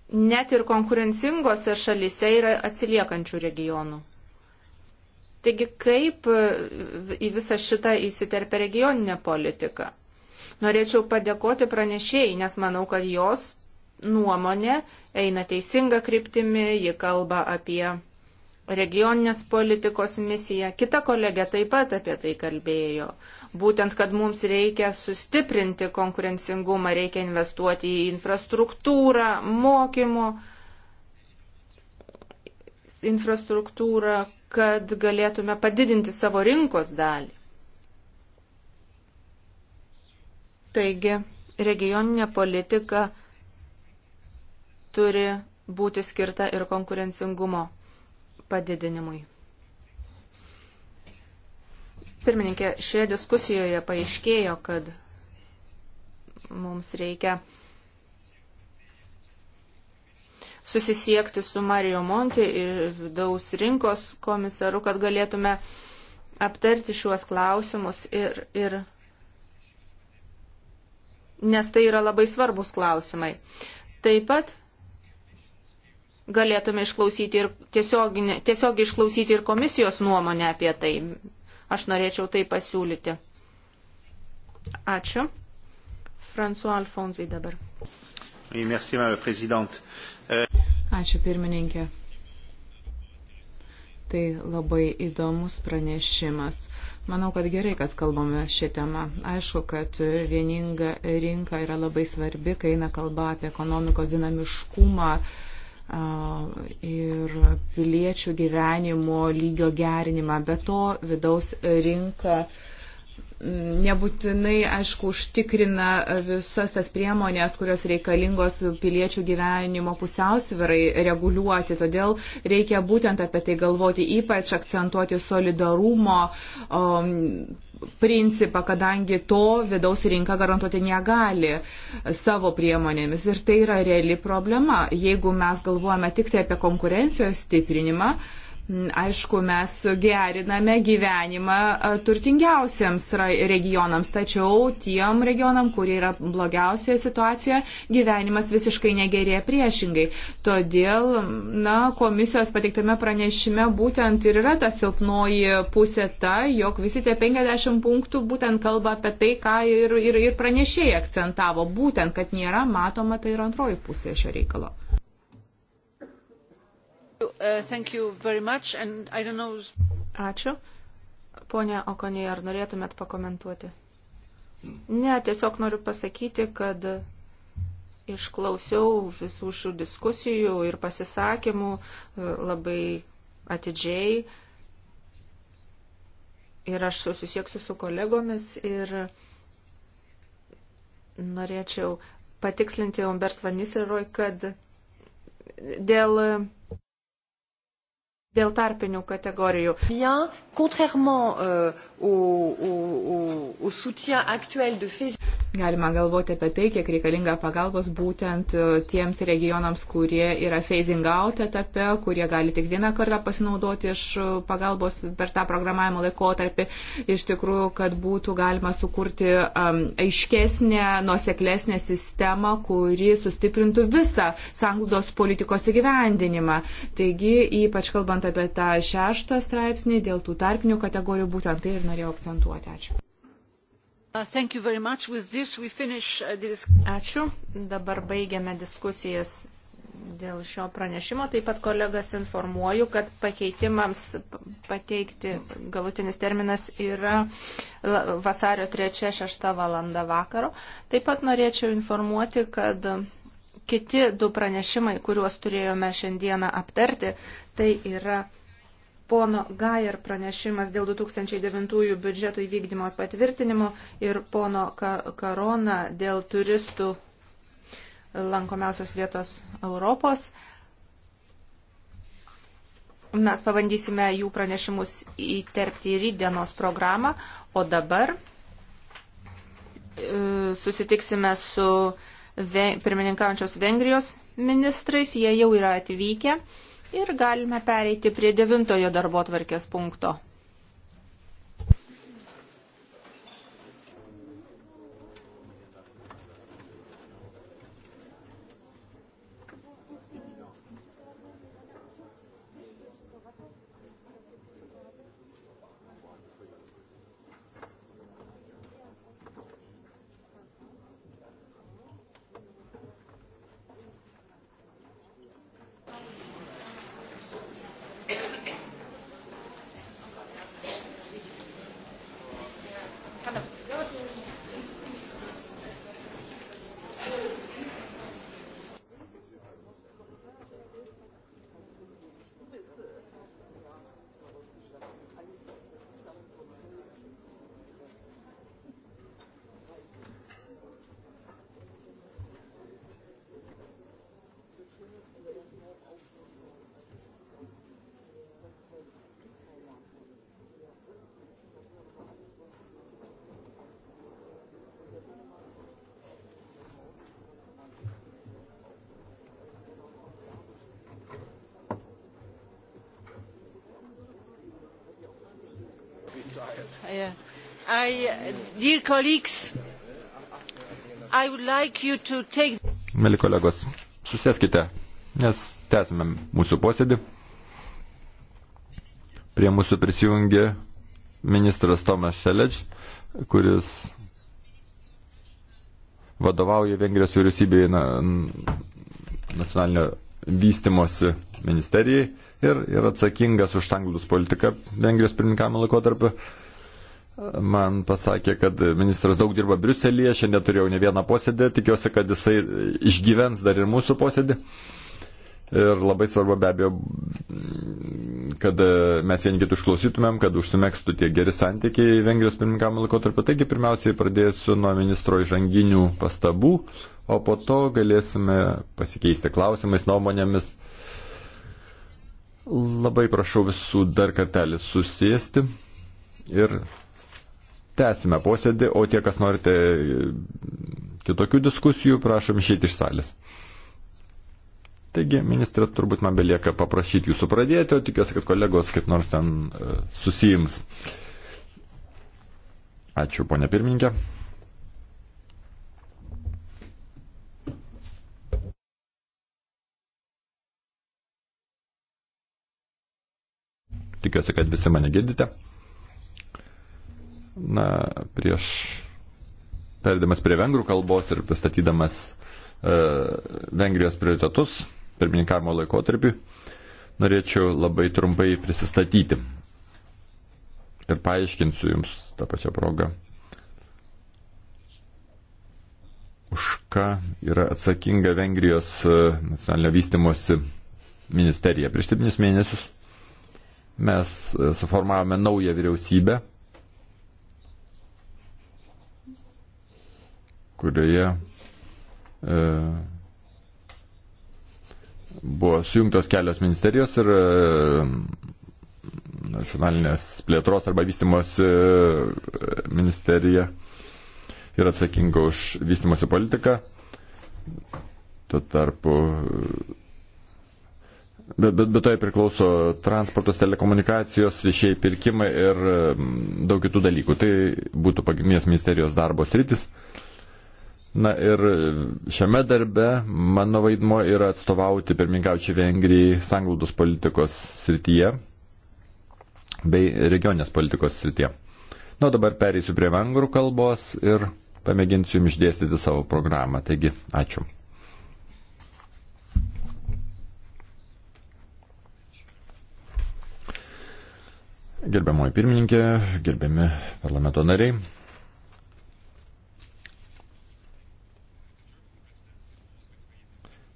Speaker 2: Net ir konkurencingose šalise yra atsiliekančių regionų. Taigi kaip e, į visą šitą įsiterpia regioninė politika? Norėčiau padėkoti pranešėjai, nes manau, kad jos nuomonė eina teisinga kryptimi, ji kalba apie regioninės politikos misiją. Kita kolegė taip pat apie tai kalbėjo. Būtent, kad mums reikia sustiprinti konkurencingumą, reikia investuoti į infrastruktūrą, mokymo infrastruktūrą, kad galėtume padidinti savo rinkos dalį. Taigi, regioninė politika turi būti skirta ir konkurencingumo padidinimui. Pirmininkė, šioje diskusijoje paaiškėjo, kad mums reikia susisiekti su Mario Monti ir vidaus rinkos komisaru, kad galėtume aptarti šiuos klausimus ir, ir nes tai yra labai svarbus klausimai. Taip pat galėtume išklausyti ir tiesiog, tiesiog išklausyti ir komisijos nuomonę apie tai. Aš norėčiau tai pasiūlyti. Ačiū. François Alfonsai dabar.
Speaker 1: Oui, merci, Madame la Présidente.
Speaker 3: Ačiū pirmininkė. Tai labai įdomus pranešimas. Manau, kad gerai, kad kalbame šią temą. Aišku, kad vieninga rinka yra labai svarbi, kai eina kalba apie ekonomikos dinamiškumą ir piliečių gyvenimo lygio gerinimą. Be to, vidaus rinka. Uh, nebūtinai, aišku, užtikrina visas tas priemonės, kurios reikalingos piliečių gyvenimo pusiausvirai reguliuoti. Todėl reikia būtent apie tai galvoti, ypač akcentuoti solidarumo. Um, principą, kadangi to vidaus rinka garantuoti negali savo priemonėmis. Ir tai yra reali problema. Jeigu mes galvojame tik tai apie konkurencijos stiprinimą, uh, Aišku, mes geriname gyvenimą e, turtingiausiams regionams, tačiau tiem regionam, kurie yra blogiausioje situacijoje, gyvenimas visiškai negerėja priešingai. Todėl, na, komisijos pateiktame pranešime būtent ir yra ta silpnoji pusė ta, jog visi tie 50 punktų būtent kalba apie tai, ką ir, ir, ir pranešėjai akcentavo, būtent, kad nėra matoma tai ir antroji pusė šio reikalo.
Speaker 2: Uh, Ačiū. Pone Okonė, ar norėtumėt pakomentuoti? Ne, tiesiog noriu pasakyti, kad išklausiau visų šių diskusijų ir pasisakymų uh, labai atidžiai. Ir aš susisieksiu su kolegomis ir norėčiau patikslinti Umbert Vaniseroj, kad dėl dėl tarpinių
Speaker 3: kategorijų. Ja, contrairement euh, au, au, au soutien actuel de Facebook. Galima galvoti apie tai, kiek reikalinga pagalbos būtent e, tiems regionams, kurie yra phasing out etape, kurie gali tik vieną kartą pasinaudoti iš e, pagalbos per tą programavimo laikotarpį. Iš tikrųjų, kad būtų galima sukurti um, aiškesnę, nuoseklesnę sistemą, kuri sustiprintų visą sanglaudos politikos įgyvendinimą. Taigi, ypač kalbant apie tą šeštą straipsnį dėl tų tarpinių kategorijų, būtent tai ir norėjau akcentuoti. Ačiū.
Speaker 2: Uh, uh, Ačiū. Dabar baigiame diskusijas dėl šio pranešimo. Taip pat kolegas informuoju, kad pakeitimams pateikti galutinis terminas yra vasario 3-6 valanda vakaro. Taip pat norėčiau informuoti, kad kiti du pranešimai, kuriuos turėjome šiandieną aptarti, tai yra pono Gajer pranešimas dėl 2009 biudžeto įvykdymo patvirtinimo ir pono Karona dėl turistų lankomiausios vietos Europos. Mes pabandysime jų pranešimus įterpti į rydienos programą, o dabar e, susitiksime su pirmininkaujančios Vengrijos ministrais, jie jau yra atvykę. Ir galime pereiti prie devintojo darbo tvarkės punkto. I, dear colleagues, I would like you to take...
Speaker 1: Meli kolegos, susėskite, nes tęsime mūsų posėdį. Prie mūsų prisijungė ministras Tomas Šeleč, kuris vadovauja Vengrijos vyriausybėje na, nacionalinio vystimosi ministerijai ir yra atsakingas už sanglus politiką Vengrijos pirmininkavimo laikotarpiu man pasakė, kad ministras daug dirba Briuselėje, šiandien turėjau ne vieną posėdį, tikiuosi, kad jisai išgyvens dar ir mūsų posėdį. Ir labai svarbu be abejo, kad mes vieni kitų išklausytumėm, kad užsimekstų tie geri santykiai Vengrijos pirmininkamo laikotarpio. Taigi pirmiausiai pradėsiu nuo ministro įžanginių pastabų, o po to galėsime pasikeisti klausimais, nuomonėmis. Labai prašau visų dar kartelį susėsti ir tęsime posėdį, o tie, kas norite kitokių diskusijų, prašom išėti iš salės. Taigi, ministrė, turbūt man belieka paprašyti jūsų pradėti, o tikiuosi, kad kolegos kaip nors ten e, susijims. Ačiū, ponė pirmininkė. Tikiuosi, kad visi mane girdite na, prieš perėdamas prie vengrų kalbos ir pristatydamas e, Vengrijos prioritetus pirmininkavimo laikotarpiu, norėčiau labai trumpai prisistatyti. Ir paaiškinsiu Jums tą pačią progą, už ką yra atsakinga Vengrijos e, nacionalinio vystimosi ministerija. Prieš 7 mėnesius mes e, suformavome naują vyriausybę kurioje e, buvo sujungtos kelios ministerijos ir e, nacionalinės plėtros arba vystimosi e, ministerija yra atsakinga už vystimosi politiką. Tuo tarpu Bet, bet, bet tai priklauso transportas, telekomunikacijos, viešiai pirkimai ir e, daug kitų dalykų. Tai būtų pagrindinės ministerijos darbos rytis. Uh, Na ir šiame darbe mano vaidmo yra atstovauti pirmininkaučiai Vengrijai sanglaudos politikos srityje bei regionės politikos srityje. Nu, dabar pereisiu prie vengrų kalbos ir pamėginsiu jums išdėstyti savo programą. Taigi, ačiū. Gerbiamoji pirmininkė, gerbiami parlamento nariai,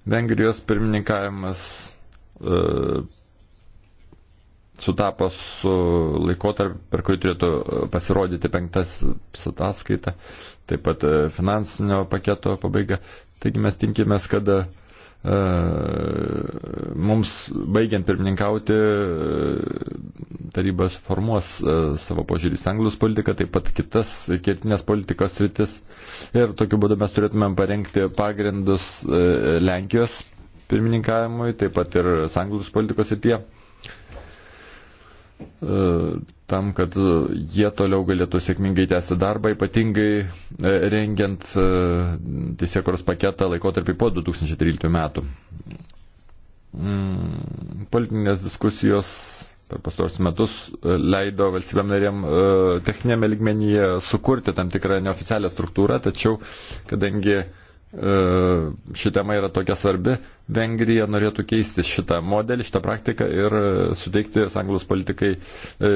Speaker 1: Vengrijos pirmininkavimas e, sutapo su laikotarpiu, per kurį turėtų e, pasirodyti penktasis ataskaita, taip pat e, finansinio paketo pabaiga. Taigi mes tinkimės, kad e, E, mums baigiant pirmininkauti e, tarybas formuos e, savo požiūrį į anglos politiką, taip pat kitas kietinės politikos rytis. Ir tokiu būdu mes turėtumėm parengti pagrindus Lenkijos pirmininkavimui, taip pat ir anglos politikos rytie. E, tam, kad jie toliau galėtų sėkmingai tęsti darbą, ypatingai e, rengiant e, teisėkuros paketą laikotarpį po 2013 metų. Mm, politinės diskusijos per pastarus metus leido valstybėm narėm techninėme ligmenyje sukurti tam tikrą neoficialią struktūrą, tačiau kadangi uh, E, ši tema yra tokia svarbi, Vengrija norėtų keisti šitą modelį, šitą praktiką ir suteikti sanglos politikai e,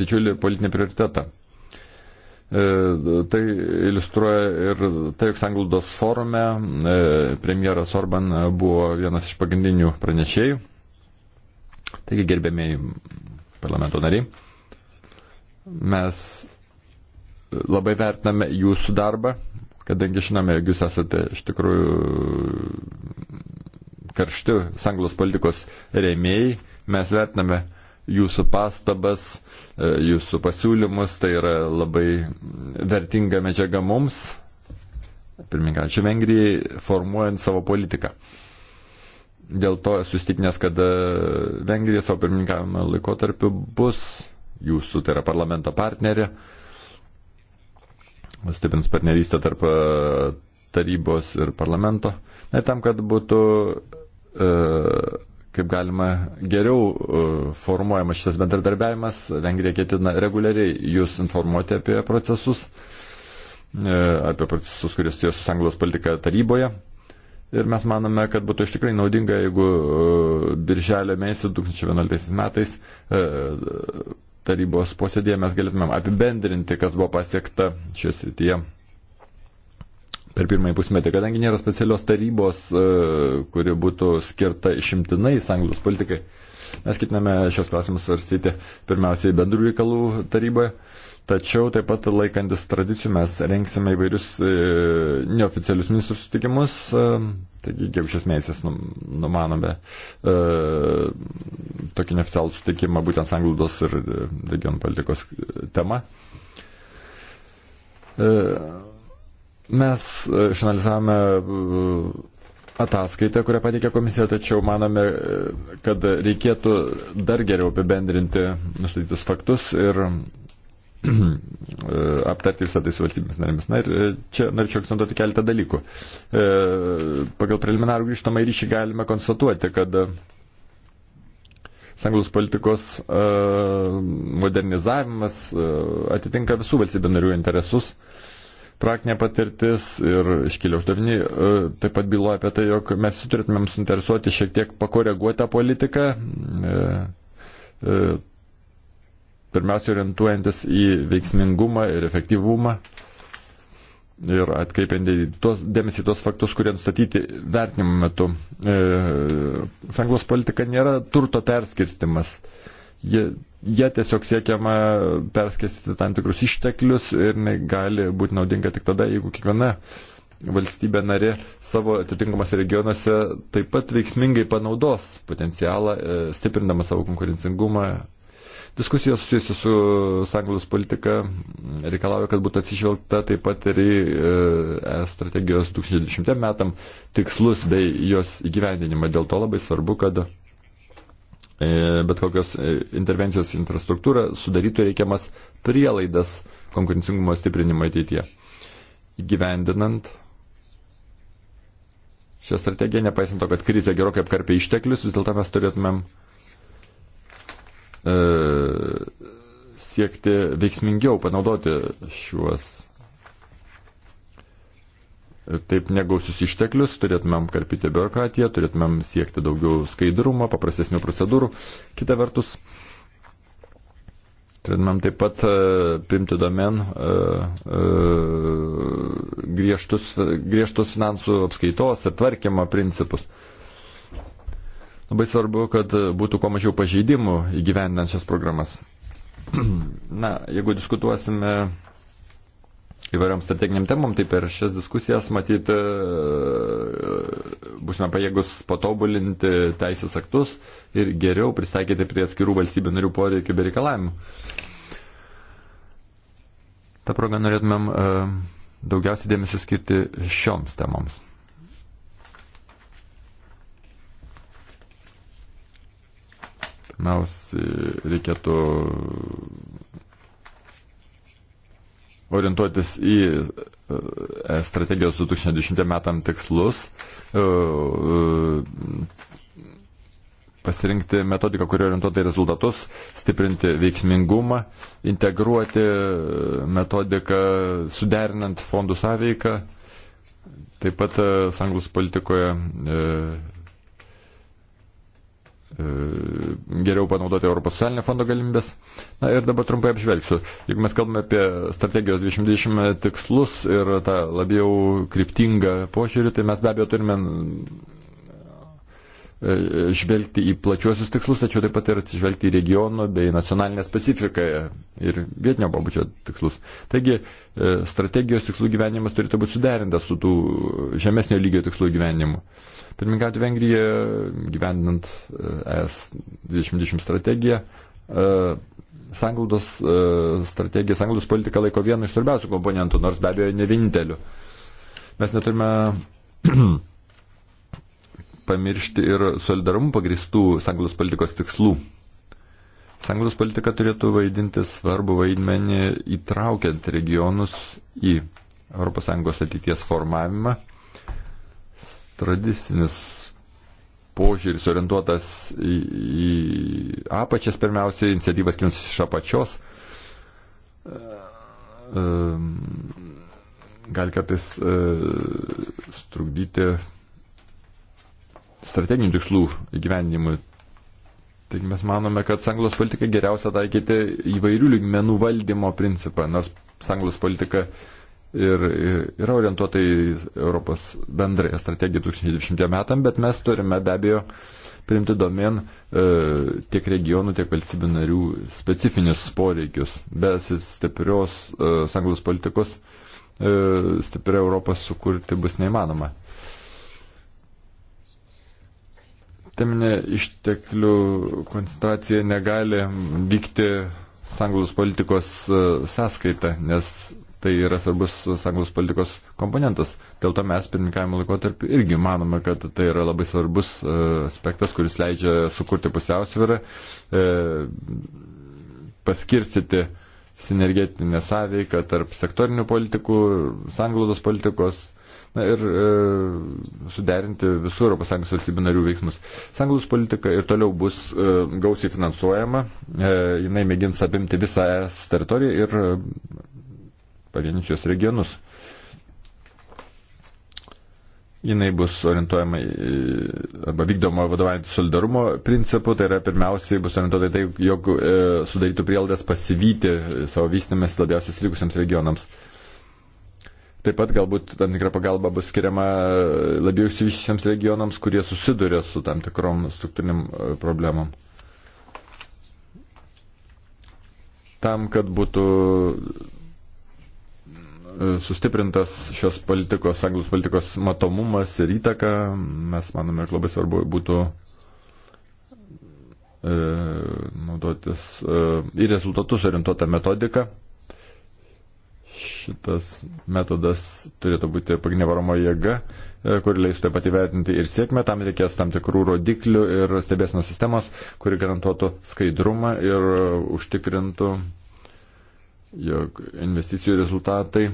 Speaker 1: didžiulį politinį prioritetą. E, tai iliustruoja ir tai, jog sanglaudos forume premjeras Orban buvo vienas iš pagrindinių pranešėjų. Taigi, gerbėmiai parlamento nariai, mes labai vertiname jūsų darbą, kadangi žinome, jog jūs esate iš tikrųjų karšti sanglos politikos rėmėjai, mes vertiname jūsų pastabas, e, jūsų pasiūlymus, tai yra labai vertinga medžiaga mums, pirmininkančiai Vengrijai, formuojant savo politiką. Dėl to esu įstikinęs, kad e, Vengrija savo pirmininkavimo laikotarpiu bus jūsų, tai yra parlamento partnerė, uh, stiprins partnerystę tarp e, tarybos ir parlamento, na, tam, kad būtų e, kaip galima geriau e, formuojamas šitas bendradarbiavimas, Vengrija ketina reguliariai jūs informuoti apie procesus, apie procesus, kurie susiję su Anglijos politika taryboje. Ir mes manome, kad būtų iš tikrai naudinga, jeigu birželio mėnesį 2011 metais tarybos posėdėje mes galėtumėm apibendrinti, kas buvo pasiekta šios rytyje per pirmąjį pusmetį, kadangi nėra specialios tarybos, e, kuri būtų skirta išimtinai sanglus politikai. Mes ketiname šios klausimus svarstyti pirmiausiai bendrų reikalų taryboje. Tačiau taip pat laikantis tradicijų mes renksime įvairius e, neoficialius ministrų sutikimus, e, taigi gegužės mėnesės numanome e, tokį neoficialų sutikimą būtent sanglaudos ir e, regionų politikos e, tema. E, mes išanalizavome e, ataskaitą, kurią pateikė komisija, tačiau manome, kad reikėtų dar geriau apibendrinti nustatytus faktus ir aptarti visą tai su valstybėmis narėmis. Na ir e, čia norėčiau akcentuoti keletą dalykų. E, pagal preliminarų grįžtamą ryšį galime konstatuoti, kad e, sanglaus politikos modernizavimas atitinka visų valstybių narių interesus. Praktinė patirtis ir iškilio uždaviniai taip pat byloja apie tai, jog mes turėtumėm suinteresuoti šiek tiek pakoreguotą politiką pirmiausia orientuojantis į veiksmingumą ir efektyvumą ir atkreipiant dėmesį tos faktus, kurie nustatyti vertinimo metu. E, Sanglos politika nėra turto perskirstimas. Jie, jie tiesiog siekiama perskirstyti tam tikrus išteklius ir gali būti naudinga tik tada, jeigu kiekviena valstybė narė savo atitinkamas regionuose taip pat veiksmingai panaudos potencialą, e, stiprindama savo konkurencingumą Diskusijos susijusios su sanglus politika reikalauja, kad būtų atsižvelgta taip pat ir į e, e strategijos 2020 metam tikslus bei jos įgyvendinimą. Dėl to labai svarbu, kad e, bet kokios intervencijos infrastruktūra sudarytų reikiamas prielaidas konkurencingumo stiprinimo ateityje. Įgyvendinant šią strategiją, nepaisant to, kad krizė gerokai apkarpė išteklius, vis dėlto mes turėtumėm E, siekti veiksmingiau panaudoti šiuos ir taip negausius išteklius, turėtumėm karpyti biurokratiją, turėtumėm siekti daugiau skaidrumo, paprastesnių procedūrų. Kita vertus, turėtumėm taip pat e, primti domen e, griežtus, griežtus finansų apskaitos ir tvarkymo principus. Labai svarbu, kad būtų kuo mažiau pažeidimų įgyvendant šias programas. Na, jeigu diskutuosime įvairiam strateginiam temam, tai per šias diskusijas matyti e, būsime pajėgus patobulinti teisės aktus ir geriau pristaikyti prie atskirų valstybių narių poreikių bei reikalavimų. Ta proga norėtumėm e, daugiausiai dėmesio skirti šioms temoms. pirmiausiai reikėtų orientuotis į e, strategijos 2010 metam tikslus, e, e, pasirinkti metodiką, kuri orientuota į rezultatus, stiprinti veiksmingumą, integruoti metodiką, suderinant fondų sąveiką, taip pat sanglus politikoje E, geriau panaudoti Europos socialinio fondo galimybės. Na ir dabar trumpai apžvelgsiu. Jeigu mes kalbame apie strategijos 2020 tikslus ir tą labiau kryptingą požiūrį, tai mes be abejo turime E, žvelgti į plačiuosius tikslus, tačiau taip pat ir atsižvelgti į regionų bei nacionalinę specifiką ir vietinio pabučio tikslus. Taigi e, strategijos tikslų gyvenimas turėtų būti suderintas su tų žemesnio lygio tikslų gyvenimu. Pirmininkauti Vengrija, gyvendinant e, ES 2020 strategiją, sanglaudos strategija, sanglaudos politika laiko vienu iš svarbiausių komponentų, nors be abejo ne vieninteliu. Mes neturime pamiršti ir solidarumų pagristų sanglos politikos tikslų. Sanglos politika turėtų vaidinti svarbu vaidmenį įtraukiant regionus į ES ateities formavimą. Tradicinis požiūris orientuotas į, į apačias pirmiausia, iniciatyvas kinas iš apačios. Um, gali kartais uh, e, strukdyti strateginių tikslų įgyvendinimui. Taigi mes manome, kad sanglos politika geriausia taikyti įvairių lygmenų valdymo principą, nors sanglos politika ir yra orientuota į Europos bendrąją strategiją 2020 metam, bet mes turime be abejo priimti domen e, tiek regionų, tiek valstybių narių specifinius poreikius. Be stiprios e, sanglos politikos e, stiprią Europą sukurti bus neįmanoma. teminė išteklių koncentracija negali vykti sanglus politikos e, sąskaita, nes tai yra svarbus sanglus politikos komponentas. Dėl to mes pirmininkavimo laikotarpį irgi manome, kad tai yra labai svarbus e, aspektas, kuris leidžia sukurti pusiausvyrą, e, paskirstyti sinergetinę sąveiką tarp sektorinių politikų, sanglaudos politikos na, ir e, suderinti visų ES valstybių narių veiksmus. Sanglus politika ir toliau bus e, gausiai finansuojama, e, jinai mėgins apimti visą ES teritoriją ir e, pavieničios regionus. Jinai bus orientuojama į, arba vykdoma vadovaujant solidarumo principu, tai yra pirmiausiai bus orientuota į tai, jog e, sudarytų prieldas pasivyti savo vystymės labiausiai slikusiems regionams. E, Taip pat galbūt tam tikra pagalba bus skiriama e, labiau išsivyščiusiems regionams, kurie susiduria su tam tikrom struktūrinim e, problemom. Tam, kad būtų e, sustiprintas šios politikos, anglos politikos matomumas ir įtaka, mes manome, jog labai svarbu būtų naudotis į rezultatus orientuotą metodiką šitas metodas turėtų būti pagrindinė varomo jėga, e, kuri leistų taip pat įvertinti ir sėkmę, tam reikės tam tikrų rodiklių ir stebėsinos sistemos, kuri garantuotų skaidrumą ir e, užtikrintų, jog investicijų rezultatai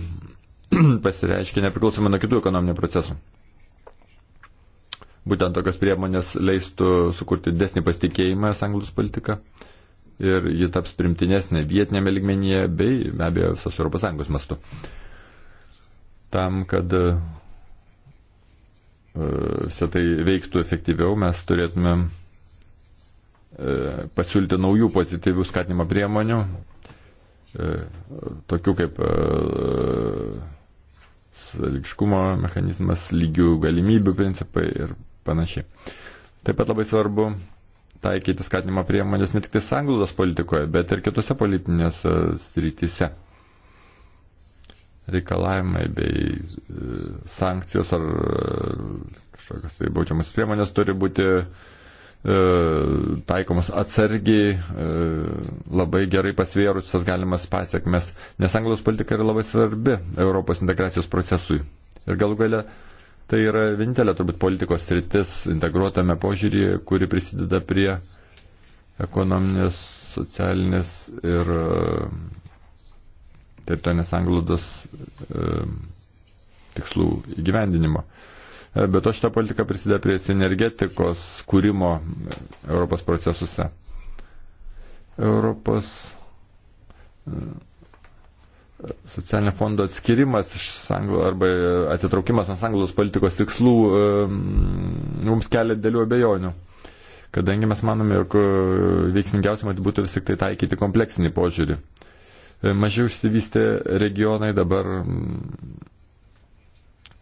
Speaker 1: pasireiškia nepriklausomai nuo kitų ekonominių procesų. Būtent tokios priemonės leistų sukurti desnį pasitikėjimą sanglus politiką. Uh, ir ji taps primtinesnė vietinėme ligmenyje bei be abejo visos ES mastu. Tam, kad e, visą tai veiktų efektyviau, mes turėtume e, pasiūlyti naujų pozityvių skatinimo priemonių, e, tokių kaip sąlygiškumo mechanizmas, lygių galimybių principai ir panašiai. Taip pat labai svarbu taikyti skatinimo priemonės ne tik tai sanglaudos politikoje, bet ir kitose politinėse srityse. Reikalavimai bei e, sankcijos ar e, kažkokios tai baudžiamas priemonės turi būti e, taikomas atsargiai, labai gerai pasvėrus tas galimas pasiekmes, nes anglos politika yra labai svarbi Europos integracijos procesui. Ir galų gale uh, Tai yra vienintelė turbūt politikos sritis integruotame požiūryje, kuri prisideda prie ekonominės, socialinės ir e, teritorinės anglodos e, tikslų įgyvendinimo. E, be to šitą politiką prisideda prie sinergetikos kūrimo e, Europos procesuose. Europos socialinio fondo atskirimas iš sanglų arba atitraukimas nuo sanglos politikos tikslų mums kelia dėlių abejonių. Kadangi mes manome, jog e, veiksmingiausia matyt būtų vis tik tai taikyti kompleksinį požiūrį. E, mažiau išsivystę regionai dabar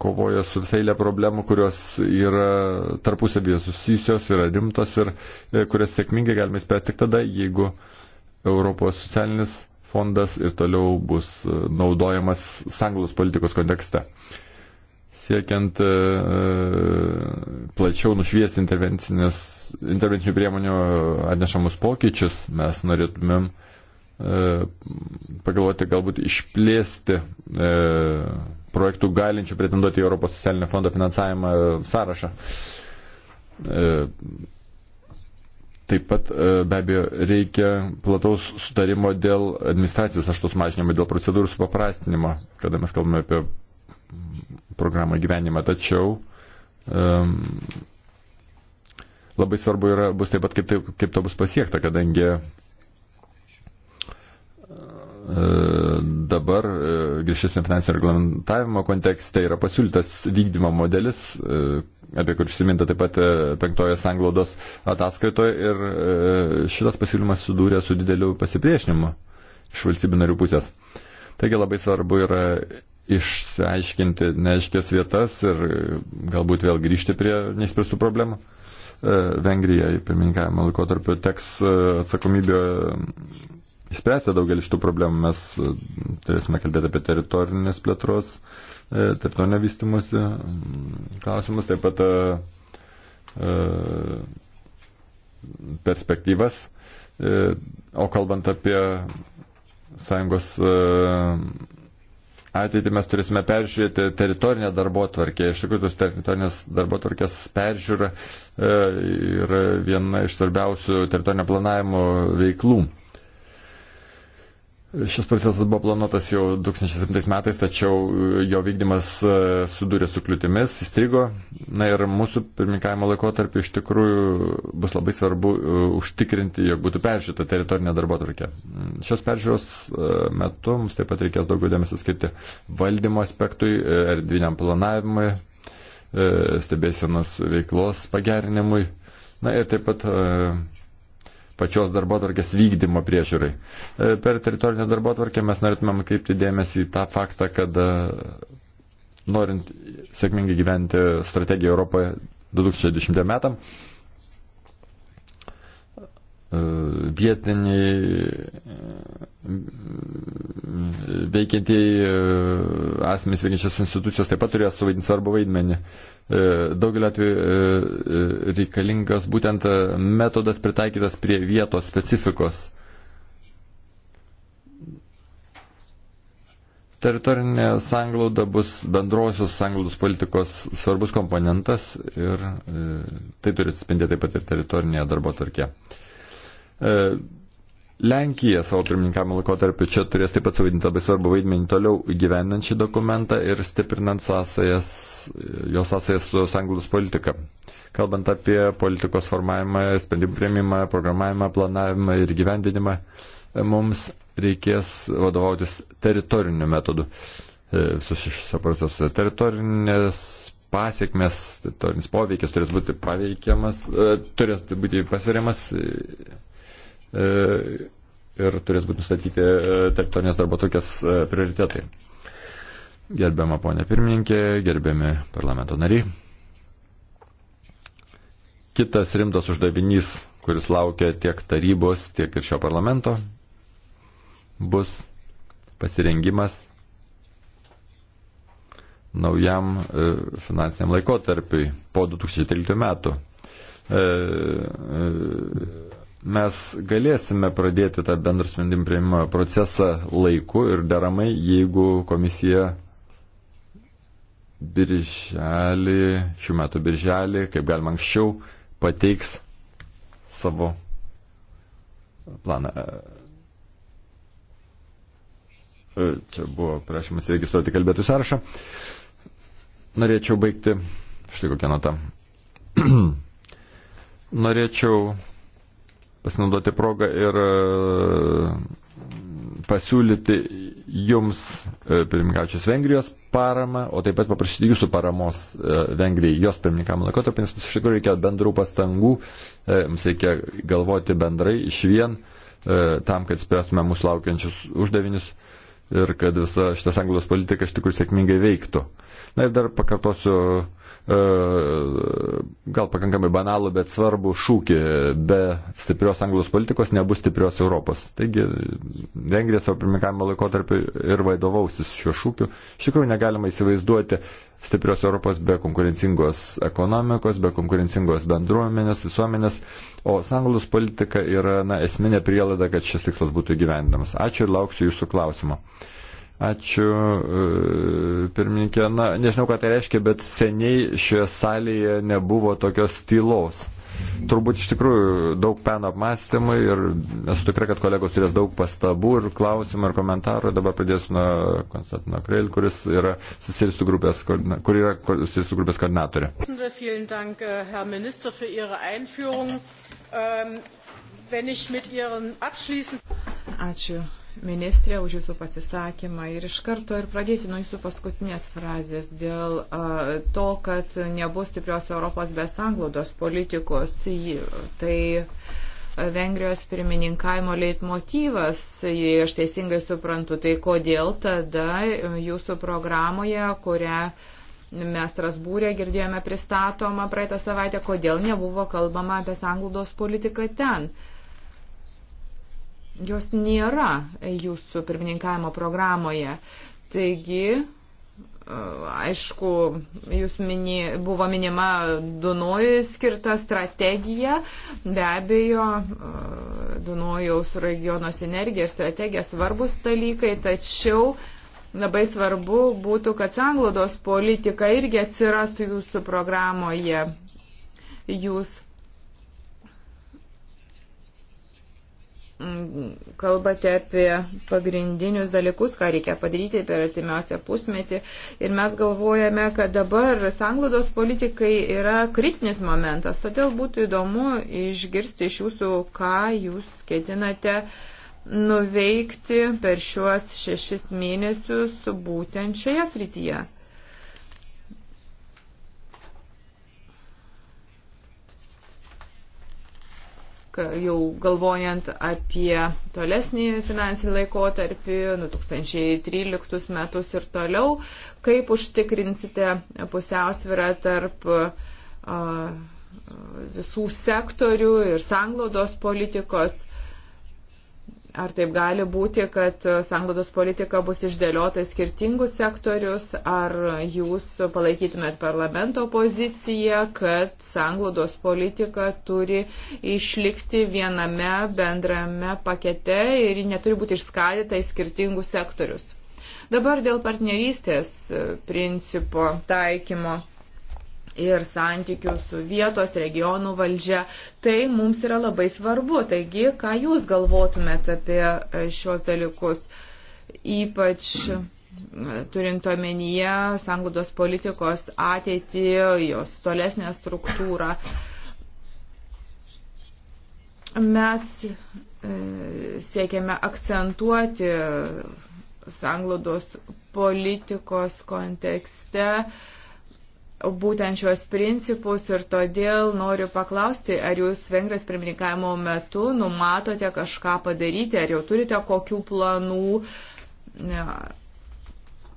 Speaker 1: kovoja su visai lė problemų, kurios yra tarpusavyje susijusios, yra rimtos ir e, kurias sėkmingai galime spręsti tik tada, jeigu Europos socialinis fondas ir toliau bus e, naudojamas sanglos politikos kontekste. Siekiant e, e, plačiau nušviesti intervencinių priemonių atnešamus pokyčius, mes norėtumėm pagalvoti galbūt išplėsti e, projektų galinčių pretenduoti į Europos socialinio fondo finansavimą sąrašą. E, Taip pat e, be abejo reikia plataus sutarimo dėl administracijos aštos mažinimo, dėl procedūrų supaprastinimo, kada mes kalbame apie programą gyvenimą. Tačiau um, labai svarbu yra, bus taip pat kaip, tai, kaip to bus pasiekta, kadangi uh, dabar uh, e, grįžtesnio finansinio reglamentavimo kontekste yra pasiūlytas vykdymo modelis, uh, apie kur užsiminta taip pat e, penktojo sanglaudos ataskaitoje ir e, šitas pasiūlymas sudūrė su dideliu pasipriešinimu iš valstybių narių pusės. Taigi labai svarbu yra išsiaiškinti neaiškės vietas ir galbūt vėl grįžti prie neįspręstų problemų. E, Vengrija į pirmininkavimo laikotarpio teks atsakomybė spręsti daugelį šitų problemų. Mes e, turėsime kalbėti apie teritorinės plėtros, e, teritorinio vystimosi mm, klausimus, taip pat e, perspektyvas. O kalbant apie sąjungos ateitį mes turėsime peržiūrėti teritorinę darbo tvarkę. Iš tikrųjų, tos teritorinės darbo tvarkės peržiūra yra viena iš svarbiausių teritorinio planavimo veiklų. Šis procesas buvo planuotas jau 2007 metais, tačiau e, jo vykdymas e, sudūrė su kliūtimis, įstrigo. Na ir mūsų pirmininkavimo laikotarpiu iš tikrųjų bus labai svarbu e, užtikrinti, jog būtų peržiūrėta teritorinė darbo trukė. Mm, šios peržiūros metu mums taip pat reikės daugiau dėmesio skirti valdymo aspektui, erdviniam planavimui, stebėsienos veiklos pagerinimui. Na ir taip pat pačios darbo tvarkės vykdymo priežiūrai. E, per teritorinę darbo tvarkę mes norėtumėm kreipti dėmesį į tą faktą, kad e, norint sėkmingai gyventi strategiją Europoje 2010 metam, vietiniai veikiantieji e, asmenys veikiančios institucijos taip pat turės suvaidinti svarbu vaidmenį. E, Daugelio atveju e, reikalingas būtent metodas pritaikytas prie vietos specifikos. Teritorinė sanglauda bus bendrosios sanglaudos politikos svarbus komponentas ir tai turi atspindėti taip pat ir teritorinėje darbo tarkė. E, Lenkija savo pirmininkavimo laikotarpiu čia turės taip pat suvaidinti labai svarbu vaidmenį toliau gyvenant šį dokumentą ir stiprinant sąsajas, jos sąsajas su sanglus politika. Kalbant apie politikos formavimą, sprendimų prieimimą, programavimą, planavimą ir gyvendinimą, e, mums reikės vadovautis teritoriniu metodu e, visus šiuose procesuose. Teritorinės pasiekmes, teritorinis poveikis turės būti paveikiamas, turės būti pasveriamas E, ir turės būti nustatyti e, teritorinės darbo tokias e, prioritetai. Gerbiama ponė pirmininkė, gerbiami parlamento nariai. Kitas rimtas uždavinys, kuris laukia tiek tarybos, tiek ir šio parlamento, bus pasirengimas naujam finansiniam laikotarpiui po 2013 metų mes galėsime pradėti tą bendrą sprendimą prieimimo procesą laiku ir deramai, jeigu komisija birželį, šių metų birželį, kaip galima anksčiau, pateiks savo planą. E, čia buvo prašymas registruoti kalbėtų sąrašą. Norėčiau baigti štai kokią notą. Norėčiau pasinaudoti progą ir e, pasiūlyti jums, e, pirmininkaučios Vengrijos, paramą, o taip pat paprašyti jūsų paramos e, Vengrijai, jos pirmininkam laikotarpį, nes mums iš tikrųjų reikia bendrų pastangų, mums reikia galvoti bendrai iš vien tam, kad spręsime mūsų laukiančius uždavinius ir kad visa šitas anglos politika iš tikrųjų sėkmingai veiktų. Na ir dar pakartosiu E, gal pakankamai banalų, bet svarbų šūkį. Be stiprios anglos politikos nebus stiprios Europos. Taigi Vengrija savo pirmininkavimo laikotarpiu ir vaidovausis šiuo šūkiu. Iš tikrųjų negalima įsivaizduoti stiprios Europos be konkurencingos ekonomikos, be konkurencingos bendruomenės, visuomenės, o sanglos politika yra na, esminė prielaida, kad šis tikslas būtų gyvendamas. Ačiū ir lauksiu jūsų klausimo. Ačiū, e, pirmininkė. Na, nežinau, ką tai reiškia, bet seniai šioje salėje nebuvo tokios tylos. Turbūt iš tikrųjų daug peno apmąstymai ir esu tikra, kad kolegos turės daug pastabų ir klausimų ir komentarų. Dabar pradėsiu nuo Konstantino Kreil, kuris yra susijęs su grupės, kur yra susijęs su grupės koordinatorė.
Speaker 3: Äh, ähm, Ačiū ministrė, už Jūsų pasisakymą. Ir iš karto ir pradėsiu nuo Jūsų paskutinės frazės dėl uh, to, kad nebus stiprios Europos be sanglaudos politikos. Tai Vengrijos pirmininkavimo leitmotyvas, jei aš teisingai suprantu, tai kodėl tada Jūsų programoje, kurią mes Rasbūrė girdėjome pristatoma praeitą savaitę, kodėl nebuvo kalbama apie sanglaudos politiką ten. Uh, jos nėra jūsų pirmininkavimo programoje. Taigi, e, aišku, jūs mini, buvo minima Dunojui skirta strategija, be abejo, e, Dunojaus regiono sinergija ir strategija svarbus dalykai, tačiau labai svarbu būtų, kad sanglodos politika irgi atsirastų jūsų programoje. Jūs Mm, kalbate apie pagrindinius dalykus, ką reikia padaryti per artimiausią pusmetį. Ir mes galvojame, kad dabar sanglaudos politikai yra kritinis momentas. Todėl būtų įdomu išgirsti iš jūsų, ką jūs ketinate nuveikti per šiuos šešis mėnesius būtent šioje srityje. jau galvojant apie tolesnį finansinį laikotarpį, 2013 metus ir toliau, kaip užtikrinsite pusiausvirą tarp visų sektorių ir sanglaudos politikos Ar taip gali būti, kad e, sanglados politika bus išdėliota į skirtingus sektorius, ar jūs palaikytumėt parlamento poziciją, kad sanglados politika turi išlikti viename bendrame pakete ir neturi būti išskalyta į skirtingus sektorius. Dabar dėl partnerystės e, principo taikymo ir santykių su vietos regionų valdžia. Tai mums yra labai svarbu. Taigi, ką Jūs galvotumėt apie e, šios dalykus, ypač e, turint omenyje sanglaudos politikos ateitį, jos tolesnę struktūrą. Mes e, siekiame akcentuoti sanglaudos politikos kontekste uh, būtent šios principus ir todėl noriu paklausti, ar jūs Vengrijos pirmininkavimo metu numatote kažką padaryti, ar jau turite kokių planų ne,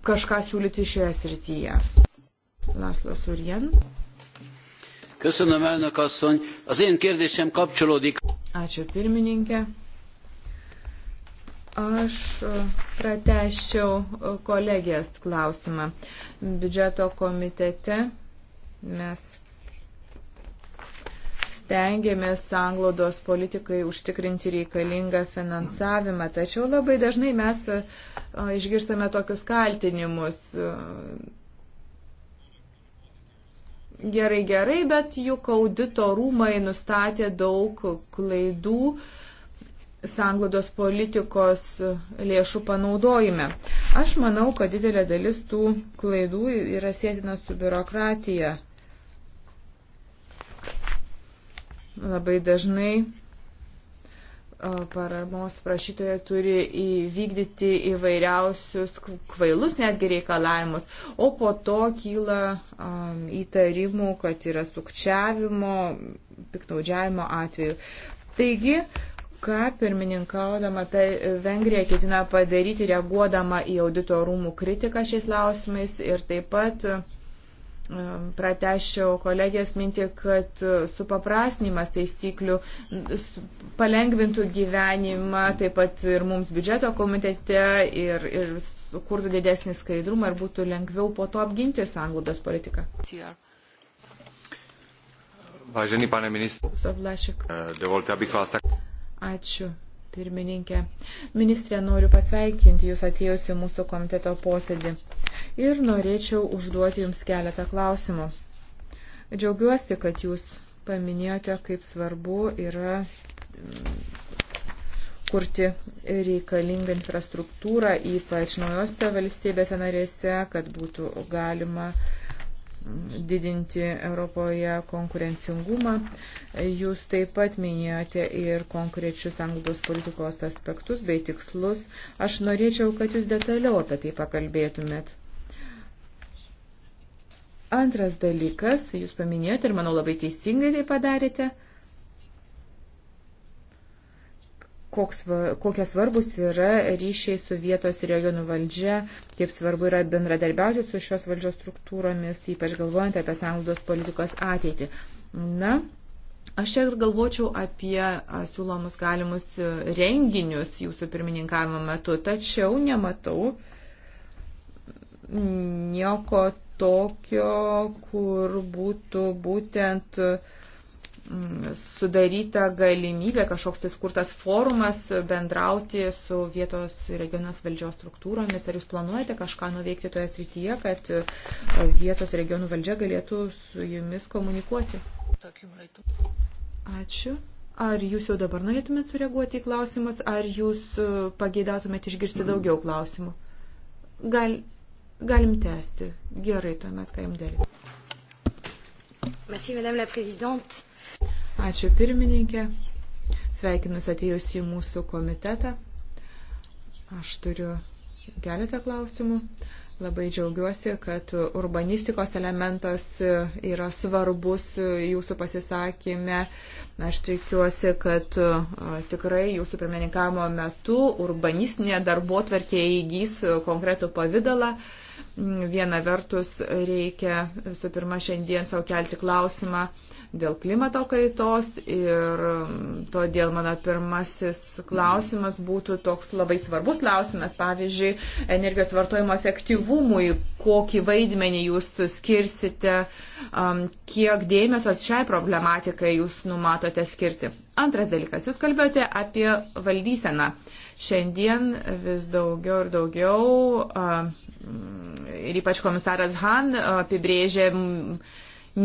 Speaker 3: kažką siūlyti šioje srityje. Laszlo Surjen.
Speaker 1: Köszönöm, elnök asszony. Az én kérdésem kapcsolódik.
Speaker 3: Ačiū pirmininkė. Aš e, pratešiau e, kolegės klausimą. Biudžeto komitete mes stengiamės sanglodos politikai užtikrinti reikalingą finansavimą, tačiau labai dažnai mes e, išgirstame tokius kaltinimus. Gerai, gerai, bet juk audito rūmai nustatė daug klaidų sanglodos politikos lėšų panaudojime. Aš manau, kad didelė dalis tų klaidų yra sėtina su biurokratija. Labai dažnai paramos prašytoje turi įvykdyti įvairiausius kvailus netgi reikalavimus, o po to kyla um, įtarimų, kad yra sukčiavimo, piknaudžiavimo atveju. Taigi, uh, ką pirmininkaudama per Vengriją ketina padaryti, reaguodama į audito rūmų kritiką šiais klausimais ir taip pat e, pratešiau kolegės mintį, kad supaprasnimas taisyklių palengvintų gyvenimą taip pat ir mums biudžeto komitete ir, ir sukurtų didesnį skaidrumą ir būtų lengviau po to apginti sanglaudos politiką.
Speaker 1: Vážený pane ministr, dovolte, abych vás tak...
Speaker 3: Ačiū pirmininkė. Ministrė, noriu pasveikinti Jūs atėjus į mūsų komiteto posėdį ir norėčiau užduoti Jums keletą klausimų. Džiaugiuosi, kad Jūs paminėjote, kaip svarbu yra mm, kurti reikalingą infrastruktūrą, ypač naujose valstybėse narėse, kad būtų galima uh, didinti Europoje konkurencingumą. Jūs taip pat minėjote ir konkrečius anglos politikos aspektus bei tikslus. Aš norėčiau, kad jūs detaliau apie tai pakalbėtumėt. Antras dalykas, jūs paminėjote ir manau labai teisingai tai padarėte, koks, kokie svarbus yra ryšiai su vietos ir regionų valdžia, kaip svarbu yra bendradarbiauti su šios valdžios struktūromis, ypač galvojant apie sąnaudos politikos ateitį. Na, aš čia ir galvočiau apie siūlomus galimus e, renginius jūsų pirmininkavimo metu, tačiau nematau nieko tokio, kur būtų būtent uh, sudaryta galimybė, kažkoks tai skurtas forumas bendrauti su vietos regionos valdžios struktūromis. Ar jūs planuojate kažką nuveikti toje srityje, kad e, vietos regionų valdžia galėtų su jumis komunikuoti? Ačiū. Ar jūs jau dabar norėtumėte sureaguoti į klausimus, ar jūs e, pageidautumėte išgirsti daugiau klausimų? Gal, galim tęsti. Gerai, tuomet galim dėlį.
Speaker 1: Merci, Madame la Présidente.
Speaker 3: Ačiū pirmininkė. Sveikinus atėjus į mūsų komitetą. Aš turiu keletą klausimų. Labai džiaugiuosi, kad urbanistikos elementas yra svarbus jūsų pasisakymė. Aš tikiuosi, kad tikrai jūsų pirmininkavimo metu urbanistinė darbo tvarkė įgys konkretų pavydalą. Uh, Viena vertus reikia visų pirma šiandien savo kelti klausimą dėl klimato kaitos ir mm, todėl mano pirmasis klausimas būtų toks labai svarbus klausimas, pavyzdžiui, energijos vartojimo efektyvumui, kokį vaidmenį jūs skirsite, mm, kiek dėmesio šiai problematikai jūs numatote skirti. Antras dalykas, jūs kalbėjote apie valdyseną. Šiandien vis daugiau ir daugiau. Uh, ir ypač komisaras Han apibrėžė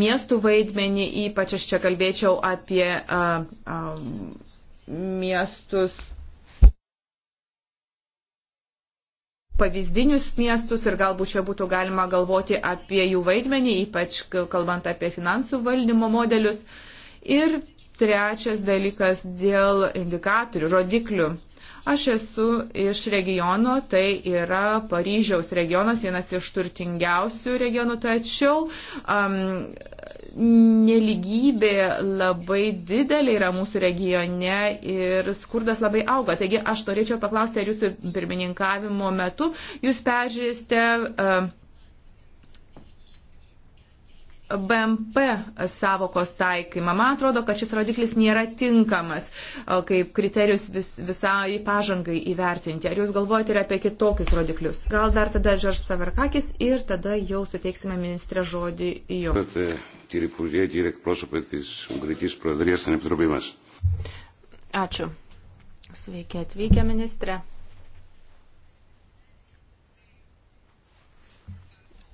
Speaker 3: miestų vaidmenį, ypač aš čia kalbėčiau apie a, a, miestus, pavyzdinius miestus ir galbūt čia būtų galima galvoti apie jų vaidmenį, ypač kalbant apie finansų valdymo modelius. Ir trečias dalykas dėl indikatorių, rodiklių. Aš esu iš regiono, tai yra Paryžiaus regionas, vienas iš turtingiausių regionų, tačiau um, neligybė labai didelė yra mūsų regione ir skurdas labai auga. Taigi aš norėčiau paklausti, ar jūsų pirmininkavimo metu jūs peržiūrėsite. Um, BMP savokos taikymą. Man atrodo, kad šis rodiklis nėra tinkamas kaip kriterijus vis, visai pažangai įvertinti. Ar jūs galvojate ir apie kitokius rodiklius? Gal dar tada Žeržas Savarkakis ir tada jau suteiksime ministrė žodį jums.
Speaker 2: Ačiū. Sveiki atvykę, ministrė.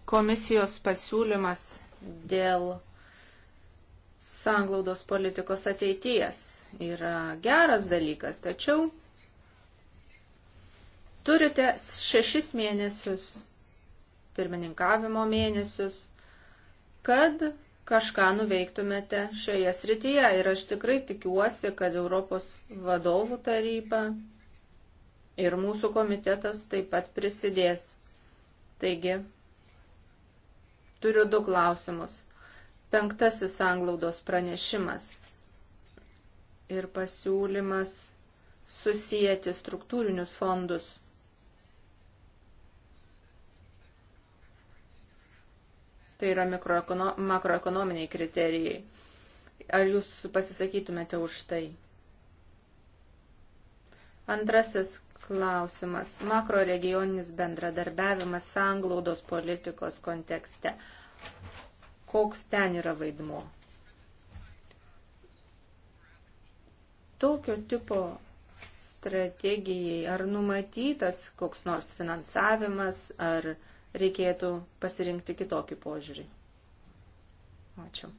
Speaker 2: Komisijos pasiūlymas dėl sanglaudos politikos ateities yra geras dalykas, tačiau turite šešis mėnesius, pirmininkavimo mėnesius, kad kažką nuveiktumėte šioje srityje. Ir aš tikrai tikiuosi, kad Europos vadovų taryba ir mūsų komitetas taip pat prisidės. Taigi, Turiu du klausimus. Penktasis anglaudos pranešimas ir pasiūlymas susijęti struktūrinius fondus. Tai yra makroekonominiai kriterijai. Ar jūs pasisakytumėte už tai? Antrasis klausimas - makroregioninis bendradarbiavimas sanglaudos politikos kontekste. Koks ten yra vaidmuo? Tokio tipo strategijai ar numatytas koks nors finansavimas, ar reikėtų pasirinkti kitokį požiūrį? Ačiū.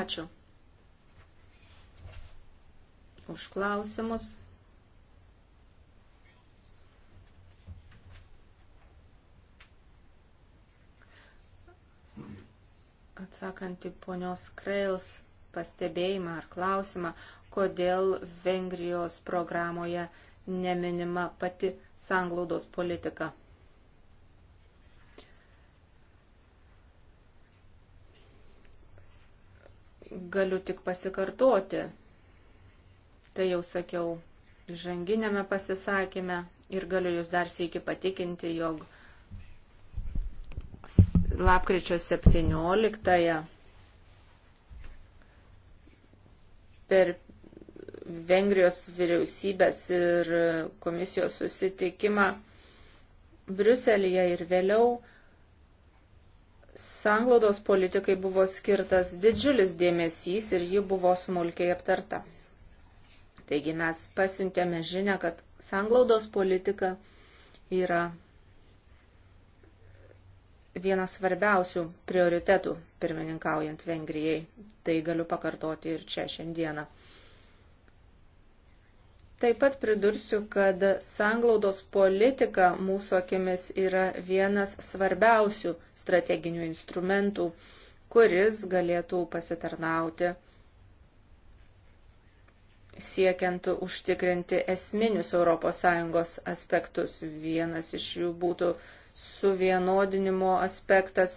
Speaker 2: Ačiū už klausimus. Atsakant į ponios Krails pastebėjimą ar klausimą, kodėl Vengrijos programoje neminima pati sanglaudos politika. Galiu tik pasikartoti, Tai jau sakiau žanginėme pasisakymę ir galiu jūs dar sėki patikinti, jog lapkričio 17 per Vengrijos vyriausybės ir komisijos susitikimą Briuselėje ir vėliau sanglaudos politikai buvo skirtas didžiulis dėmesys ir ji buvo smulkiai aptarta. Taigi mes pasiuntėme žinę, kad sanglaudos politika yra vienas svarbiausių prioritetų pirmininkaujant Vengrijai. Tai galiu pakartoti ir čia šiandieną. Taip pat pridursiu, kad sanglaudos politika mūsų akimis yra vienas svarbiausių strateginių instrumentų, kuris galėtų pasitarnauti siekiant užtikrinti esminius ES aspektus. Vienas iš jų būtų suvienodinimo aspektas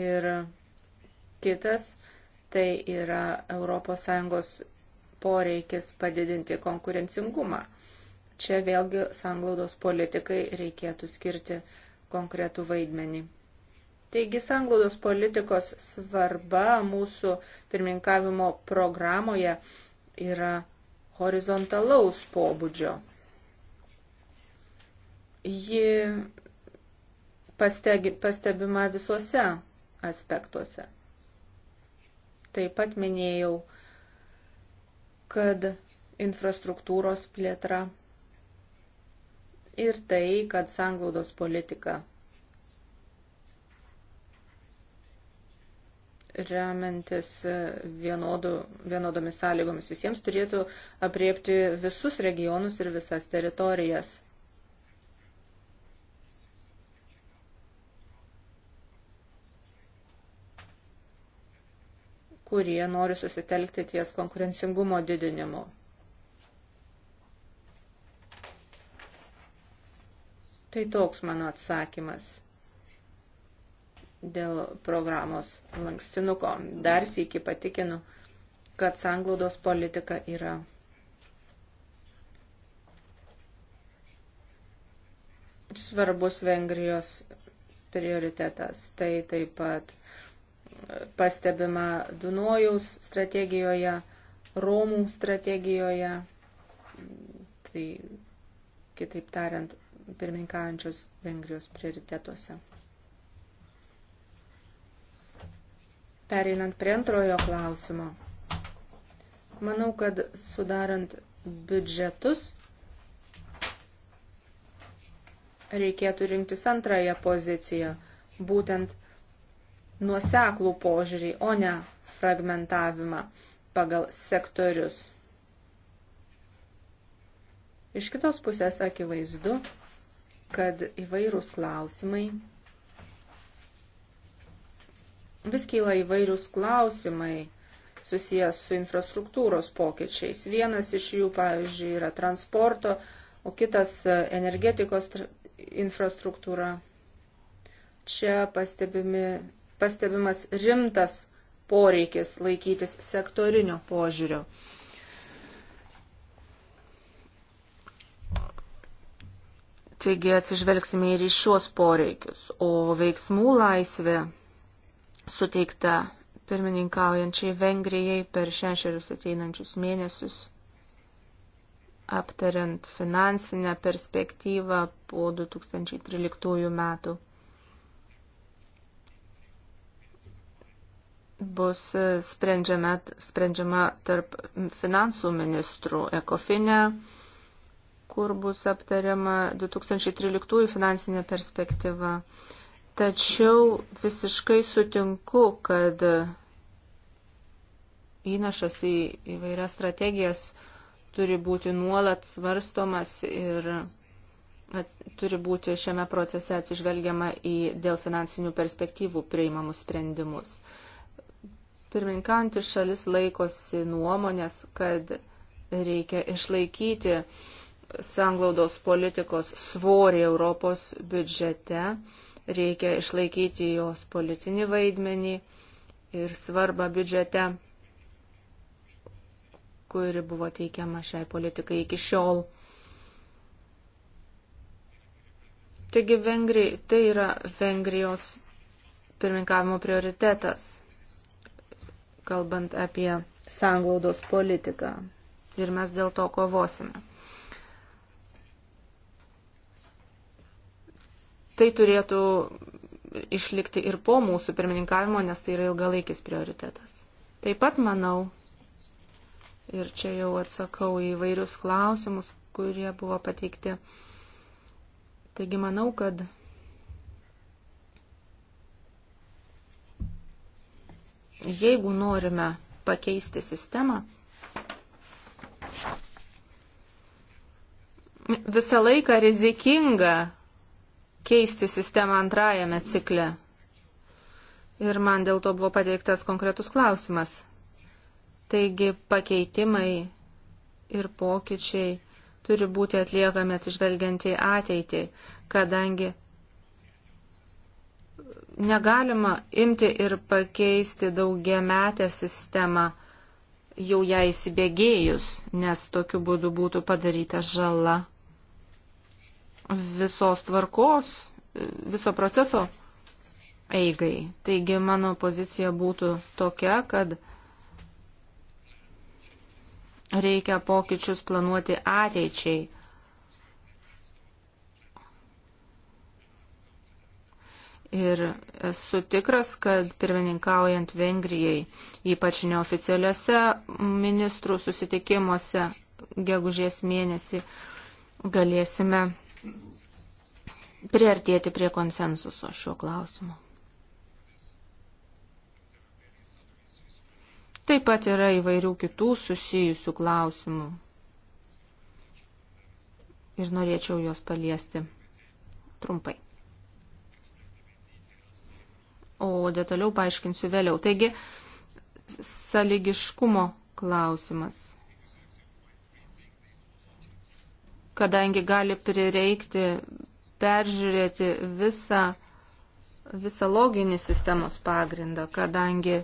Speaker 2: ir kitas tai yra ES poreikis padidinti konkurencingumą. Čia vėlgi sanglaudos politikai reikėtų skirti konkretų vaidmenį. Taigi sanglaudos politikos svarba mūsų pirmininkavimo programoje yra horizontalaus pobūdžio. Ji pastegi, pastebima visuose aspektuose. Taip pat minėjau, kad infrastruktūros plėtra ir tai, kad sanglaudos politika remiantis e, vienodu, vienodomis sąlygomis visiems turėtų apriepti visus regionus ir visas teritorijas. kurie nori susitelkti ties konkurencingumo didinimu. Tai toks mano atsakymas dėl programos lankstinuko. Dar sėki patikinu, kad sanglaudos politika yra svarbus Vengrijos prioritetas. Tai taip pat pastebima Dunojaus strategijoje, Romų strategijoje, tai kitaip tariant, pirmininkaujančios Vengrijos prioritetuose. Pereinant prie antrojo klausimo. Manau, kad sudarant biudžetus reikėtų rinktis antrąją poziciją, būtent nuoseklų požiūrį, o ne fragmentavimą pagal sektorius. Iš kitos pusės akivaizdu, kad įvairūs klausimai vis kyla įvairius klausimai susijęs su infrastruktūros pokyčiais. Vienas iš jų, pavyzdžiui, yra transporto, o kitas e, energetikos infrastruktūra. Čia pastebimi, pastebimas rimtas poreikis laikytis sektorinio požiūrio. Taigi atsižvelgsime ir į šios poreikius, o veiksmų laisvė suteikta pirmininkaujančiai Vengrijai per šešerius ateinančius mėnesius, aptariant finansinę perspektyvą po 2013 metų. Bus sprendžiama, sprendžiama tarp finansų ministrų ekofinė, kur bus aptariama 2013 finansinė perspektyva. Tačiau visiškai sutinku, kad įnašas į įvairias strategijas turi būti nuolat svarstomas ir at, turi būti šiame procese atsižvelgiama į dėl finansinių perspektyvų priimamus sprendimus. Pirmininkantis šalis laikosi nuomonės, kad reikia išlaikyti sanglaudos politikos svorį Europos biudžete reikia išlaikyti jos politinį vaidmenį ir svarbą biudžete, kuri buvo teikiama šiai politikai iki šiol. Taigi Vengri, tai yra Vengrijos pirmininkavimo prioritetas, kalbant apie sanglaudos politiką. Ir mes dėl to kovosime. tai turėtų išlikti ir po mūsų pirmininkavimo, nes tai yra ilgalaikis prioritetas. Taip pat manau, ir čia jau atsakau į vairius klausimus, kurie buvo pateikti. Taigi manau, kad jeigu norime pakeisti sistemą, visą laiką rizikinga keisti sistemą antrajame cikle. Ir man dėl to buvo pateiktas konkretus klausimas. Taigi pakeitimai ir pokyčiai turi būti atliekami atsižvelgiant į ateitį, kadangi negalima imti ir pakeisti daugiametę sistemą jau ją įsibėgėjus, nes tokiu būdu būtų padaryta žala visos tvarkos, viso proceso eigai. Taigi mano pozicija būtų tokia, kad reikia pokyčius planuoti ateičiai. Ir esu tikras, kad pirmininkaujant Vengrijai, ypač neoficialiuose ministrų susitikimuose gegužės mėnesį, galėsime priartėti prie konsensuso šiuo klausimu. Taip pat yra įvairių kitų susijusių klausimų. Ir norėčiau juos paliesti trumpai. O detaliau paaiškinsiu vėliau. Taigi, saligiškumo klausimas. kadangi gali prireikti peržiūrėti visą, visą loginį sistemos pagrindą, kadangi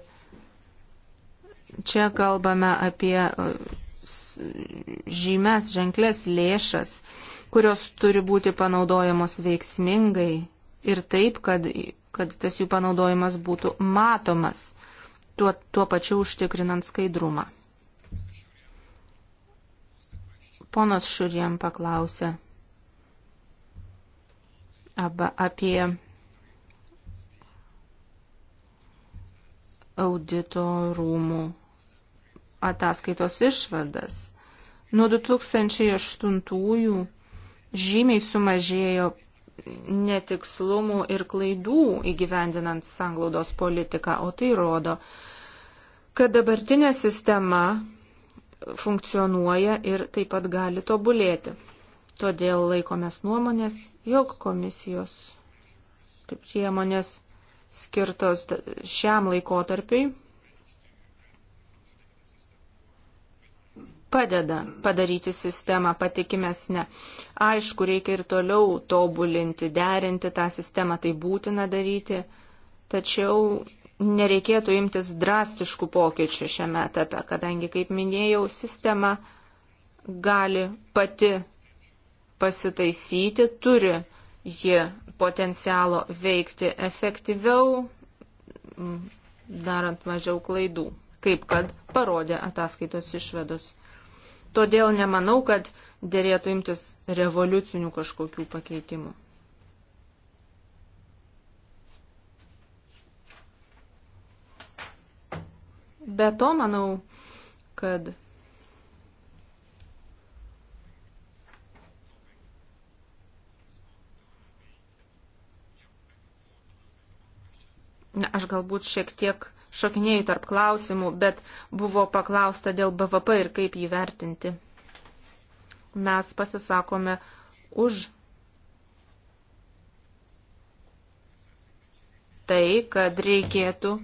Speaker 2: čia kalbame apie žymes, ženklės lėšas, kurios turi būti panaudojamos veiksmingai ir taip, kad, kad tas jų panaudojimas būtų matomas, tuo, tuo pačiu užtikrinant skaidrumą. Ponas Šurien paklausė apie audito rūmų ataskaitos išvadas. Nuo 2008 žymiai sumažėjo netikslumų ir klaidų įgyvendinant sanglaudos politiką, o tai rodo, kad dabartinė sistema funkcionuoja ir taip pat gali tobulėti. Todėl laikomės nuomonės, jog komisijos priemonės skirtos šiam laikotarpiui padeda padaryti sistemą patikimesnę. Aišku, reikia ir toliau tobulinti, derinti tą sistemą, tai būtina daryti, tačiau nereikėtų imtis drastiškų pokyčių šiame etape, kadangi, kaip minėjau, sistema gali pati pasitaisyti, turi ji potencialo veikti efektyviau, darant mažiau klaidų, kaip kad parodė ataskaitos išvedos. Todėl nemanau, kad dėlėtų imtis revoliucinių kažkokių pakeitimų. Be to, manau, kad Na, aš galbūt šiek tiek šokinėjau tarp klausimų, bet buvo paklausta dėl BVP ir kaip jį vertinti. Mes pasisakome už tai, kad reikėtų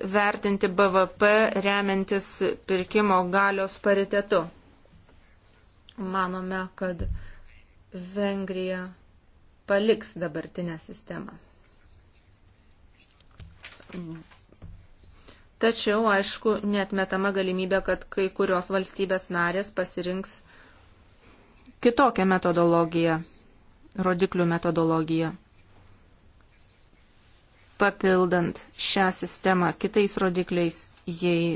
Speaker 2: vertinti BVP remiantis pirkimo galios paritetu. Manome, kad Vengrija paliks dabartinę sistemą. Tačiau, aišku, netmetama galimybė, kad kai kurios valstybės narės pasirinks kitokią metodologiją, rodiklių metodologiją papildant šią sistemą kitais rodikliais, jei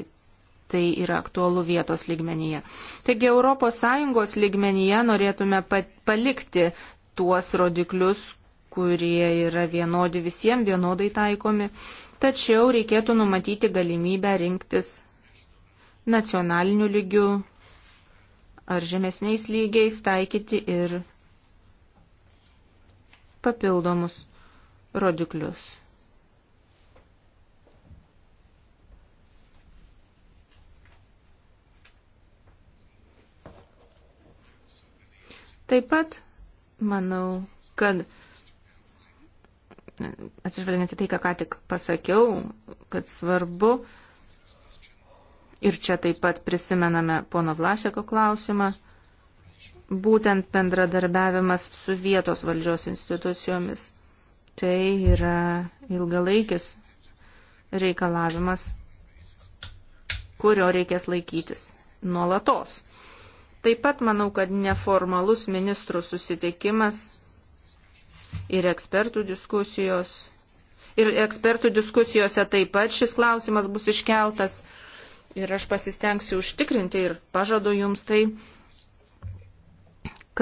Speaker 2: tai yra aktualu vietos lygmenyje. Taigi ES lygmenyje norėtume palikti tuos rodiklius, kurie yra vienodi visiems, vienodai taikomi, tačiau reikėtų numatyti galimybę rinktis nacionaliniu lygiu ar žemesniais lygiais taikyti ir papildomus rodiklius. Taip pat manau, kad atsižvelgiant į tai, ką ką tik pasakiau, kad svarbu ir čia taip pat prisimename pono Vlašeko klausimą, būtent bendradarbiavimas su vietos valdžios institucijomis. Tai yra ilgalaikis reikalavimas, kurio reikės laikytis nuolatos. Taip pat manau, kad neformalus ministrų susitikimas ir ekspertų diskusijos. Ir ekspertų diskusijose taip pat šis klausimas bus iškeltas. Ir aš pasistengsiu užtikrinti ir pažadu jums tai,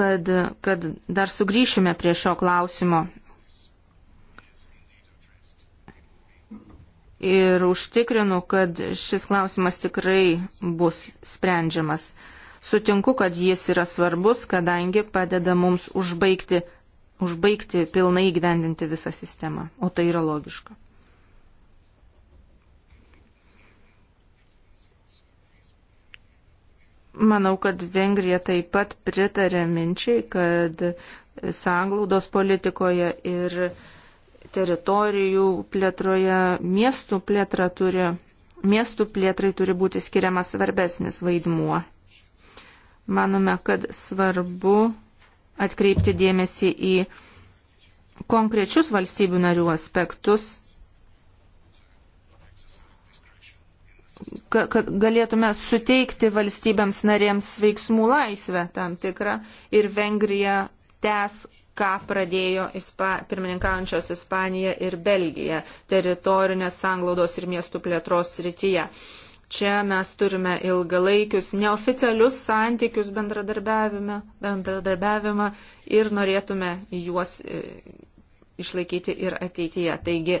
Speaker 2: kad, kad dar sugrįšime prie šio klausimo. Ir užtikrinu, kad šis klausimas tikrai bus sprendžiamas. Sutinku, kad jis yra svarbus, kadangi padeda mums užbaigti, užbaigti pilnai gyvendinti visą sistemą, o tai yra logiška. Manau, kad Vengrija taip pat pritarė minčiai, kad sąglaudos politikoje ir teritorijų plėtroje miestų plėtra turi miestų plėtrai turi būti skiriamas svarbesnis vaidmuo Manome, kad svarbu atkreipti dėmesį į konkrečius valstybių narių aspektus, kad galėtume suteikti valstybėms narėms veiksmų laisvę tam tikrą ir Vengrija tęs ką pradėjo ispa, pirmininkaujančios Ispanija ir Belgija teritorinės sanglaudos ir miestų plėtros srityje. Čia mes turime ilgalaikius, neoficialius santykius bendradarbiavimą ir norėtume juos e, išlaikyti ir ateityje. Taigi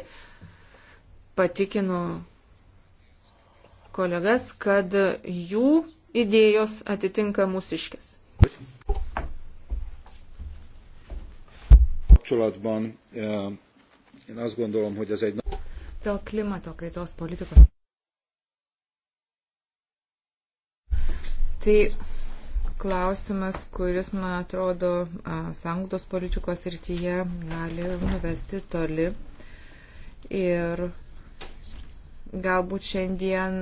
Speaker 2: patikinu kolegas, kad jų idėjos
Speaker 3: atitinka mūsiškės.
Speaker 1: kapcsolatban e, én azt gondolom, hogy ez egy...
Speaker 3: De a klimatakaitos politikos. Tai klausimas, kuris, man atrodo, sanglaudos politikos rytyje gali nuvesti toli. Ir galbūt šiandien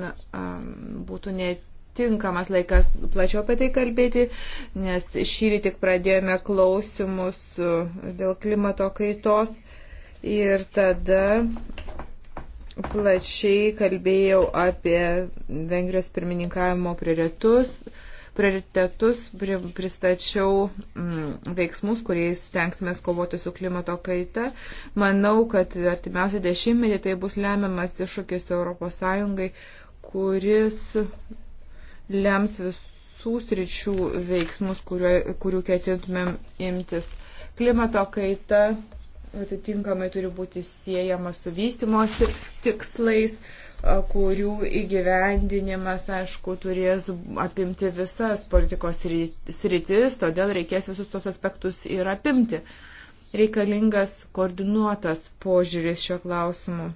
Speaker 3: būtų net tinkamas laikas plačiau apie tai kalbėti, nes šį rytį tik pradėjome klausimus dėl klimato kaitos ir tada plačiai kalbėjau apie Vengrijos pirmininkavimo prioritetus, prioritetus pri, pristačiau mm, veiksmus, kuriais stengsime kovoti su klimato kaita. Manau, kad artimiausią dešimtmetį tai bus lemiamas iššūkis ES, kuris lems visų sričių veiksmus, kurio, kurių ketintumėm imtis. Klimato kaita atitinkamai turi būti siejama su vystimosi tikslais, kurių įgyvendinimas, aišku, turės apimti visas politikos sritis, todėl reikės visus tos aspektus ir apimti. Reikalingas koordinuotas požiūris šio klausimu.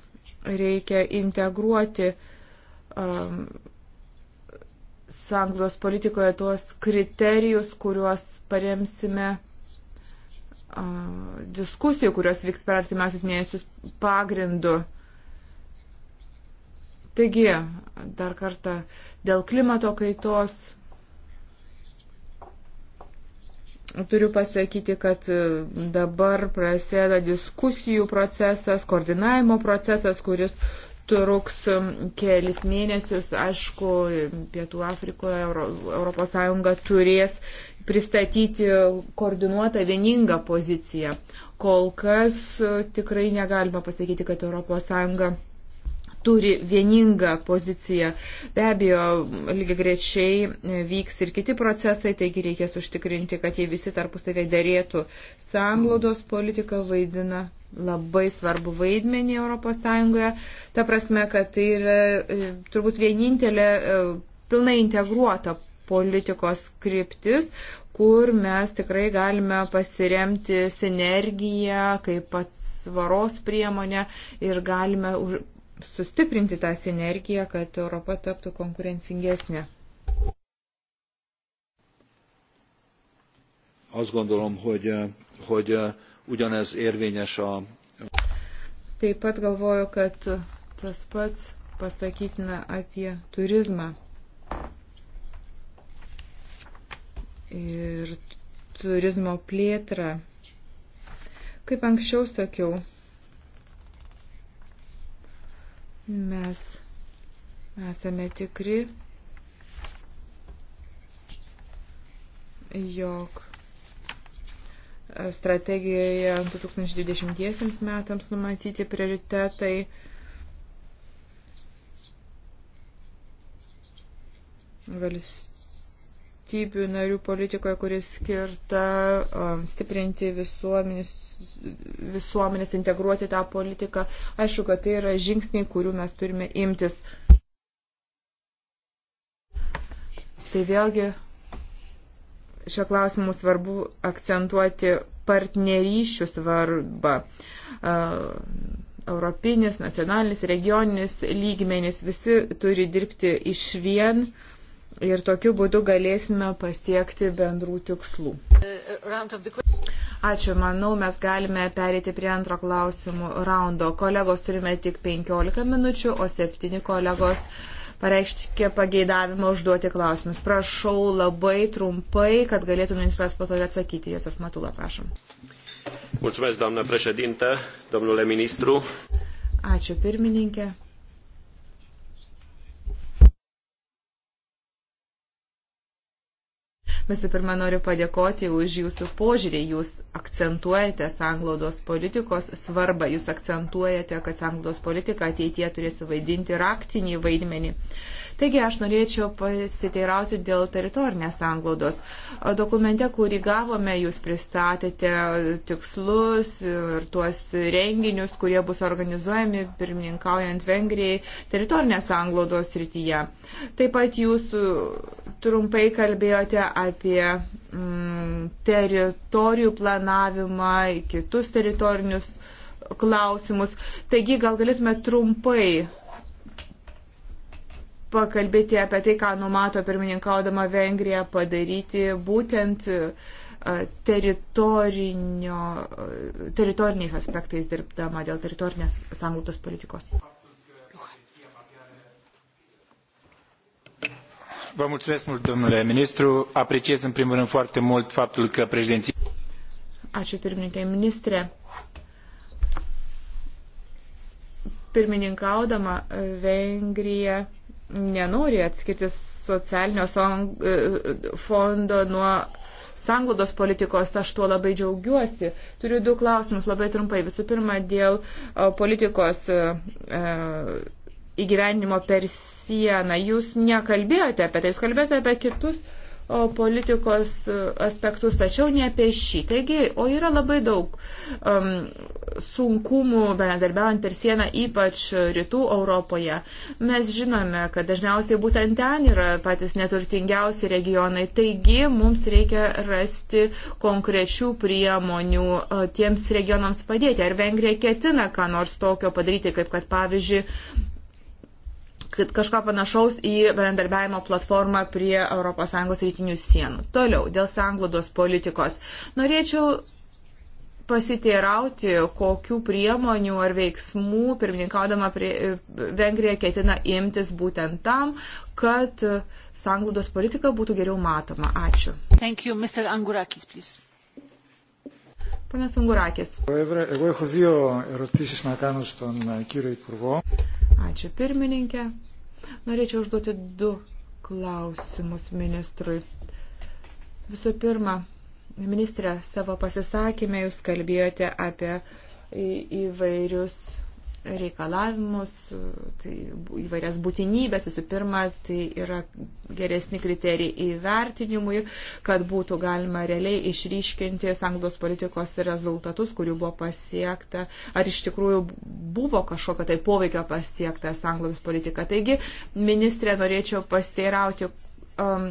Speaker 3: Reikia integruoti um, sanglos politikoje tuos kriterijus, kuriuos paremsime diskusijų, kurios vyks per artimiausius mėnesius pagrindu. Taigi, dar kartą, dėl klimato kaitos turiu pasakyti, kad e, dabar prasideda diskusijų procesas, koordinavimo procesas, kuris truks e, kelis mėnesius. Aišku, Pietų Afrikoje ES turės pristatyti koordinuotą vieningą poziciją. Kol kas e, tikrai negalima pasakyti, kad ES turi vieningą poziciją. Be abejo, lygiai grečiai e, vyks ir kiti procesai, taigi reikės užtikrinti, kad jie visi tarpusavė dėrėtų. Sanglaudos politika vaidina labai svarbu vaidmenį ES. Ta prasme, kad tai yra e, turbūt vienintelė pilnai integruota politikos kryptis, kur mes tikrai galime pasiremti sinergiją kaip atsvaros priemonę ir galime už, sustiprinti tą sinergiją, kad Europa taptų konkurencingesnė.
Speaker 1: Azt gondolom, hogy, hogy ugyanez érvényes a.
Speaker 3: Taip pat galvoju, kad tas pats pasakytina apie turizmą. ir turizmo plėtrą. Kaip anksčiau sakiau, mes esame tikri, jog strategijoje 2020 metams numatyti prioritetai valstybės valstybių narių politikoje, kuris skirta um, stiprinti visuomenės visuomenės integruoti tą politiką. Aišku, kad tai yra žingsniai, kurių mes turime imtis. Tai vėlgi šio klausimu svarbu akcentuoti partneryšių svarbą. Uh, europinis, nacionalinis, regioninis lygmenis visi turi dirbti iš vien. Uh, ir tokiu būdu galėsime pasiekti bendrų tikslų. Ačiū, manau, mes galime perėti prie antro klausimų raundo. Kolegos turime tik 15 minučių, o septyni kolegos pareiškė pageidavimą užduoti klausimus. Prašau labai trumpai, kad galėtų ministras patori atsakyti. Josef Matula, prašom.
Speaker 1: Mulțumesc, doamnă președintă, domnule ministru.
Speaker 3: Ačiū, pirmininkė. Visų pirma, noriu padėkoti už jūsų požiūrį. Jūs akcentuojate sanglaudos politikos svarbą, jūs akcentuojate, kad sanglaudos politika ateitie turės vaidinti raktinį vaidmenį. Taigi aš norėčiau pasiteirauti dėl teritorinės sanglaudos. Dokumente, kurį gavome, jūs pristatėte tikslus ir tuos renginius, kurie bus organizuojami pirmininkaujant Vengrijai teritorinės sanglaudos rytyje. Taip pat jūs trumpai kalbėjote apie apie mm, teritorijų planavimą, kitus teritorinius klausimus. Taigi gal galėtume trumpai pakalbėti apie tai, ką numato pirmininkaudama Vengrija padaryti būtent e, e, teritoriniais aspektais dirbdama dėl teritorinės sanglautos politikos.
Speaker 1: Vă mulțumesc mult, domnule ministru. Apreciez în primul rând foarte mult faptul că președinția.
Speaker 3: Ačiū pirmininkai ministrė. Pirmininkaudama Vengrija nenori atskirti socialinio e, e, fondo nuo sanglaudos politikos, aš tuo labai džiaugiuosi. Turiu du klausimus labai trumpai. Visų pirma, dėl e, politikos įgyvenimo per sieną. Jūs nekalbėjote apie tai, jūs kalbėjote apie kitus politikos e, aspektus, tačiau ne apie šį. Taigi, o yra labai daug um, sunkumų bendradarbiaujant per sieną, ypač rytų Europoje. Mes žinome, kad dažniausiai būtent ten yra patys neturtingiausi regionai. Taigi, mums reikia rasti konkrečių priemonių e, tiems regionams padėti. Ar Vengrija ketina ką nors tokio padaryti, kaip kad pavyzdžiui kažko panašaus į bendarbiavimo platformą prie ES rytinių sienų. Toliau, dėl sanglodos politikos. Norėčiau pasiteirauti, kokių priemonių ar veiksmų pirmininkaudama prie, Vengrija ketina imtis būtent tam, kad sanglaudos politika būtų geriau matoma. Ačiū.
Speaker 2: Thank you, Mr. Angurakis, please.
Speaker 3: Panas Angurakis. Ačiū pirmininkė. Norėčiau užduoti du klausimus ministrui. Visų pirma, ministrė, savo pasisakymę jūs kalbėjote apie įvairius reikalavimus, tai įvairias būtinybės, visų pirma, tai yra geresni kriterijai įvertinimui, kad būtų galima realiai išryškinti sanglos politikos rezultatus, kurių buvo pasiekta, ar iš tikrųjų buvo kažkokio tai poveikio pasiekta sanglos politika. Taigi, ministrė, norėčiau pasteirauti. Um,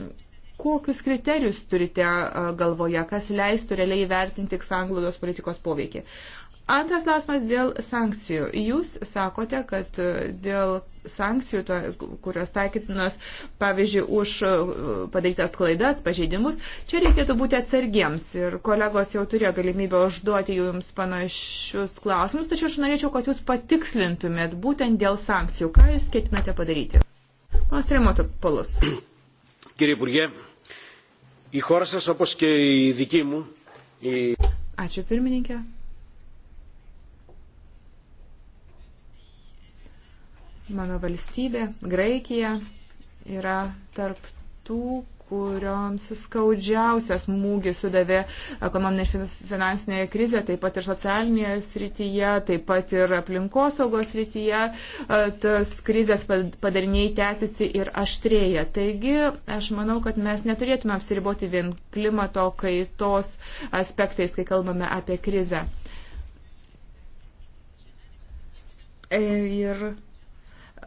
Speaker 3: Kokius kriterijus turite uh, galvoje, kas leistų realiai įvertinti sanglaudos politikos poveikį? Antras klausimas dėl sankcijų. Jūs sakote, kad e, dėl sankcijų, to, kurios taikytinos, pavyzdžiui, už e, padarytas klaidas, pažeidimus, čia reikėtų būti atsargiems. Ir kolegos jau turėjo galimybę užduoti jums panašius klausimus, tačiau aš norėčiau, kad jūs patikslintumėt būtent dėl sankcijų. Ką jūs ketinate padaryti? Ponas Remoto Polus. Κύριε Υπουργέ, η χώρα σας όπως και η δική μου... Η... Ačiū pirmininkė. Mano valstybė, Graikija, yra tarp tų, kurioms skaudžiausias mūgis sudavė ekonominė ir finansinė krizė, taip pat ir socialinėje srityje, taip pat ir aplinkosaugos srityje. E, tas krizės padariniai tęsiasi ir aštrėja. Taigi, aš manau, kad mes neturėtume apsiriboti vien klimato kaitos aspektais, kai kalbame apie krizę. E, ir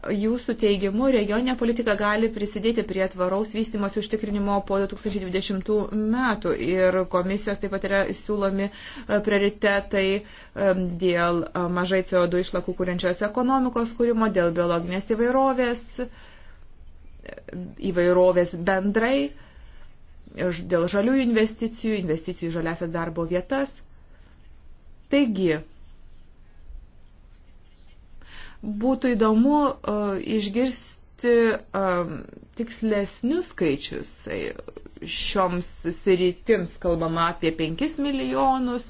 Speaker 3: jūsų teigimu regioninė politika gali prisidėti prie tvaraus vystimosi užtikrinimo po 2020 metų ir komisijos taip pat yra siūlomi e, prioritetai e, dėl e, mažai CO2 išlakų kūrenčios ekonomikos kūrimo, dėl biologinės įvairovės, įvairovės bendrai, dėl žalių investicijų, investicijų į žaliasias darbo vietas. Taigi, Būtų įdomu uh, išgirsti um, tikslesnius skaičius. E, šioms sritims kalbama apie 5 milijonus.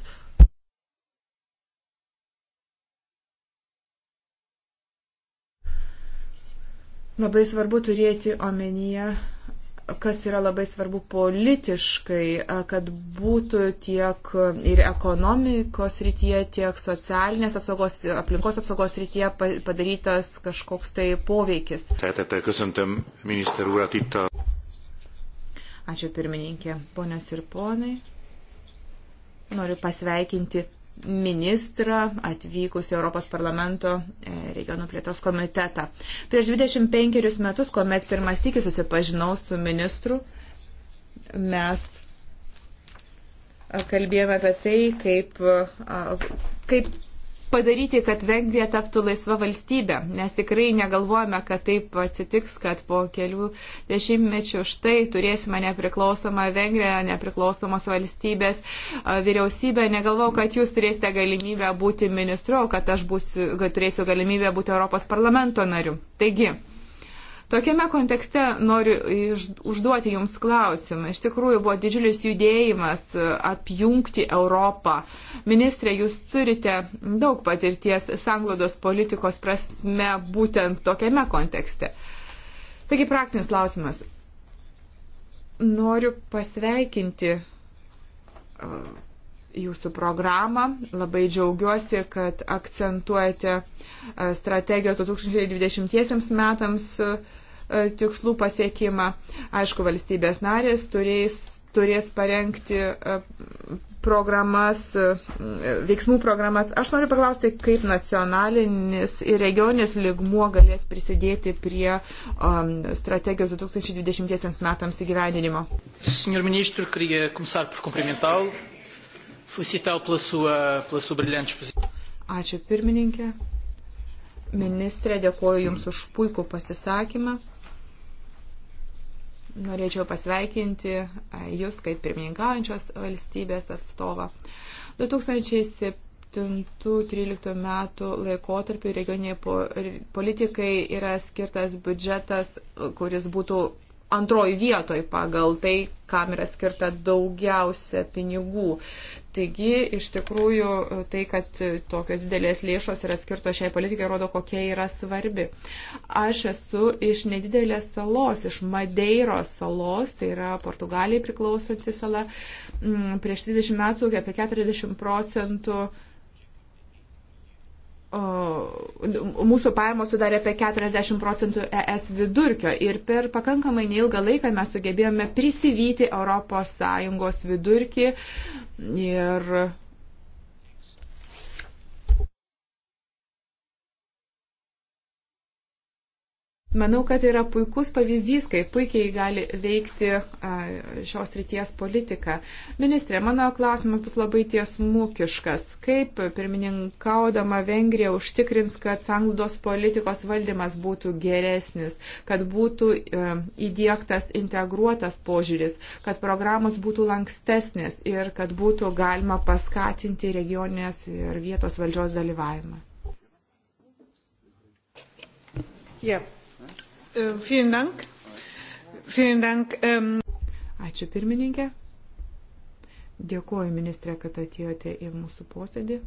Speaker 3: Labai svarbu turėti omenyje kas yra labai svarbu politiškai, kad būtų tiek ir ekonomikos rytyje, tiek socialinės apsaugos, aplinkos apsaugos rytyje padarytas kažkoks tai poveikis. Ačiū pirmininkė, ponios ir ponai. Noriu pasveikinti ministrą atvykus į Europos parlamento e, regionų plėtros komitetą. Prieš 25 metus, kuomet pirmas tikį susipažinau su ministru, mes e, kalbėjome apie tai, kaip, e, kaip padaryti, kad Vengrija taptų laisva valstybė. Mes tikrai negalvojame, kad taip atsitiks, kad po kelių dešimtmečių štai turėsime nepriklausomą Vengriją, nepriklausomos valstybės vyriausybę. Negalvau, kad jūs turėsite galimybę būti ministru, kad aš būsiu, kad turėsiu galimybę būti Europos parlamento nariu. Taigi, Tokiame kontekste noriu užduoti Jums klausimą. Iš tikrųjų buvo didžiulis judėjimas e, apjungti Europą. Ministrė, Jūs turite daug patirties sanglodos politikos prasme būtent tokiame kontekste. Taigi praktinis klausimas. Noriu pasveikinti e, jūsų programą. Labai džiaugiuosi, kad akcentuojate e, strategijos 2020 metams E, tikslų pasiekimą. Aišku, valstybės narės turės, turės parengti e, programas, e, veiksmų programas. Aš noriu paklausti, kaip nacionalinis ir regioninis ligmuo galės prisidėti prie um, strategijos 2020 metams įgyvendinimo. Senhor
Speaker 2: Ministro, queria começar por cumprimentá-lo, felicitá-lo pela sua, pela sua
Speaker 3: brilhante exposição. Ačiū pirmininkė. Ministrė, dėkuoju Jums už puikų pasisakymą norėčiau pasveikinti Jūs kaip pirmininkaujančios valstybės atstovą. 2007-2013 metų laikotarpiu regioniai politikai yra skirtas biudžetas, kuris būtų antroji vietoj pagal tai, kam yra skirta daugiausia pinigų. Taigi, iš tikrųjų, tai, kad tokios didelės lėšos yra skirtos šiai politikai, rodo, kokia yra svarbi. Aš esu iš nedidelės salos, iš Madeiros salos, tai yra Portugalijai priklausanti sala. Mm, prieš 30 metų apie 40 procentų mūsų pajamos sudarė apie 40 procentų ES vidurkio ir per pakankamai neilgą laiką mes sugebėjome prisivyti ES vidurkį ir Manau, kad yra puikus pavyzdys, kaip puikiai gali veikti šios ryties politika. Ministrė, mano klausimas bus labai tiesmukiškas. Kaip pirmininkaudama Vengrija užtikrins, kad sanglaudos politikos valdymas būtų geresnis, kad būtų e, įdėktas integruotas požiūris, kad programos būtų lankstesnės ir kad būtų galima paskatinti regioninės ir vietos valdžios dalyvavimą? Yeah. Vielen Dank. Vielen Dank. Ähm, Ačiū pirmininkė. Dėkuoju ministrė, kad atėjote į mūsų posėdį.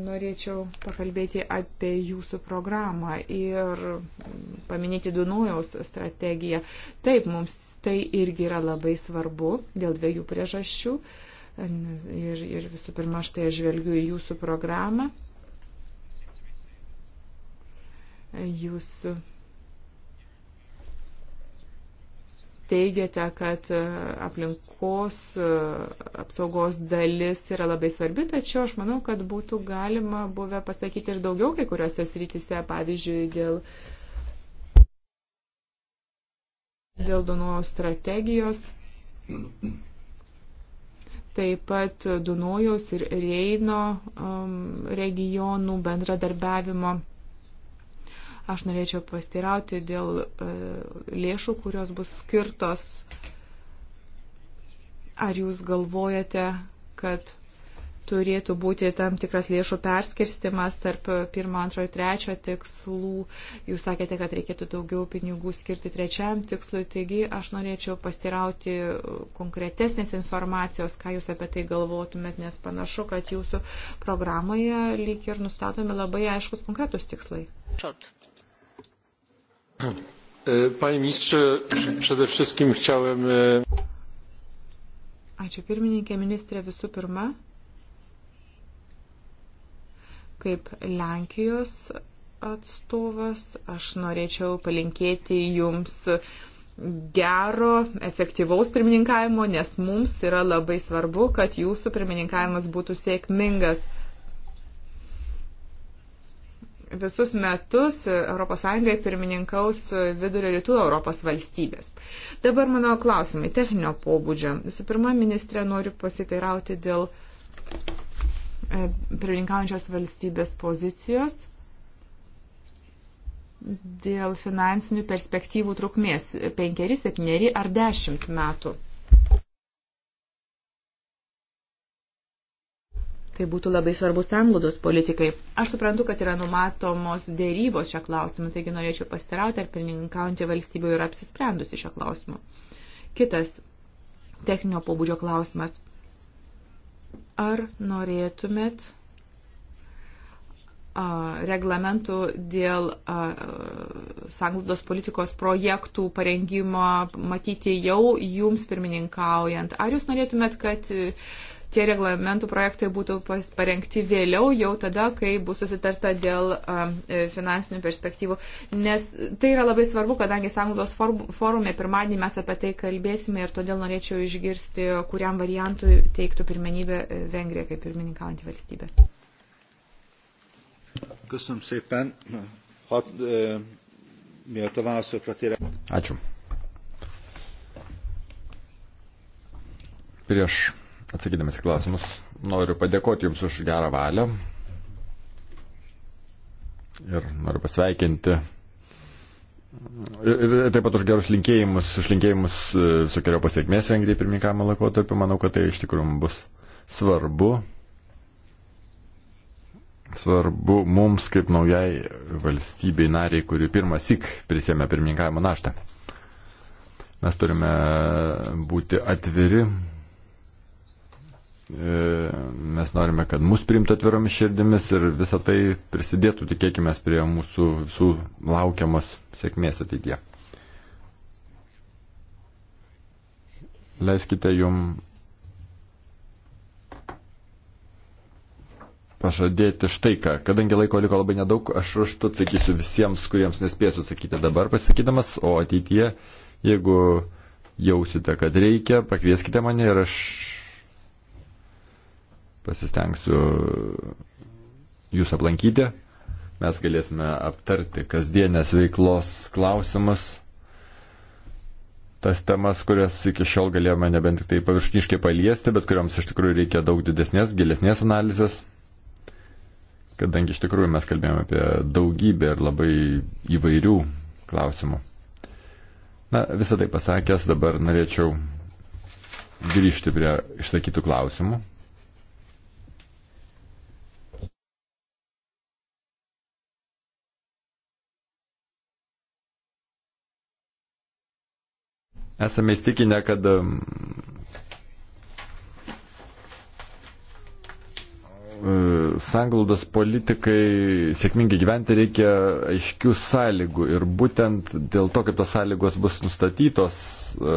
Speaker 3: Norėčiau pakalbėti apie jūsų programą ir paminėti Dunojaus strategiją. Taip, mums tai irgi yra labai svarbu dėl dviejų priežasčių. Ir, ir visų pirma, štai aš žvelgiu į jūsų programą Jūs teigiate, kad e, aplinkos e, apsaugos dalis yra labai svarbi, tačiau aš manau, kad būtų galima buvę pasakyti ir daugiau kai kuriuose srityse, pavyzdžiui, dėl, dėl Dunojo strategijos. Taip pat Dunojaus ir Reino um, regionų bendradarbiavimo Aš norėčiau pastirauti dėl e, lėšų, kurios bus skirtos. Ar jūs galvojate, kad turėtų būti tam tikras lėšų perskirstimas tarp pirmo, antro ir trečio tikslų. Jūs sakėte, kad reikėtų daugiau pinigų skirti trečiam tikslui, taigi aš norėčiau pastirauti konkretesnės informacijos, ką jūs apie tai galvotumėt, nes panašu, kad jūsų programoje lyg ir nustatomi labai aiškus konkretus tikslai. Short.
Speaker 1: E, panie ministrze, przede wszystkim chciałem. E,
Speaker 3: Ačiū pirmininkė, ministrė visų pirma. Kaip Lenkijos atstovas, aš norėčiau palinkėti jums gero, efektyvaus pirmininkavimo, nes mums yra labai svarbu, kad jūsų pirmininkavimas būtų sėkmingas visus metus ES pirmininkaus vidurio rytų Europos valstybės. Dabar mano klausimai techninio pobūdžio. Visų pirma, ministrė, noriu pasiteirauti dėl e, pirmininkaujančios valstybės pozicijos dėl finansinių perspektyvų trukmės - penkeri, septyneri ar dešimt metų. tai būtų labai svarbus anglodos politikai. Aš suprantu, kad yra numatomos dėrybos šio klausimu, taigi norėčiau pasirauti, ar pirmininkaujantį valstybių yra apsisprendusi šio klausimu. Kitas techninio pobūdžio klausimas. Ar norėtumėt reglamentų dėl sanglaudos politikos projektų parengimo matyti jau jums pirmininkaujant. Ar jūs norėtumėt, kad tie reglamentų projektai būtų parengti vėliau, jau tada, kai bus susitarta dėl e, finansinių perspektyvų. Nes tai yra labai svarbu, kadangi Sanglaudos forume pirmadienį mes apie tai kalbėsime ir todėl norėčiau išgirsti, kuriam variantui teiktų pirmenybę e, Vengrija kaip pirmininkaujantį valstybę.
Speaker 1: Köszönöm szépen. Hat, ö, e, mielőtt a válaszokra térek. Ačiū. Prieš Atsakydamas į klausimus, noriu padėkoti Jums už gerą valią ir noriu pasveikinti. Ir, ir taip pat už gerus linkėjimus, už linkėjimus e, su kerio pasiekmės Vengrijai pirmininkavimo laikotarpiu, manau, kad tai iš tikrųjų bus svarbu. Svarbu mums kaip naujai valstybei nariai, kuri pirmas ik prisėmė pirmininkavimo naštą. Mes turime būti atviri E, mes norime, kad mus priimtų atviromis širdimis ir visa tai prisidėtų, tikėkime, prie mūsų visų laukiamos sėkmės ateityje. Leiskite jum pažadėti štai ką. Kadangi laiko liko labai nedaug, aš raštu atsakysiu visiems, kuriems nespėsiu atsakyti dabar pasakydamas, o ateityje, jeigu jausite, kad reikia, pakvieskite mane ir aš pasistengsiu jūs aplankyti. Mes galėsime aptarti kasdienės veiklos klausimus, tas temas, kurias iki šiol galėjome nebent tik tai paviršiniškai paliesti, bet kuriams iš tikrųjų reikia daug didesnės, gilesnės analizės, kadangi iš tikrųjų mes kalbėjome apie daugybę ir labai įvairių klausimų. Na, visą tai pasakęs, dabar norėčiau grįžti prie išsakytų klausimų. Esame įstikinę, kad um, e, sanglaudos politikai sėkmingai gyventi reikia aiškių sąlygų ir būtent dėl to, kaip tos sąlygos bus nustatytos, e,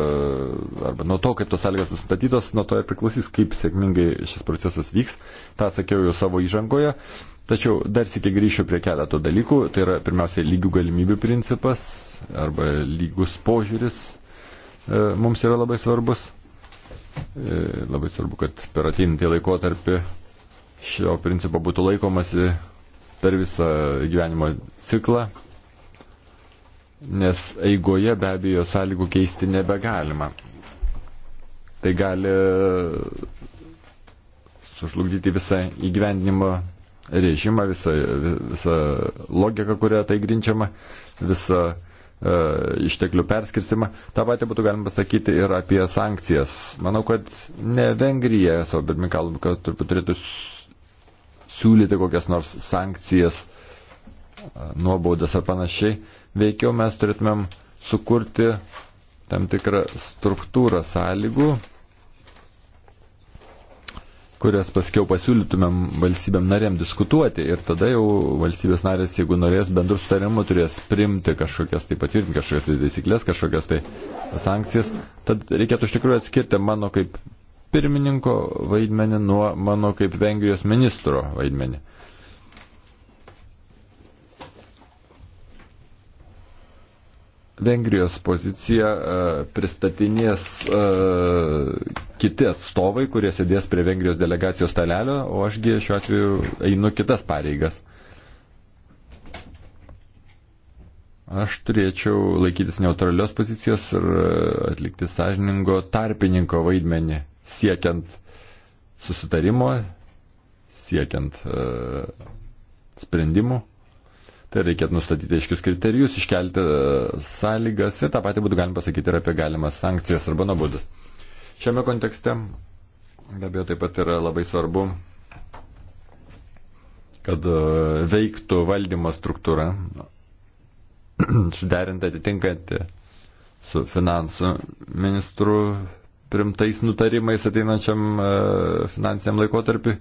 Speaker 1: arba nuo to, kaip tos sąlygos bus nustatytos, nuo to ir priklausys, kaip sėkmingai šis procesas vyks. Ta sakiau jau savo įžangoje. Tačiau dar sėkiai grįšiu prie keleto dalykų. Tai yra pirmiausia lygių galimybių principas arba lygus požiūris E, mums yra labai svarbus. E, labai svarbu, kad per ateinantį laikotarpį šio principo būtų laikomasi per visą gyvenimo ciklą, nes eigoje be abejo sąlygų keisti nebegalima. Tai gali sužlugdyti visą įgyvendinimo režimą, visą, visą logiką, kurią tai grinčiama, visą E, išteklių perskirstimą. Ta pati būtų galima pasakyti ir apie sankcijas. Manau, kad ne Vengrija savo pirmininkalų, kad turėtų siūlyti kokias nors sankcijas, e, nuobaudas ar panašiai. Veikiau mes turėtumėm sukurti tam tikrą struktūrą sąlygų, kurias paskiau pasiūlytumėm valstybėm narėm diskutuoti ir tada jau valstybės narės, jeigu norės bendrų sutarimų, turės primti kažkokias tai patvirtinti, kažkokias tai taisyklės, kažkokias tai sankcijas. Tad reikėtų iš tikrųjų atskirti mano kaip pirmininko vaidmenį nuo mano kaip Vengrijos ministro vaidmenį. Vengrijos poziciją e, pristatinės e, kiti atstovai, kurie sėdės prie Vengrijos delegacijos talelio, o ašgi šiuo atveju einu kitas pareigas. Aš turėčiau laikytis neutralios pozicijos ir e, atlikti sąžiningo tarpininko vaidmenį, siekiant susitarimo, siekiant sprendimų. Tai reikėtų nustatyti aiškius kriterijus, iškelti e, sąlygas ir tą patį būtų galima pasakyti ir apie galimas sankcijas arba nuobodus. Šiame kontekste be abejo taip pat yra labai svarbu, kad e, veiktų valdymo struktūra, suderinti atitinkantį su finansų ministru primtais nutarimais ateinančiam e, finansiniam laikotarpiu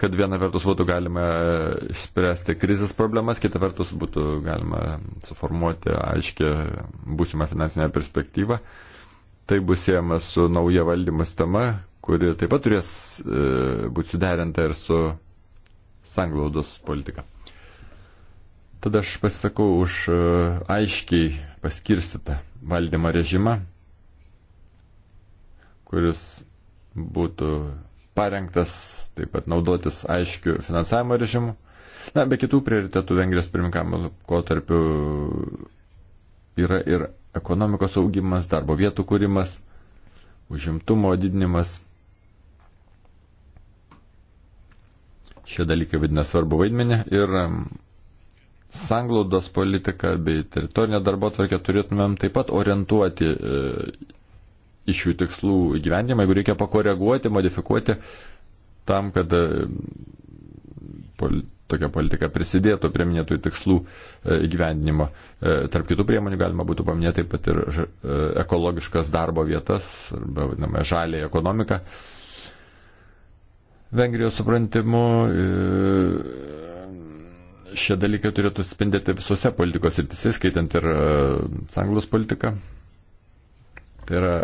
Speaker 1: kad viena vertus būtų galima e, spręsti krizės problemas, kita vertus būtų galima suformuoti aiškę būsimą finansinę perspektyvą. Tai bus siejama su nauja valdymo sistema, kuri taip pat turės e, būti suderinta ir su sanglaudos politika. Tada aš pasisakau už e, aiškiai paskirstytą valdymo režimą, kuris būtų parengtas taip pat naudotis aiškiu finansavimo režimu. Na, be kitų prioritetų Vengrijos pirmininkavimo kotarpiu yra ir ekonomikos augimas, darbo vietų kūrimas, užimtumo didinimas. Šie dalykai vadina svarbu vaidmenį ir um, sanglaudos politiką bei teritorinę darbo atvarkę turėtumėm taip pat orientuoti e, iš jų tikslų įgyvendimą, jeigu reikia pakoreguoti, modifikuoti tam, kad e, pol, tokia politika prisidėtų prie minėtųjų tikslų e, įgyvendinimo. E, tarp kitų priemonių galima būtų paminėti taip pat ir ekologiškas darbo vietas, arba vadinamą žalį ekonomiką. Vengrijos suprantimu šie dalykai turėtų spindėti visose politikos rytise, skaitant ir sanglos politiką. Tai yra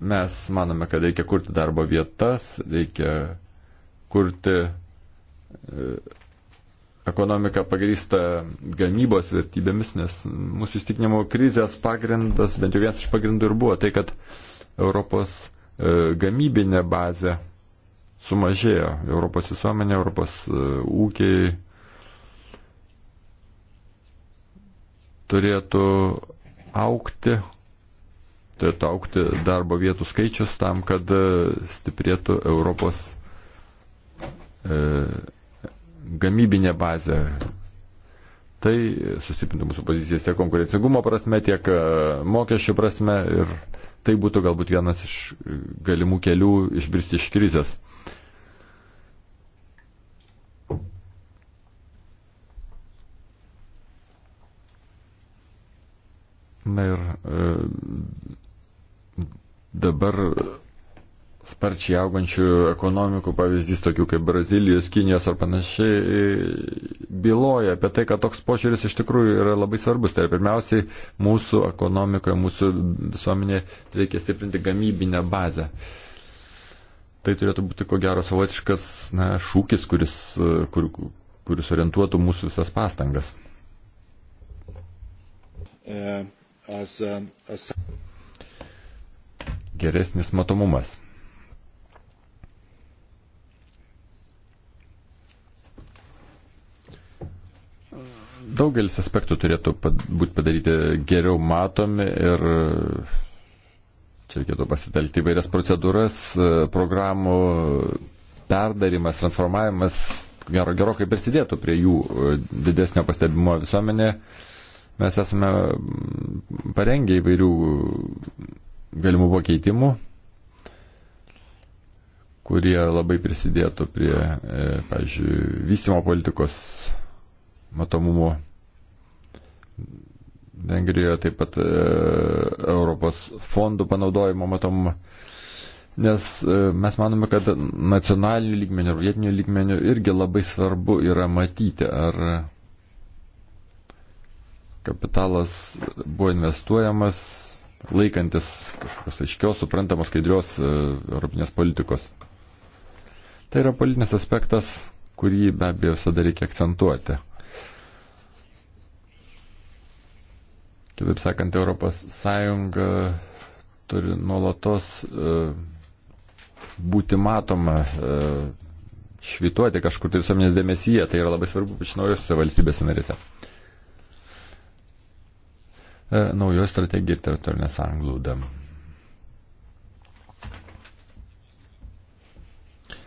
Speaker 1: Mes manome, kad reikia kurti darbo vietas, reikia kurti e, ekonomiką pagrįstą gamybos vertybėmis, nes mūsų įstikinimo krizės pagrindas, bent jau vienas iš pagrindų ir buvo tai, kad Europos e, gamybinė bazė sumažėjo. Europos visuomenė, Europos e, ūkiai turėtų aukti, turėtų aukti darbo vietų skaičius tam, kad e, stiprėtų Europos e, gamybinė bazė. Tai sustiprintų mūsų pozicijas tiek konkurencingumo prasme, tiek e, mokesčių prasme ir tai būtų galbūt vienas iš galimų kelių išbristi iš krizės. Na ir e, dabar sparčiai augančių ekonomikų pavyzdys, tokių kaip Brazilijos, Kinijos ar panašiai, byloja apie tai, kad toks požiūris iš tikrųjų yra labai svarbus. Tai yra pirmiausiai mūsų ekonomikoje, mūsų visuomenėje reikia stiprinti gamybinę bazę. Tai turėtų būti ko gero savotiškas na, šūkis, kuris, kur, kuris orientuotų mūsų visas pastangas. Uh, as, uh, as geresnis matomumas. Daugelis aspektų turėtų būti padaryti geriau matomi ir čia reikėtų pasitelkti įvairias procedūras, programų perdarimas, transformavimas gero, gerokai prisidėtų prie jų didesnio pastebimo visuomenė. Mes esame parengę įvairių galimų pakeitimų, kurie labai prisidėtų prie, e, pavyzdžiui, vystimo politikos matomumo. Vengrijoje taip pat e, Europos fondų panaudojimo matomumo. Nes e, mes manome, kad nacionalinių lygmenių ir vietinių lygmenių irgi labai svarbu yra matyti, ar kapitalas buvo investuojamas laikantis kažkokios aiškios, suprantamos, skaidrios e, europinės politikos. Tai yra politinis aspektas, kurį be abejo visada reikia akcentuoti. Kitaip sakant, Europos Sąjunga turi nuolatos e, būti matoma, e, švituoti kažkur tai visuomenės dėmesyje. Tai yra labai svarbu pačinojose valstybėse narėse. E, naujoji strategija ir teritorinė sąnglauda.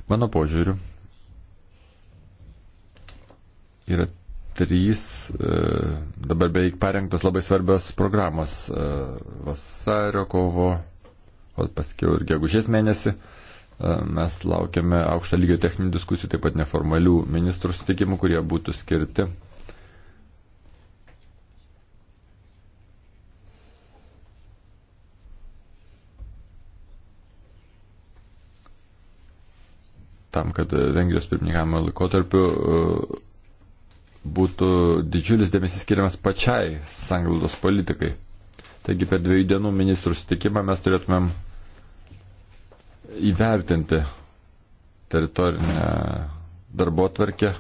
Speaker 1: Mano požiūriu yra trys e, dabar beveik parengtos labai svarbios programos e, vasario, kovo, o paskiau ir gegužės mėnesį. Mes laukiame aukšto lygio techninių diskusijų, taip pat neformalių ministrų sutikimų, kurie būtų skirti tam, kad Vengrijos pirmininkavimo laikotarpiu e, būtų didžiulis dėmesys skiriamas pačiai sanglaudos politikai. Taigi per dviejų dienų ministrų sutikimą mes turėtumėm įvertinti teritorinę darbo tvarkę,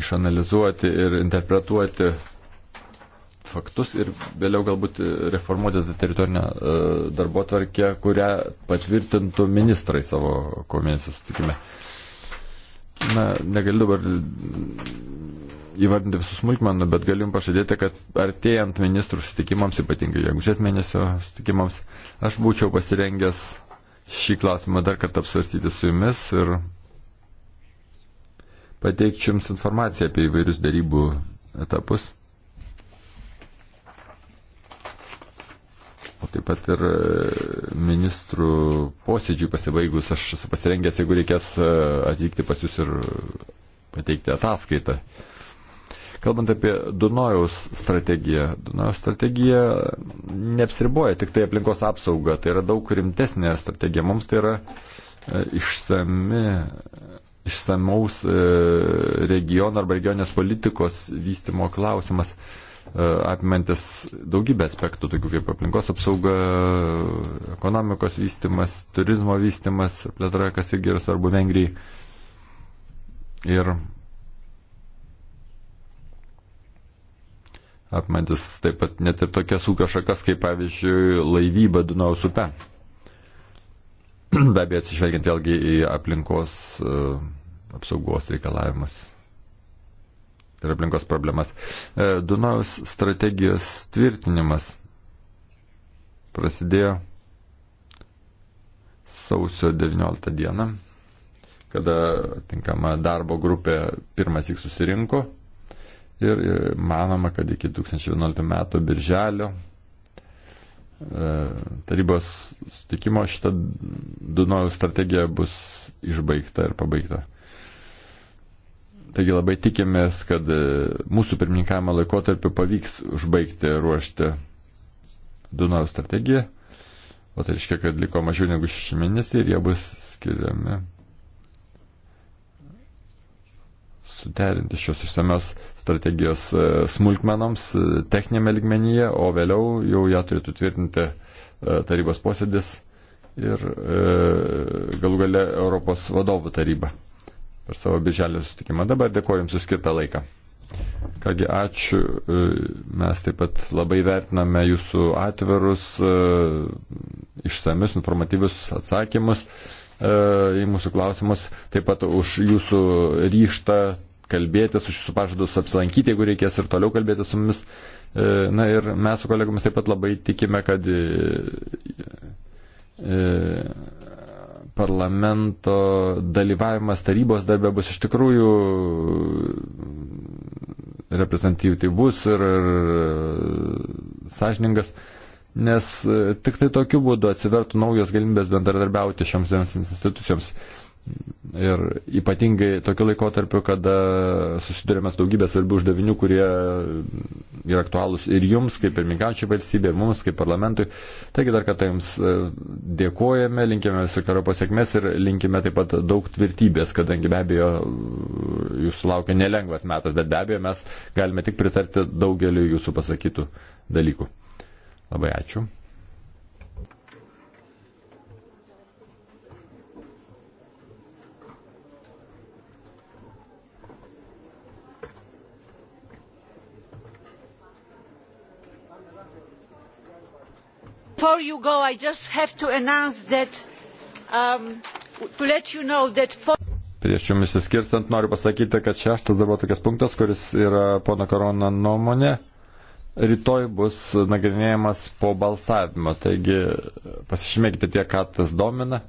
Speaker 1: išanalizuoti ir interpretuoti faktus ir vėliau galbūt reformuoti tą teritorinę e, darbo tvarkę, kurią patvirtintų ministrai savo komisijos sutikime. Na, negaliu dabar įvardinti visų smulkmenų, bet galiu jums pažadėti, kad artėjant ministrų sutikimams, ypatingai jeigu šias mėnesio sutikimams, aš būčiau pasirengęs šį klausimą dar kartą apsvarstyti su jumis ir pateikčiau jums informaciją apie įvairius darybų etapus. o taip pat ir e, ministrų posėdžių pasibaigus aš esu pasirengęs, jeigu reikės e, atvykti pas jūs ir pateikti ataskaitą. Kalbant apie Dunojaus strategiją, Dunojaus strategija neapsiriboja tik tai aplinkos apsauga, tai yra daug rimtesnė strategija. Mums tai yra e, išsami, išsamaus regiono arba regionės politikos vystimo klausimas. E, apimantis daugybę aspektų, tokių kaip aplinkos apsauga, ekonomikos vystimas, turizmo vystimas, plėtra, kas irgi yra svarbu Vengrijai. Ir apimantis taip pat net ir tokias ūkio šakas, kaip pavyzdžiui laivyba Dunaus upe. Be abejo, atsižvelgiant vėlgi į aplinkos e, apsaugos reikalavimus ir aplinkos problemas. E, Dunaus strategijos tvirtinimas prasidėjo sausio 19 dieną, kada tinkama darbo grupė pirmas įk susirinko ir manoma, kad iki 2011 metų birželio e, tarybos sutikimo šita Dunojų strategija bus išbaigta ir pabaigta. Taigi labai tikimės, kad e, mūsų pirmininkavimo laikotarpiu pavyks užbaigti ruošti Dunojų strategiją, o tai reiškia, kad liko mažiau negu šeši mėnesiai ir jie bus skiriami suderinti šios išsamios strategijos e, smulkmenoms e, techninėme ligmenyje, o vėliau jau ją turėtų tvirtinti tarybos posėdis ir galų gale Europos vadovų taryba per savo birželio sustikimą. Dabar dėkuoju Jums už skirtą laiką. Kągi, ačiū. E, mes taip pat labai vertiname jūsų atvirus, e, išsamius, informatyvius atsakymus e, į mūsų klausimus, taip pat už jūsų ryštą kalbėtis, už jūsų pažadus apsilankyti, jeigu reikės ir toliau kalbėti su mumis. Na ir mes su kolegomis taip pat labai tikime, kad parlamento dalyvavimas tarybos darbė bus iš tikrųjų reprezentatyvus ir, ir sąžiningas, nes tik tai tokiu būdu atsivertų naujos galimybės bendradarbiauti šioms dviems institucijoms. Uh, Ir ypatingai tokiu laikotarpiu, kada susidurėme su daugybė svarbių uždavinių, kurie yra aktualūs ir jums, kaip ir minkančiai valstybė, ir mums, kaip parlamentui. Taigi dar kartą jums e, dėkojame, linkime visokio pasiekmes ir linkime taip pat daug tvirtybės, kadangi be abejo e, jūsų laukia nelengvas metas, bet be abejo mes galime tik pritarti daugeliu jūsų pasakytų dalykų. Labai ačiū.
Speaker 2: before you go i just have to announce that um, to let you know that
Speaker 1: Prieš jums įskirstant noriu pasakyti, kad šeštas dabar tokias punktas, kuris yra pono Korona nuomonė, rytoj bus nagrinėjamas po balsavimo. Taigi pasišymėkite tie, ką tas domina.